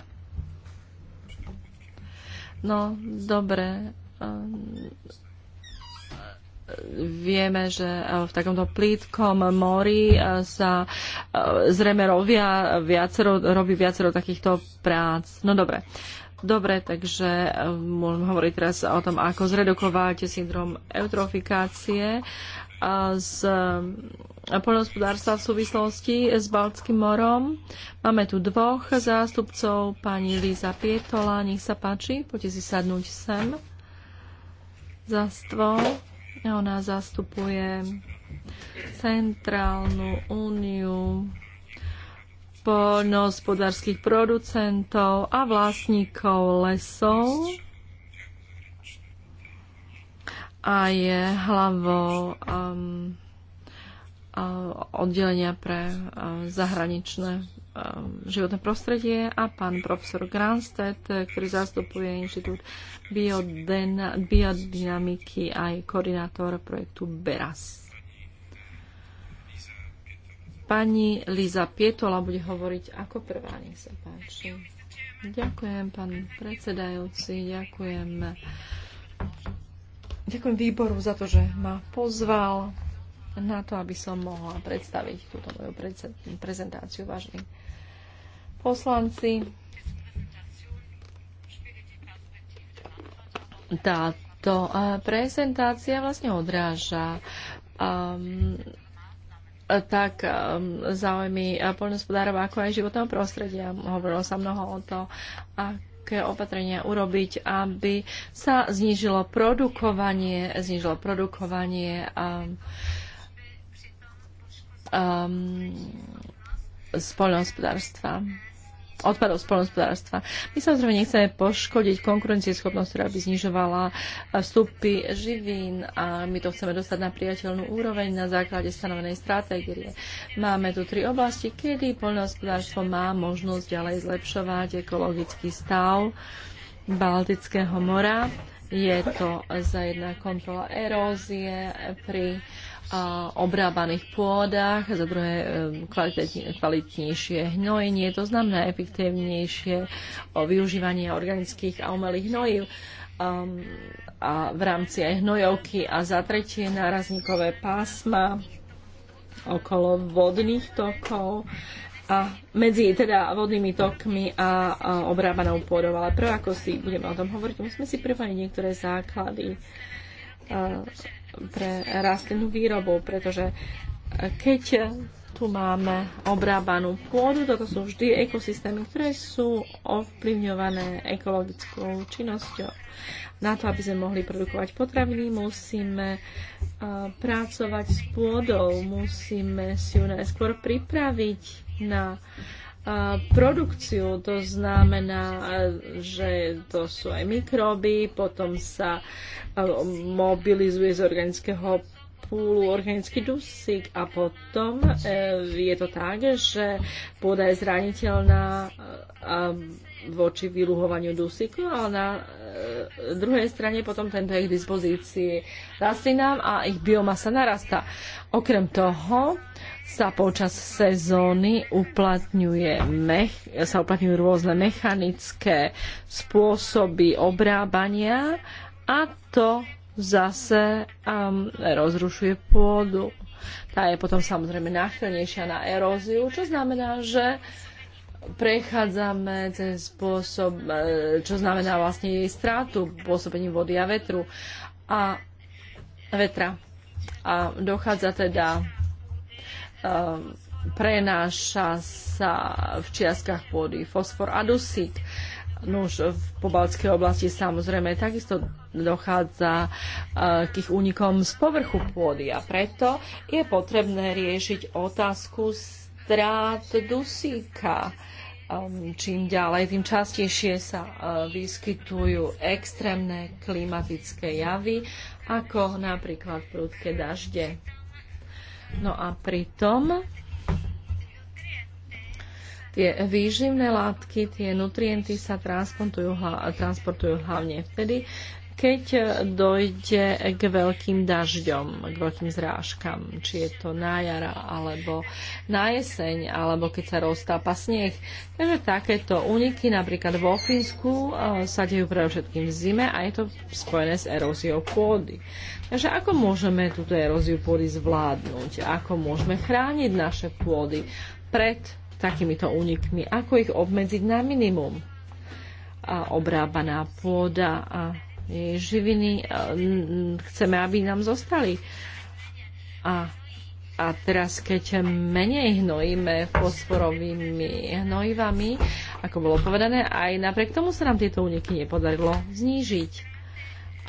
No, dobre. Um, vieme, že e, v takomto plítkom mori e, sa e, zrejme robia viacero, robí viacero takýchto prác. No dobre. Dobre, takže môžem hovoriť teraz o tom, ako zredukovať syndrom eutrofikácie z poľnohospodárstva v súvislosti s Baltským morom. Máme tu dvoch zástupcov, pani Líza Pietola, nech sa páči, poďte si sadnúť sem za stôl. Ona zastupuje Centrálnu úniu poľnohospodárských producentov a vlastníkov lesov a je hlavou um, uh, oddelenia pre uh, zahraničné Eh, životné prostredie a pán profesor Granstedt, ktorý zastupuje Inštitút biodynamiky a je koordinátor projektu BERAS. Pani Liza Pietola bude hovoriť ako prvá, nech sa páči. Ďakujem, pán predsedajúci, ďakujem. Ďakujem výboru za to, že ma pozval na to, aby som mohla predstaviť túto moju prezentáciu, vážený poslanci. Táto prezentácia vlastne odráža um, tak um, záujmy poľnohospodárov, ako aj životného prostredia. Hovorilo sa mnoho o to, aké opatrenia urobiť, aby sa znížilo produkovanie, znížilo produkovanie um, um, z poľnohospodárstva odpadov z polnospodárstva. My samozrejme nechceme poškodiť konkurencieschopnosť, ktorá by znižovala eh, vstupy živín a my to chceme dostať na priateľnú úroveň na základe stanovenej stratégie. Máme tu tri oblasti, kedy poľnohospodárstvo má možnosť ďalej zlepšovať ekologický stav Baltického mora. Je to za jedna kontrola erózie pri uh, obrábaných pôdach, za druhé e, kvalitnejšie hnojenie, to znamená efektívnejšie využívanie organických a umelých hnojív um, a v rámci aj hnojovky a za tretie nárazníkové pásma okolo vodných tokov a medzi teda vodnými tokmi a, a obrábanou pôdou. Ale prvá ako si budeme o tom hovoriť, musíme si pripraviť niektoré základy pre rastlinnú výrobu, pretože keď tu máme obrábanú pôdu, toto sú vždy ekosystémy, ktoré sú ovplyvňované ekologickou činnosťou. Na to, aby sme mohli produkovať potraviny, musíme e, pracovať s pôdou, musíme si ju najskôr pripraviť na produkciu. To znamená, že to sú aj mikróby, potom sa mobilizuje z organického púlu organický dusík a potom e, je to tak, že pôda je zraniteľná voči vyluhovaniu dusíku, ale na e, druhej strane potom tento je k dispozícii rastlinám a ich biomasa narastá. Okrem toho, sa počas sezóny uplatňuje mech, sa uplatňujú rôzne mechanické spôsoby obrábania a to zase um, rozrušuje pôdu. Tá je potom samozrejme náchylnejšia na eróziu, čo znamená, že prechádzame cez spôsob, e, čo znamená vlastne jej strátu pôsobením vody a vetru a vetra. A dochádza teda Ehm, prenáša sa v čiastkách pôdy fosfor a dusík. Nuž v pobaltskej oblasti samozrejme takisto dochádza eh, k ich únikom z povrchu pôdy a preto je potrebné riešiť otázku strát dusíka. Ehm, čím ďalej, tým častejšie sa eh, vyskytujú extrémne klimatické javy, ako napríklad prudké dažde. No a pritom tie výživné látky, tie nutrienty sa transportujú, transportujú hlavne vtedy, keď e, dojde k veľkým dažďom, k veľkým zrážkam, či je to na jara, alebo na jeseň, alebo keď sa roztápa sneh. Takže takéto úniky napríklad vo Fínsku e, sa dejú predovšetkým v zime a je to spojené s eróziou pôdy. Takže ako môžeme túto eróziu pôdy zvládnuť? Ako môžeme chrániť naše pôdy pred takýmito únikmi? Ako ich obmedziť na minimum? A obrábaná pôda a živiny e, chceme, aby nám zostali. A, a teraz, keď menej hnojíme fosforovými hnojivami, ako bolo povedané, aj napriek tomu sa nám tieto úniky nepodarilo znížiť.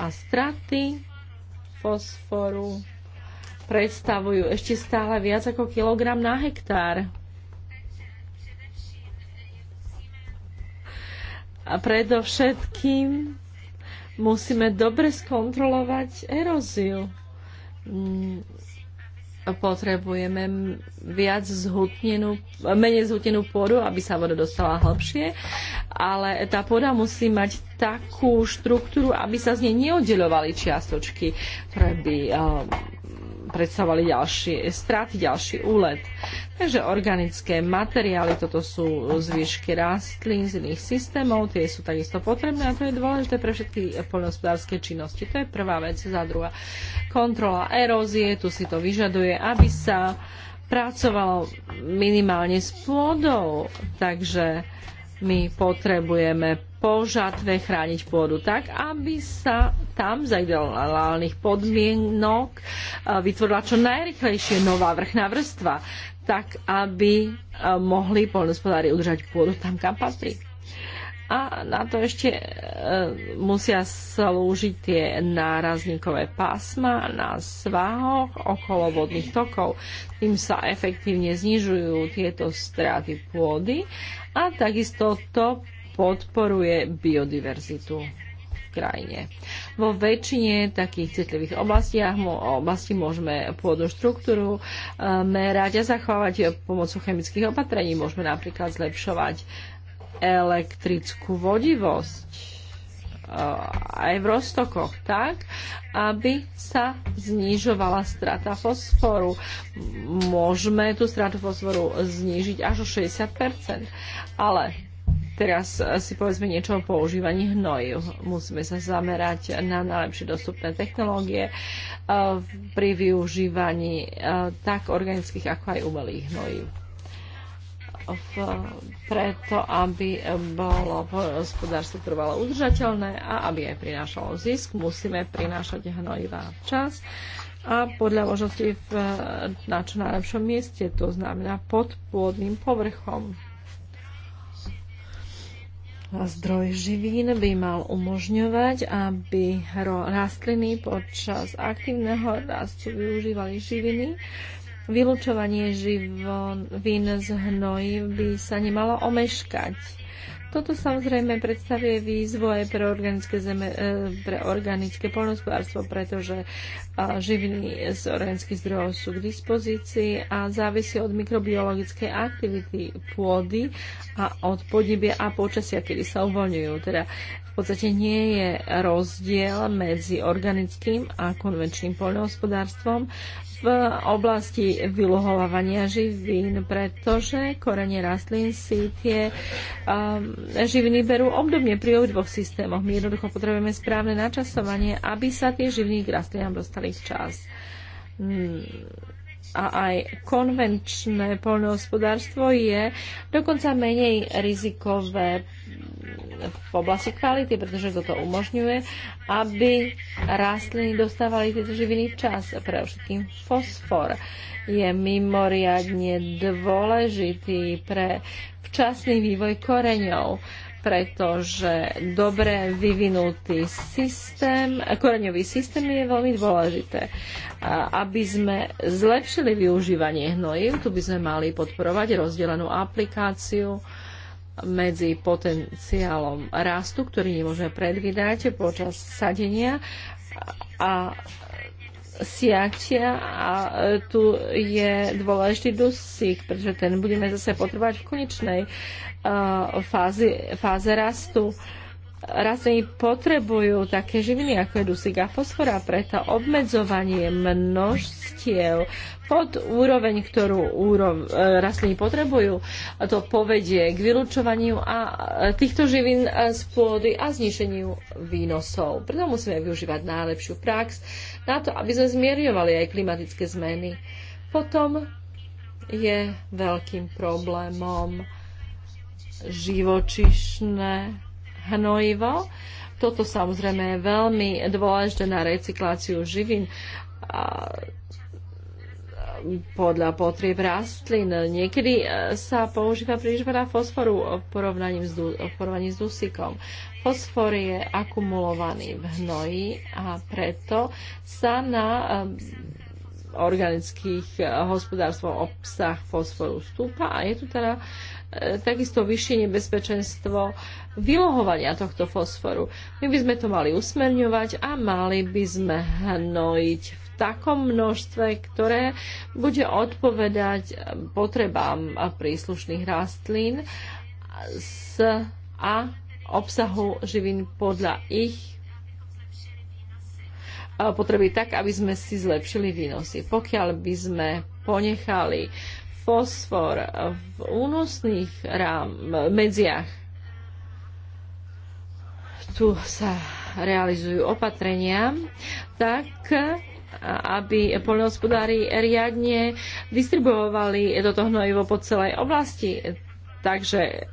A straty fosforu predstavujú ešte stále viac ako kilogram na hektár. A predovšetkým musíme dobre skontrolovať eróziu. Mm, potrebujeme viac zhutnenú, menej zhutnenú pôdu, aby sa voda dostala hlbšie, ale tá pôda musí mať takú štruktúru, aby sa z nej neoddelovali čiastočky, ktoré by eh, predstavovali ďalšie straty, ďalší úlet. Takže organické materiály, toto sú zvyšky rastlín z iných systémov, tie sú takisto potrebné a to je dôležité pre všetky poľnohospodárske činnosti. To je prvá vec. Za druhá, kontrola erózie, tu si to vyžaduje, aby sa pracovalo minimálne s pôdou. Takže my potrebujeme po žatve chrániť pôdu tak, aby sa tam za ideálnych podmienok e, vytvorila čo najrychlejšie nová vrchná vrstva, tak aby e, mohli poľnospodári udržať pôdu tam, kam patrí a na to ešte e, musia slúžiť tie nárazníkové pásma na svahoch okolo vodných tokov. Tým sa efektívne znižujú tieto straty pôdy a takisto to podporuje biodiverzitu v krajine. Vo väčšine takých citlivých oblastiach oblasti môžeme pôdu štruktúru e, merať a zachovať pomocou chemických opatrení. Môžeme napríklad zlepšovať elektrickú vodivosť e, aj v roztokoch tak, aby sa znižovala strata fosforu. Môžeme tú stratu fosforu znížiť až o 60%. Ale teraz si povedzme niečo o používaní hnojiv. Musíme sa zamerať na najlepšie dostupné technológie e, pri využívaní e, tak organických, ako aj umelých hnojiv v, preto, aby bolo hospodárstvo trvalo udržateľné a aby aj prinášalo zisk, musíme prinášať hnojivá včas a podľa možnosti v, na čo najlepšom mieste, to znamená pod pôdnym povrchom. A zdroj živín by mal umožňovať, aby rastliny počas aktívneho rastu využívali živiny, Vylúčovanie živín z hnoj by sa nemalo omeškať. Toto samozrejme predstavuje výzvu aj pre organické, zeme, e, pre organické polnospodárstvo, pretože e, živiny z organických zdrojov sú k dispozícii a závisí od mikrobiologickej aktivity pôdy a od podnebia a počasia, kedy sa uvoľňujú. Teda podstate nie je rozdiel medzi organickým a konvenčným poľnohospodárstvom v oblasti vyluhovávania živín, pretože korene rastlín si tie um, živiny berú obdobne pri dvoch systémoch. My jednoducho potrebujeme správne načasovanie, aby sa tie živiny k rastlinám dostali včas. Hmm a aj konvenčné poľnohospodárstvo je dokonca menej rizikové v oblasti kvality, pretože toto umožňuje, aby rastliny dostávali tieto živiny včas, pre všetkým fosfor je mimoriadne dôležitý pre včasný vývoj koreňov pretože dobre vyvinutý systém, koreňový systém je veľmi dôležité. Aby sme zlepšili využívanie hnojiv, tu by sme mali podporovať rozdelenú aplikáciu medzi potenciálom rastu, ktorý nemôžeme predvídať počas sadenia a siatia a e, tu je dôležitý dusík, pretože ten budeme zase potrebovať v konečnej uh, fázi, fáze rastu. Rastliny potrebujú také živiny, ako je dusík a fosfora, preto obmedzovanie množstiev pod úroveň, ktorú úrov, e, rastliny potrebujú, to povedie k vylúčovaniu a týchto živín z pôdy a znišeniu výnosov. Preto musíme využívať najlepšiu prax, na to, aby sme zmierňovali aj klimatické zmeny. Potom je veľkým problémom živočišné hnojivo. Toto samozrejme je veľmi dôležité na recykláciu živín. A podľa potrieb rastlín. Niekedy e, sa používa príliš veľa fosforu v porovnaní s, v porovnaní s dusikom. Fosfor je akumulovaný v hnoji a preto sa na e, organických e, hospodárstvom obsah fosforu stúpa a je tu teda takisto vyššie nebezpečenstvo vylohovania tohto fosforu. My by sme to mali usmerňovať a mali by sme hnojiť v takom množstve, ktoré bude odpovedať potrebám príslušných rastlín a obsahu živín podľa ich e, potreby tak, aby sme si zlepšili výnosy. Pokiaľ by sme ponechali fosfor v únosných rám, medziach, tu sa realizujú opatrenia, tak aby poľnohospodári riadne distribuovali toto hnojivo po celej oblasti. Takže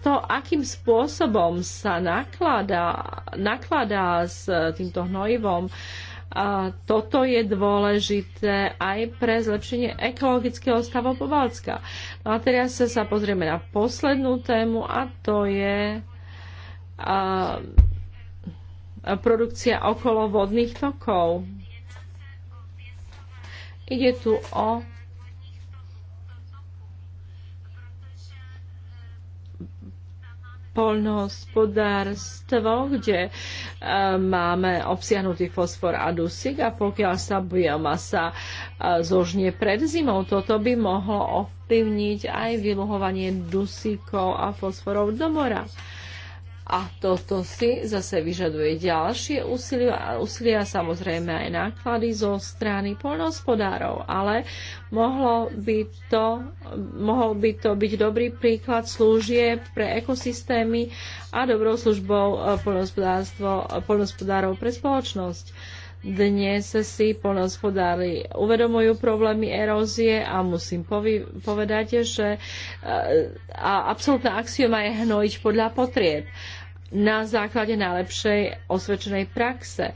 to, akým spôsobom sa nakladá, nakladá s týmto hnojivom, a toto je dôležité aj pre zlepšenie ekologického stavu Pobalcka. No a teraz sa, sa pozrieme na poslednú tému a to je a, a produkcia okolo vodných tokov. Ide tu o polnohospodárstvo, kde e, máme obsiahnutý fosfor a dusík a pokiaľ sa biomasa e, zožne pred zimou, toto by mohlo ovplyvniť aj vyluhovanie dusíkov a fosforov do mora. E, a toto si zase vyžaduje ďalšie úsilia samozrejme aj náklady zo strany poľnohospodárov, ale mohlo by to, mohol by to byť dobrý príklad služieb pre ekosystémy a dobrou službou eh, eh, poľnohospodárov pre spoločnosť dnes si polnohospodári uvedomujú problémy erózie a musím povedať, že eh, a absolútna axioma je hnojiť podľa potrieb na základe najlepšej osvedčenej praxe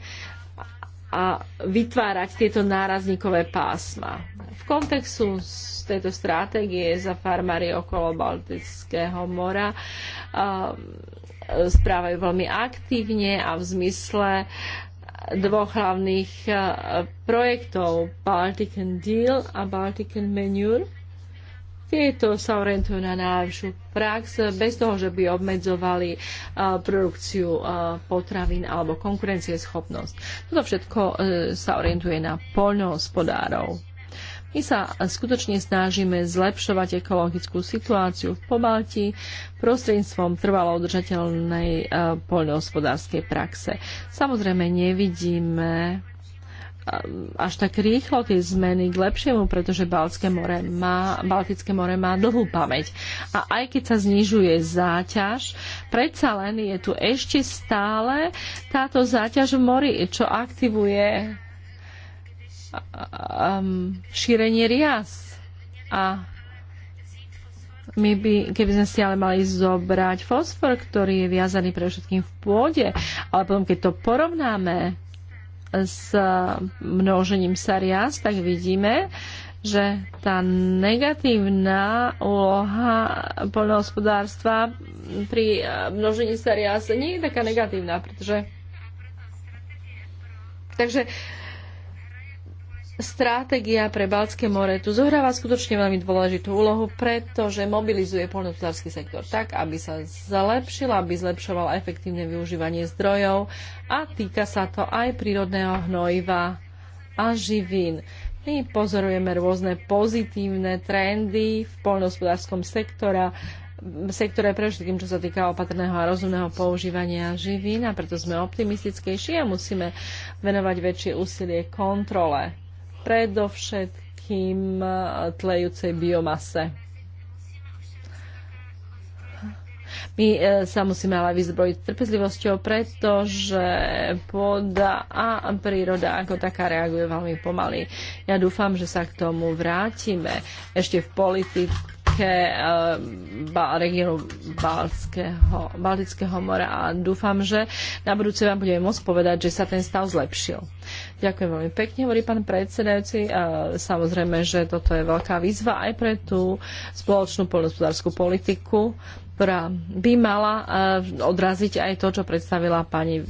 a vytvárať tieto nárazníkové pásma. V kontextu z tejto stratégie za farmári okolo Baltického mora um, správajú veľmi aktívne a v zmysle uh, dvoch hlavných eh, projektov Baltican Deal a Baltican Manure. Tieto sa orientujú na najlepšiu prax bez toho, že by obmedzovali eh, produkciu eh, potravín alebo konkurencieschopnosť. Toto všetko sa orientuje na poľnohospodárov. My sa skutočne snažíme zlepšovať ekologickú situáciu v Pobalti prostredníctvom trvalo udržateľnej e, poľnohospodárskej praxe. Samozrejme nevidíme e, až tak rýchlo tie zmeny k lepšiemu, pretože Baltské more má, Baltické more má dlhú pamäť. A aj keď sa znižuje záťaž, predsa len je tu ešte stále táto záťaž v mori, čo aktivuje um, šírenie rias. A my by, keby sme si ale mali zobrať fosfor, ktorý je viazaný pre všetkým v pôde, ale potom keď to porovnáme s množením sa rias, tak vidíme, že tá negatívna úloha poľnohospodárstva pri množení sa rias nie je taká negatívna, pretože Takže uh, Stratégia pre Baltské more tu zohráva skutočne veľmi dôležitú úlohu, pretože mobilizuje poľnohospodársky sektor tak, aby sa zlepšil, aby zlepšoval efektívne využívanie zdrojov a týka sa to aj prírodného hnojiva a živín. My pozorujeme rôzne pozitívne trendy v poľnohospodárskom sektore, sektore pre všetkým, čo sa týka opatrného a rozumného používania živín a preto sme optimistickejší a musíme venovať väčšie úsilie kontrole predovšetkým tlejúcej biomase. My e, sa musíme ale vyzbrojiť trpezlivosťou, pretože pôda a príroda ako taká reaguje veľmi pomaly. Ja dúfam, že sa k tomu vrátime ešte v politike regionu eh, regiónu Baltického mora a dúfam, že na budúce vám budeme môcť povedať, že sa ten stav zlepšil. Ďakujem veľmi pekne, hovorí pán predsedajúci. Samozrejme, že toto je veľká výzva aj pre tú spoločnú poľnohospodárskú politiku, ktorá by mala eh, odraziť aj to, čo predstavila pani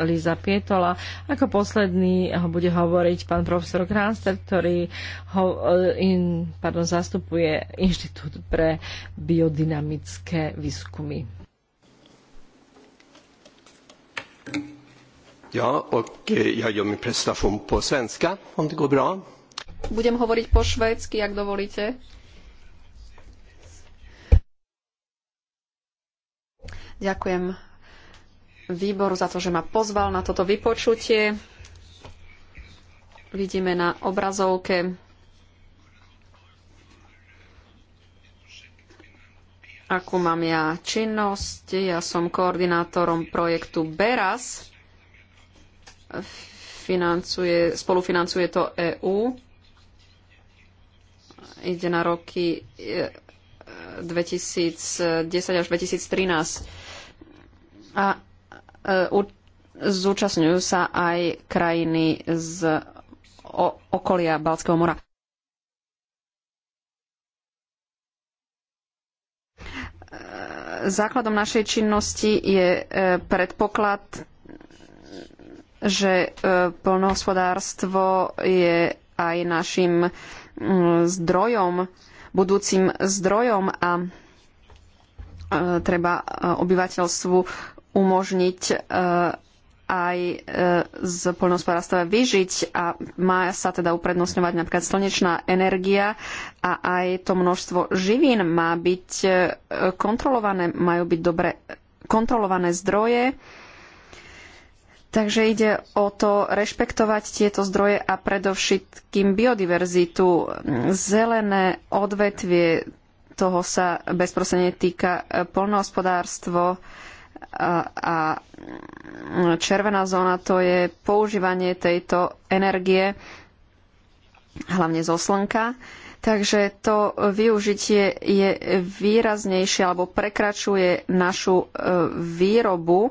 Liza Pietola. Ako posledný ho bude hovoriť pán profesor Kránster, ktorý ho, eh, in, pardon, zastupuje Inštitút pre biodynamické výskumy. Ja, ok, ja gör mi predstavom po svenska, on to bra. Budem hovoriť po švédsky, ak dovolíte. Ďakujem výboru za to, že ma pozval na toto vypočutie. Vidíme na obrazovke akú mám ja činnosť. Ja som koordinátorom projektu BERAS. Financuje, spolufinancuje to EÚ. Ide na roky 2010 e, e, až 2013. A Eh, zúčastňujú sa aj krajiny z okolia Balckého mora. Eh, základom našej činnosti je eh, predpoklad, že poľnohospodárstvo je aj našim mm, zdrojom, budúcim zdrojom a treba obyvateľstvu umožniť e, aj e, z poľnohospodárstva vyžiť a má sa teda uprednostňovať napríklad slnečná energia a aj to množstvo živín má byť e, kontrolované, majú byť dobre kontrolované zdroje. Takže ide o to rešpektovať tieto zdroje a predovšetkým biodiverzitu, zelené odvetvie, toho sa bezprostredne týka poľnohospodárstvo, a červená zóna to je používanie tejto energie, hlavne zo slnka. Takže to využitie je výraznejšie alebo prekračuje našu e, výrobu e,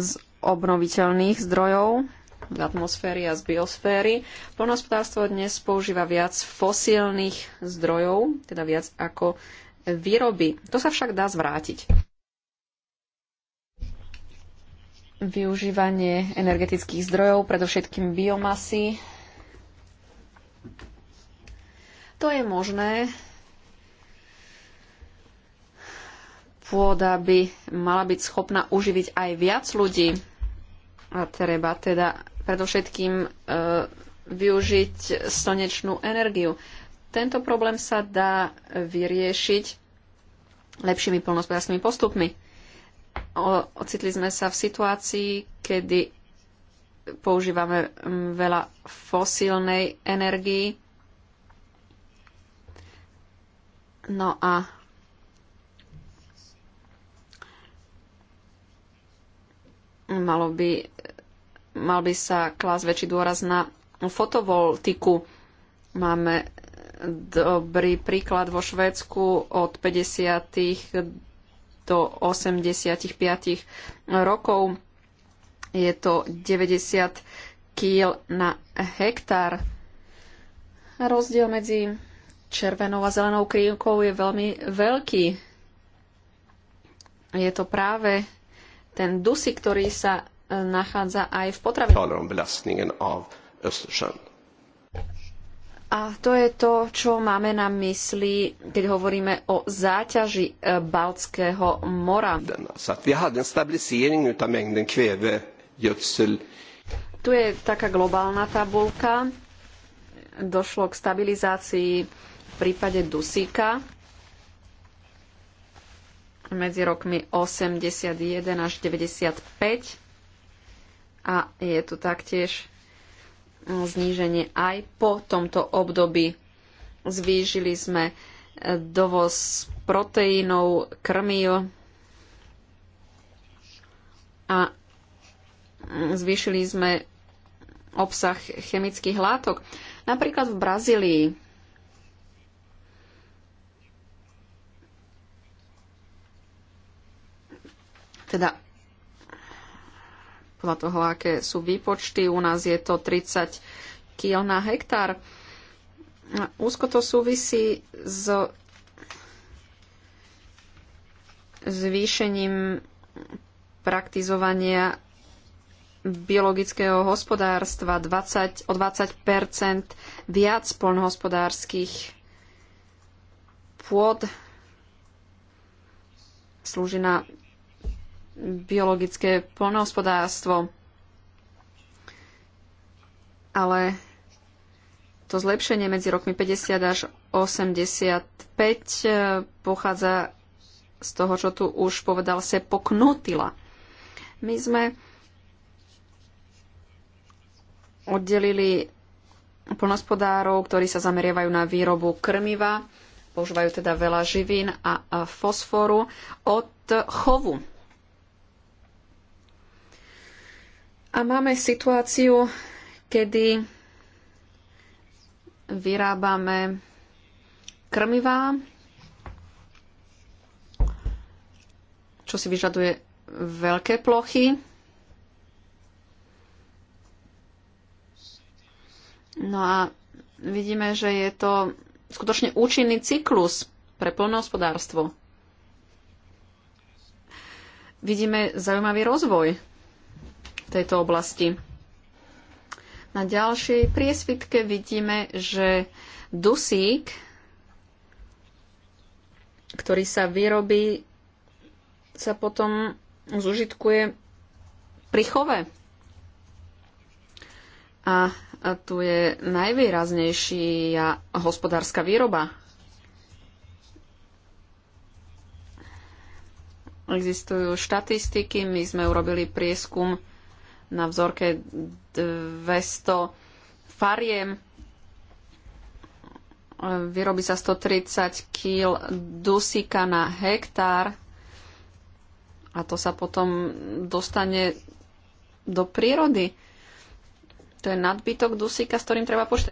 z obnoviteľných zdrojov z atmosféry a z biosféry. Plnospodárstvo dnes používa viac fosílnych zdrojov, teda viac ako výroby. To sa však dá zvrátiť využívanie energetických zdrojov, predovšetkým biomasy. To je možné. Pôda by mala byť schopná uživiť aj viac ľudí. A treba teda predovšetkým e, využiť slnečnú energiu. Tento problém sa dá vyriešiť lepšími plnospodárskymi postupmi ocitli sme sa v situácii, kedy používame mm, veľa fosílnej energii. No a malo by, mal by sa klas väčší dôraz na fotovoltiku. Máme dobrý príklad vo Švédsku od 50 do 85 rokov. Je to 90 kg na hektár. Rozdiel medzi červenou a zelenou krivkou je veľmi veľký. Je to práve ten dusík, ktorý sa nachádza aj v potravinách. A to je to, čo máme na mysli, keď hovoríme o záťaži e, Baltského mora. Tu je taká globálna tabulka. Došlo k stabilizácii v prípade dusíka medzi rokmi 81 až 95 a je tu taktiež zníženie aj po tomto období. Zvýšili sme e, dovoz proteínov, krmil a mm, zvýšili sme obsah chemických látok. Napríklad v Brazílii teda podľa toho, aké sú výpočty. U nás je to 30 kg na hektár. Úzko to súvisí s zvýšením praktizovania biologického hospodárstva 20, o 20 viac poľnohospodárskych pôd slúži na biologické polnohospodárstvo. Ale to zlepšenie medzi rokmi 50 až 85 eh, pochádza z toho, čo tu už povedal se poknutila. My sme oddelili plnospodárov, ktorí sa zameriavajú na výrobu krmiva, používajú teda veľa živín a fosforu od chovu A máme situáciu, kedy vyrábame krmivá, čo si vyžaduje veľké plochy. No a vidíme, že je to skutočne účinný cyklus pre plnohospodárstvo. Vidíme zaujímavý rozvoj tejto oblasti. Na ďalšej priesvitke vidíme, že dusík, ktorý sa vyrobí, sa potom zužitkuje pri chove. A, a tu je najvýraznejšia hospodárska výroba. Existujú štatistiky, my sme urobili prieskum na vzorke 200 fariem. Vyrobí sa 130 kg dusika na hektár a to sa potom dostane do prírody. To je nadbytok dusíka, s ktorým treba počítať.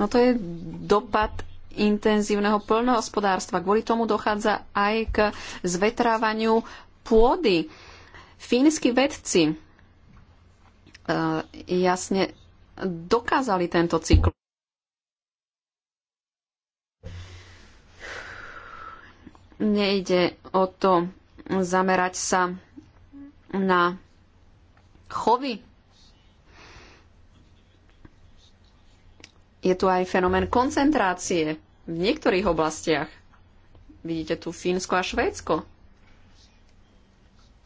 No to je dopad intenzívneho plnohospodárstva. Kvôli tomu dochádza aj k zvetrávaniu pôdy. Fínsky vedci e, jasne dokázali tento cyklus. Nejde o to zamerať sa na chovy je tu aj fenomén koncentrácie v niektorých oblastiach. Vidíte tu Fínsko a Švédsko.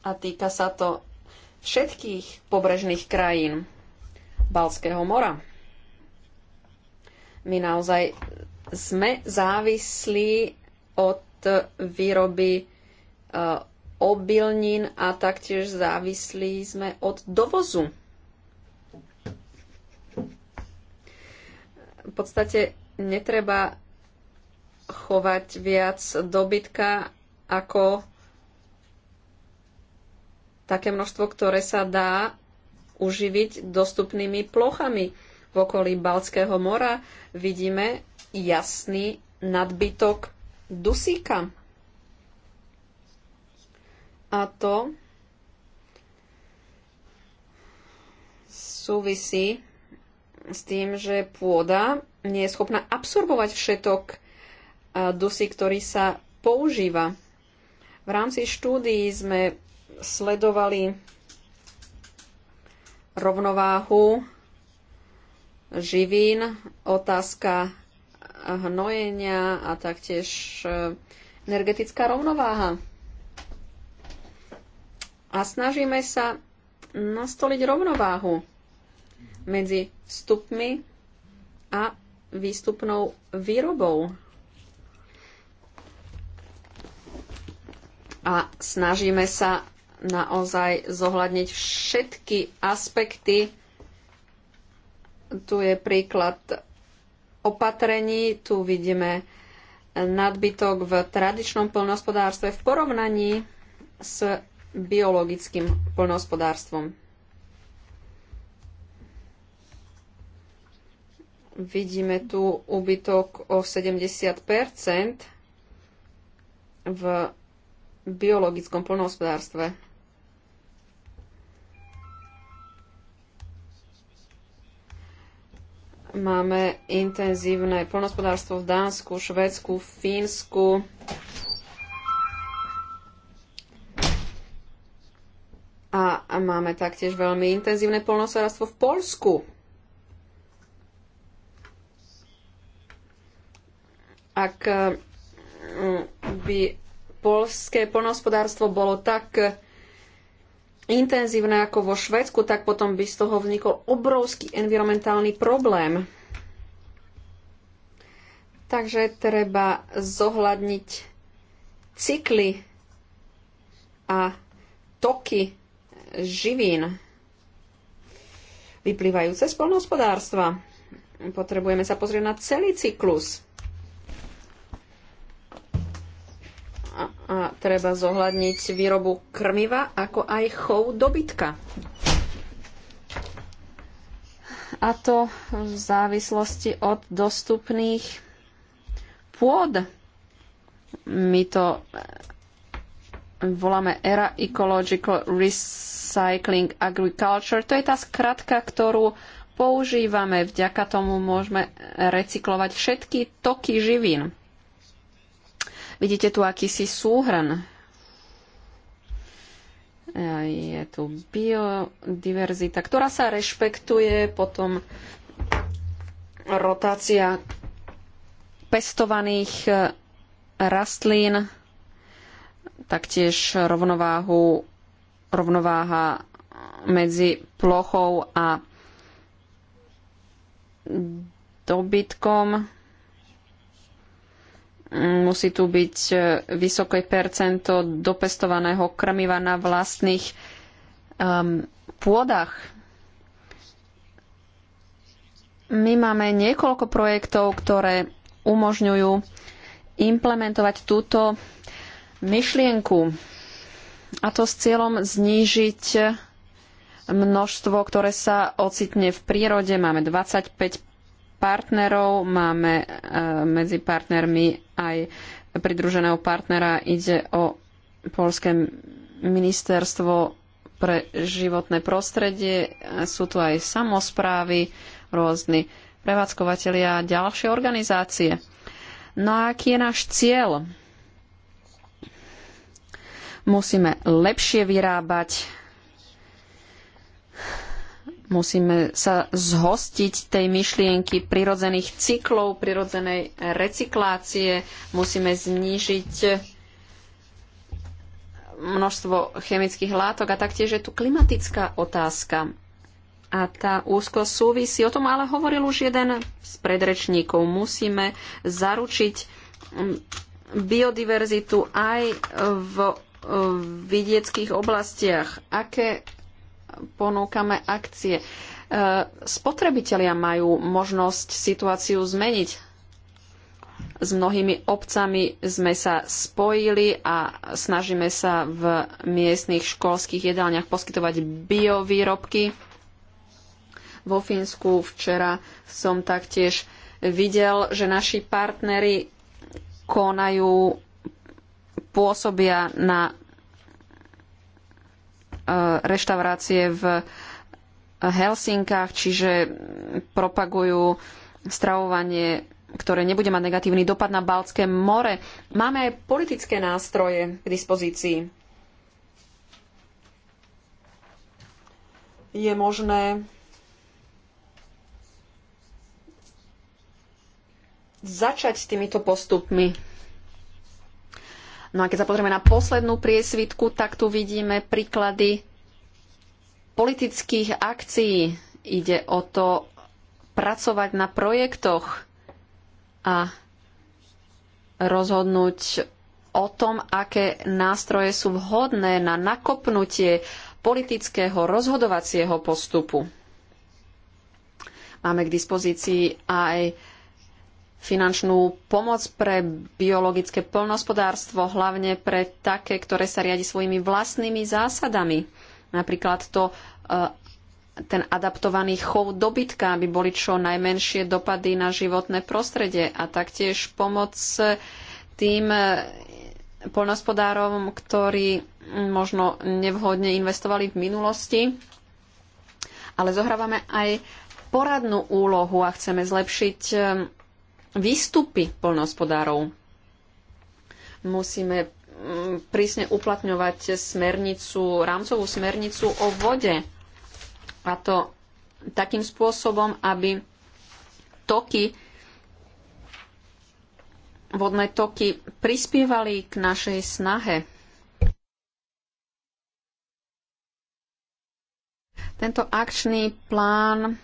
A týka sa to všetkých pobrežných krajín Balského mora. My naozaj sme závislí od výroby e, obilnín a taktiež závislí sme od dovozu v podstate netreba chovať viac dobytka ako také množstvo, ktoré sa dá uživiť dostupnými plochami. V okolí Balckého mora vidíme jasný nadbytok dusíka. A to súvisí s tým, že pôda nie je schopná absorbovať všetok eh, dusy, ktorý sa používa. V rámci štúdií sme sledovali rovnováhu živín, otázka eh, hnojenia a taktiež eh, energetická rovnováha. A snažíme sa nastoliť rovnováhu medzi vstupmi a výstupnou výrobou. A snažíme sa naozaj zohľadniť všetky aspekty. Tu je príklad opatrení, tu vidíme nadbytok v tradičnom poľnohospodárstve v porovnaní s biologickým poľnohospodárstvom. Vidíme tu úbytok o 70 v biologickom plnohospodárstve. Máme intenzívne plnohospodárstvo v Dánsku, Švedsku, Fínsku. A máme taktiež veľmi intenzívne plnohospodárstvo v Polsku. Ak eh, by polské poľnohospodárstvo bolo tak eh, intenzívne ako vo Švedsku, tak potom by z toho vznikol obrovský environmentálny problém. Takže treba zohľadniť cykly a toky živín vyplývajúce z poľnohospodárstva, Potrebujeme sa pozrieť na celý cyklus a treba zohľadniť výrobu krmiva, ako aj chov dobytka. A to v závislosti od dostupných pôd. My to e, voláme ERA Ecological Recycling Agriculture. To je tá skratka, ktorú používame. Vďaka tomu môžeme recyklovať všetky toky živín. Vidíte tu akýsi súhrn. Je tu biodiverzita, ktorá sa rešpektuje, potom rotácia pestovaných eh, rastlín, taktiež rovnováhu, rovnováha medzi plochou a dobytkom. Musí tu byť e, vysoké percento dopestovaného krmiva na vlastných um, pôdach. My máme niekoľko projektov, ktoré umožňujú implementovať túto myšlienku. A to s cieľom znížiť množstvo, ktoré sa ocitne v prírode. Máme 25 partnerov, máme e, medzi partnermi aj pridruženého partnera. Ide o Polské ministerstvo pre životné prostredie. Sú tu aj samozprávy, rôzni prevádzkovateľia a ďalšie organizácie. No a aký je náš cieľ? Musíme lepšie vyrábať, Musíme sa zhostiť tej myšlienky prirodzených cyklov, prirodzenej recyklácie. Musíme znížiť množstvo chemických látok a taktiež je tu klimatická otázka. A tá úzko súvisí, o tom ale hovoril už jeden z predrečníkov. Musíme zaručiť biodiverzitu aj v vidieckých oblastiach. Aké ponúkame akcie. E, spotrebitelia majú možnosť situáciu zmeniť. S mnohými obcami sme sa spojili a snažíme sa v miestnych školských jedálniach poskytovať biovýrobky. Vo Fínsku včera som taktiež videl, že naši partnery konajú, pôsobia na Eh, reštaurácie v Helsinkách, čiže propagujú stravovanie, ktoré nebude mať negatívny dopad na Baltské more. Máme aj politické nástroje k dispozícii. Je možné začať s týmito postupmi No a keď sa pozrieme na poslednú priesvitku, tak tu vidíme príklady politických akcií. Ide o to pracovať na projektoch a rozhodnúť o tom, aké nástroje sú vhodné na nakopnutie politického rozhodovacieho postupu. Máme k dispozícii aj finančnú pomoc pre biologické plnospodárstvo, hlavne pre také, ktoré sa riadi svojimi vlastnými zásadami. Napríklad to, e, ten adaptovaný chov dobytka, aby boli čo najmenšie dopady na životné prostredie a taktiež pomoc tým e, poľnohospodárom, ktorí možno nevhodne investovali v minulosti, ale zohrávame aj poradnú úlohu a chceme zlepšiť e, výstupy poľnohospodárov. Musíme mm, prísne uplatňovať smernicu, rámcovú smernicu o vode. A to takým spôsobom, aby toky, vodné toky prispievali k našej snahe. Tento akčný plán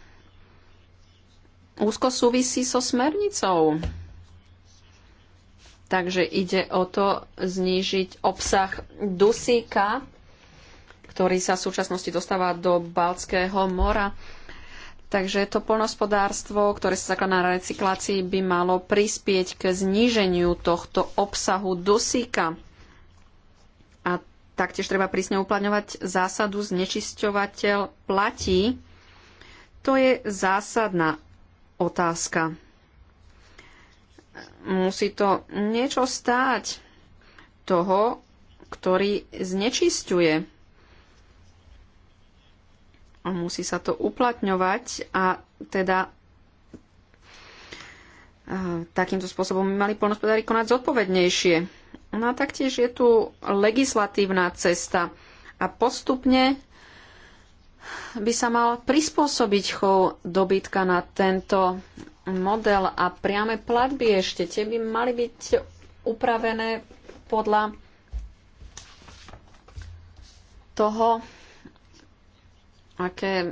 úzko súvisí so smernicou. Takže ide o to znížiť obsah dusíka, ktorý sa v súčasnosti dostáva do Baltského mora. Takže to polnospodárstvo, ktoré sa zakladá na recyklácii, by malo prispieť k zníženiu tohto obsahu dusíka. A taktiež treba prísne uplatňovať zásadu znečisťovateľ platí. To je zásadná otázka. Musí to niečo stáť toho, ktorý znečisťuje. Musí sa to uplatňovať a teda e, takýmto spôsobom by mali polnospodári konať zodpovednejšie. No a taktiež je tu legislatívna cesta a postupne by sa mal prispôsobiť chov dobytka na tento model a priame platby ešte tie by mali byť upravené podľa toho, aké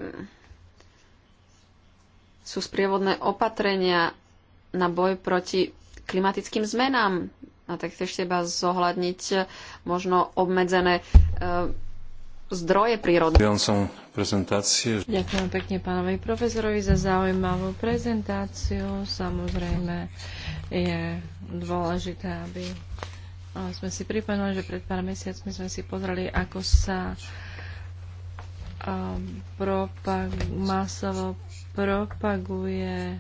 sú sprievodné opatrenia na boj proti klimatickým zmenám. A tak ešte iba zohľadniť možno obmedzené e, zdroje prírody prezentácie. Ďakujem pekne pánovi profesorovi za zaujímavú prezentáciu. Samozrejme je dôležité, aby sme si pripomenuli, že pred pár mesiacmi sme si pozreli, ako sa um, propag- masovo propaguje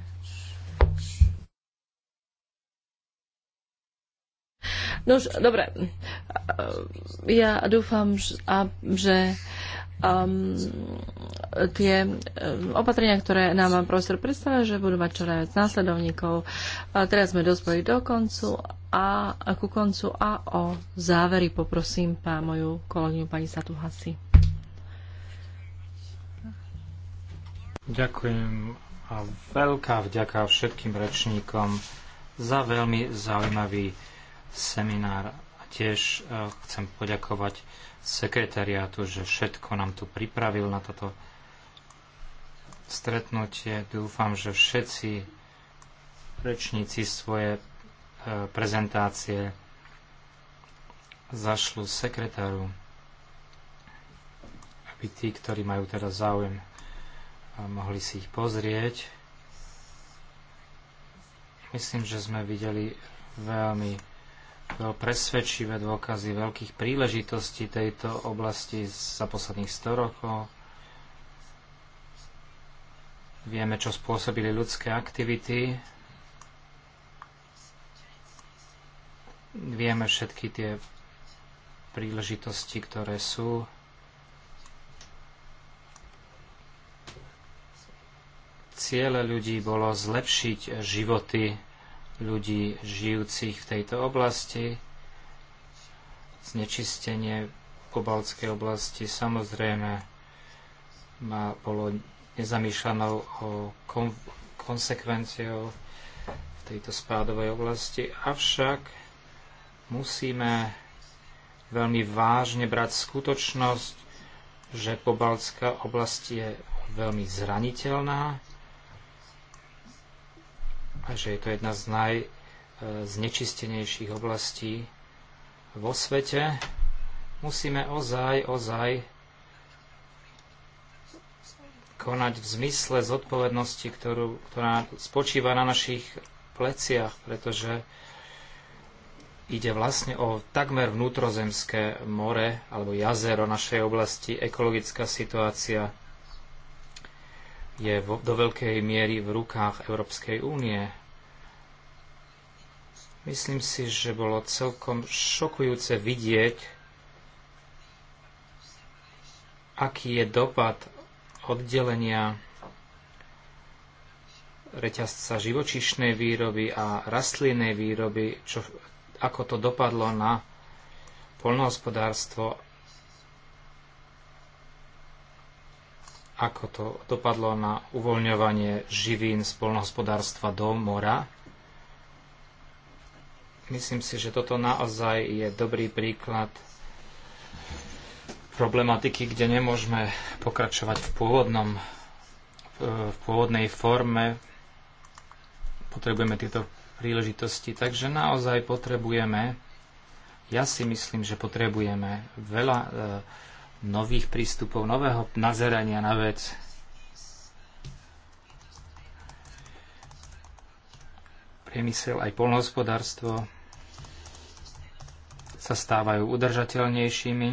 už, dobre. Ja dúfam, že, a, že um, tie um, opatrenia, ktoré nám mám profesor predstavil, že budú mať čoraz následovníkov. A teraz sme dospeli do koncu a, a ku koncu a o závery poprosím pá, moju kolegyňu pani Satu Hasi. Ďakujem a veľká vďaka všetkým rečníkom za veľmi zaujímavý seminár. A tiež eh, chcem poďakovať sekretariátu, že všetko nám tu pripravil na toto stretnutie. Dúfam, že všetci rečníci svoje e, prezentácie zašlu sekretáru, aby tí, ktorí majú teda záujem, e, mohli si ich pozrieť. Myslím, že sme videli veľmi presvedčivé dôkazy veľkých príležitostí tejto oblasti za posledných 100 rokov. Vieme, čo spôsobili ľudské aktivity. Vieme všetky tie príležitosti, ktoré sú. Ciele ľudí bolo zlepšiť životy ľudí žijúcich v tejto oblasti. Znečistenie pobaltskej oblasti samozrejme má, bolo nezamýšľanou kon, konsekvenciou v tejto spádovej oblasti, avšak musíme veľmi vážne brať skutočnosť, že pobaltská oblast je veľmi zraniteľná a že je to jedna z najznečistenejších oblastí vo svete, musíme ozaj, ozaj konať v zmysle zodpovednosti, ktorú, ktorá spočíva na našich pleciach, pretože ide vlastne o takmer vnútrozemské more alebo jazero našej oblasti, ekologická situácia je vo, do veľkej miery v rukách Európskej únie. Myslím si, že bolo celkom šokujúce vidieť, aký je dopad oddelenia reťazca živočišnej výroby a rastlinnej výroby, čo, ako to dopadlo na poľnohospodárstvo ako to dopadlo na uvoľňovanie živín z polnohospodárstva do mora. Myslím si, že toto naozaj je dobrý príklad problematiky, kde nemôžeme pokračovať v, pôvodnom, e, v pôvodnej forme. Potrebujeme tieto príležitosti, takže naozaj potrebujeme, ja si myslím, že potrebujeme veľa e, nových prístupov, nového nazerania na vec. Priemysel aj polnohospodárstvo sa stávajú udržateľnejšími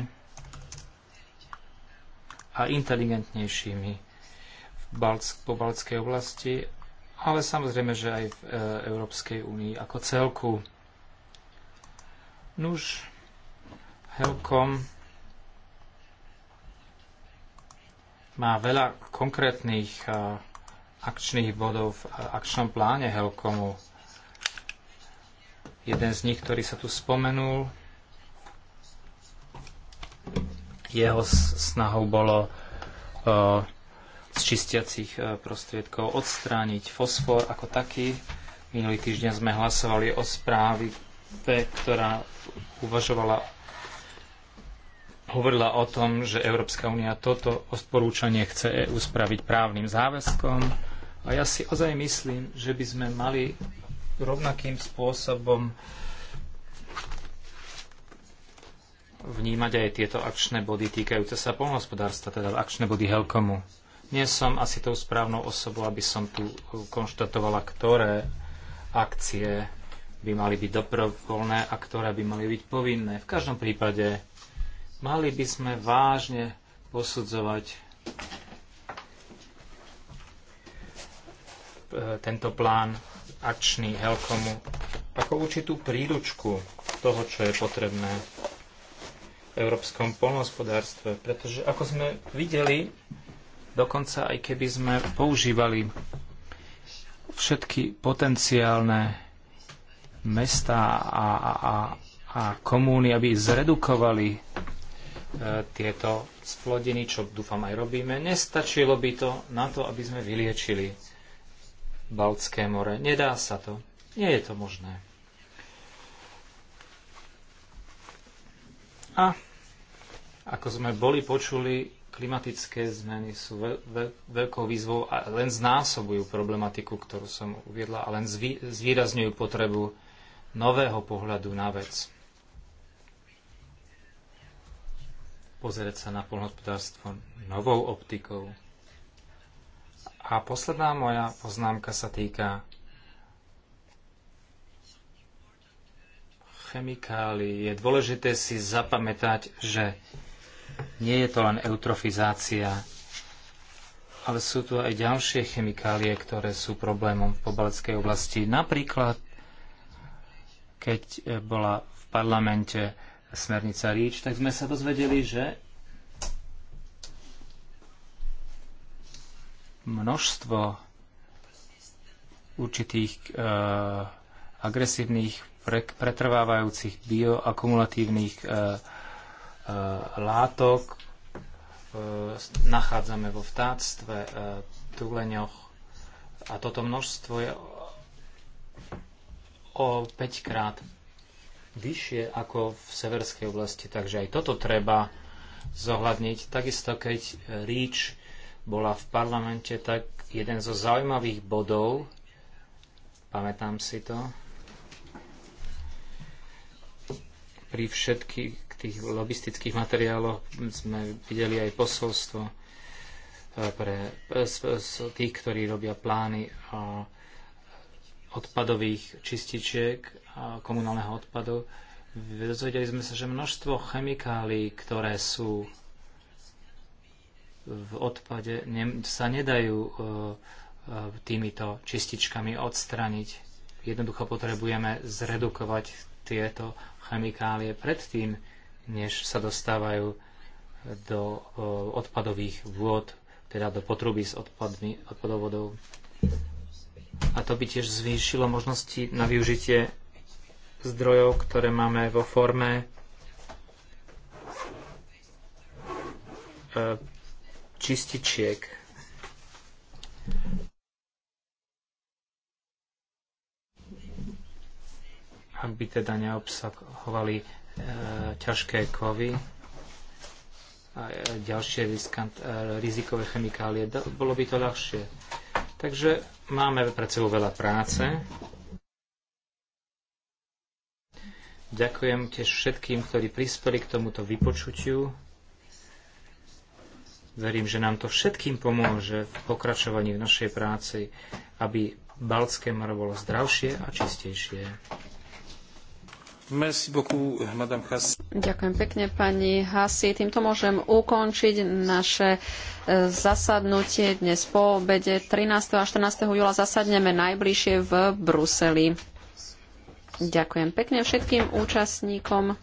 a inteligentnejšími v Balc- po Balckej oblasti, ale samozrejme, že aj v e, Európskej únii ako celku. Nuž, Helkom má veľa konkrétnych eh, akčných bodov v eh, akčnom pláne Helkomu. Jeden z nich, ktorý sa tu spomenul, jeho snahou bolo eh, z čistiacich prostriedkov odstrániť fosfor ako taký. Minulý týždeň sme hlasovali o správe, ktorá uvažovala hovorila o tom, že Európska únia toto odporúčanie chce EÚ spraviť právnym záväzkom. A ja si ozaj myslím, že by sme mali rovnakým spôsobom vnímať aj tieto akčné body týkajúce sa polnohospodárstva, teda akčné body Helkomu. Nie som asi tou správnou osobou, aby som tu konštatovala, ktoré akcie by mali byť dobrovoľné a ktoré by mali byť povinné. V každom prípade Mali by sme vážne posudzovať e, tento plán akčný Helkomu ako určitú príručku toho, čo je potrebné v európskom polnohospodárstve. Pretože ako sme videli, dokonca aj keby sme používali všetky potenciálne mestá a, a, a, a komúny, aby zredukovali tieto splodiny, čo dúfam aj robíme. Nestačilo by to na to, aby sme vyliečili Baltské more. Nedá sa to. Nie je to možné. A ako sme boli počuli, klimatické zmeny sú ve- ve- veľkou výzvou a len znásobujú problematiku, ktorú som uviedla, a len zvý- zvýrazňujú potrebu nového pohľadu na vec. pozerať sa na polnohospodárstvo novou optikou. A posledná moja poznámka sa týka chemikálií. Je dôležité si zapamätať, že nie je to len eutrofizácia, ale sú tu aj ďalšie chemikálie, ktoré sú problémom v pobaleckej oblasti. Napríklad, keď bola v parlamente smernica REACH, tak sme sa dozvedeli, že množstvo určitých uh, agresívnych, pre, pretrvávajúcich bioakumulatívnych uh, e, uh, e, látok uh, nachádzame vo vtáctve, uh, tuleňoch a toto množstvo je o 5 krát vyššie ako v severskej oblasti, takže aj toto treba zohľadniť. Takisto keď Ríč bola v parlamente, tak jeden zo zaujímavých bodov, pamätám si to, pri všetkých tých lobistických materiáloch sme videli aj posolstvo e, pre e, e, tých, ktorí robia plány odpadových čističiek komunálneho odpadu, dozvedeli sme sa, že množstvo chemikálií, ktoré sú v odpade, ne, sa nedajú uh, týmito čističkami odstraniť. Jednoducho potrebujeme zredukovať tieto chemikálie predtým, než sa dostávajú do uh, odpadových vôd, teda do potrubí s odpadmi, odpadovodou. A to by tiež zvýšilo možnosti na využitie zdrojov, ktoré máme vo forme e, čističiek. Ak by teda neobsahovali e, ťažké kovy a e, ďalšie riskant, e, rizikové chemikálie, bolo by to ľahšie. Takže máme pred sebou veľa práce. Ďakujem tiež všetkým, ktorí prispeli k tomuto vypočutiu. Verím, že nám to všetkým pomôže v pokračovaní v našej práci, aby Baltské moro bolo zdravšie a čistejšie. Beaucoup, Ďakujem pekne, pani Hasi. Týmto môžem ukončiť naše e, zasadnutie dnes po obede. 13. a 14. júla zasadneme najbližšie v Bruseli. Ďakujem pekne všetkým účastníkom.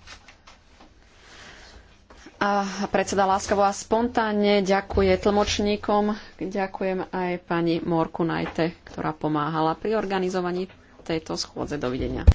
A predseda láskavo a spontánne ďakuje tlmočníkom. Ďakujem aj pani Morku Najte, ktorá pomáhala pri organizovaní tejto schôdze. Dovidenia.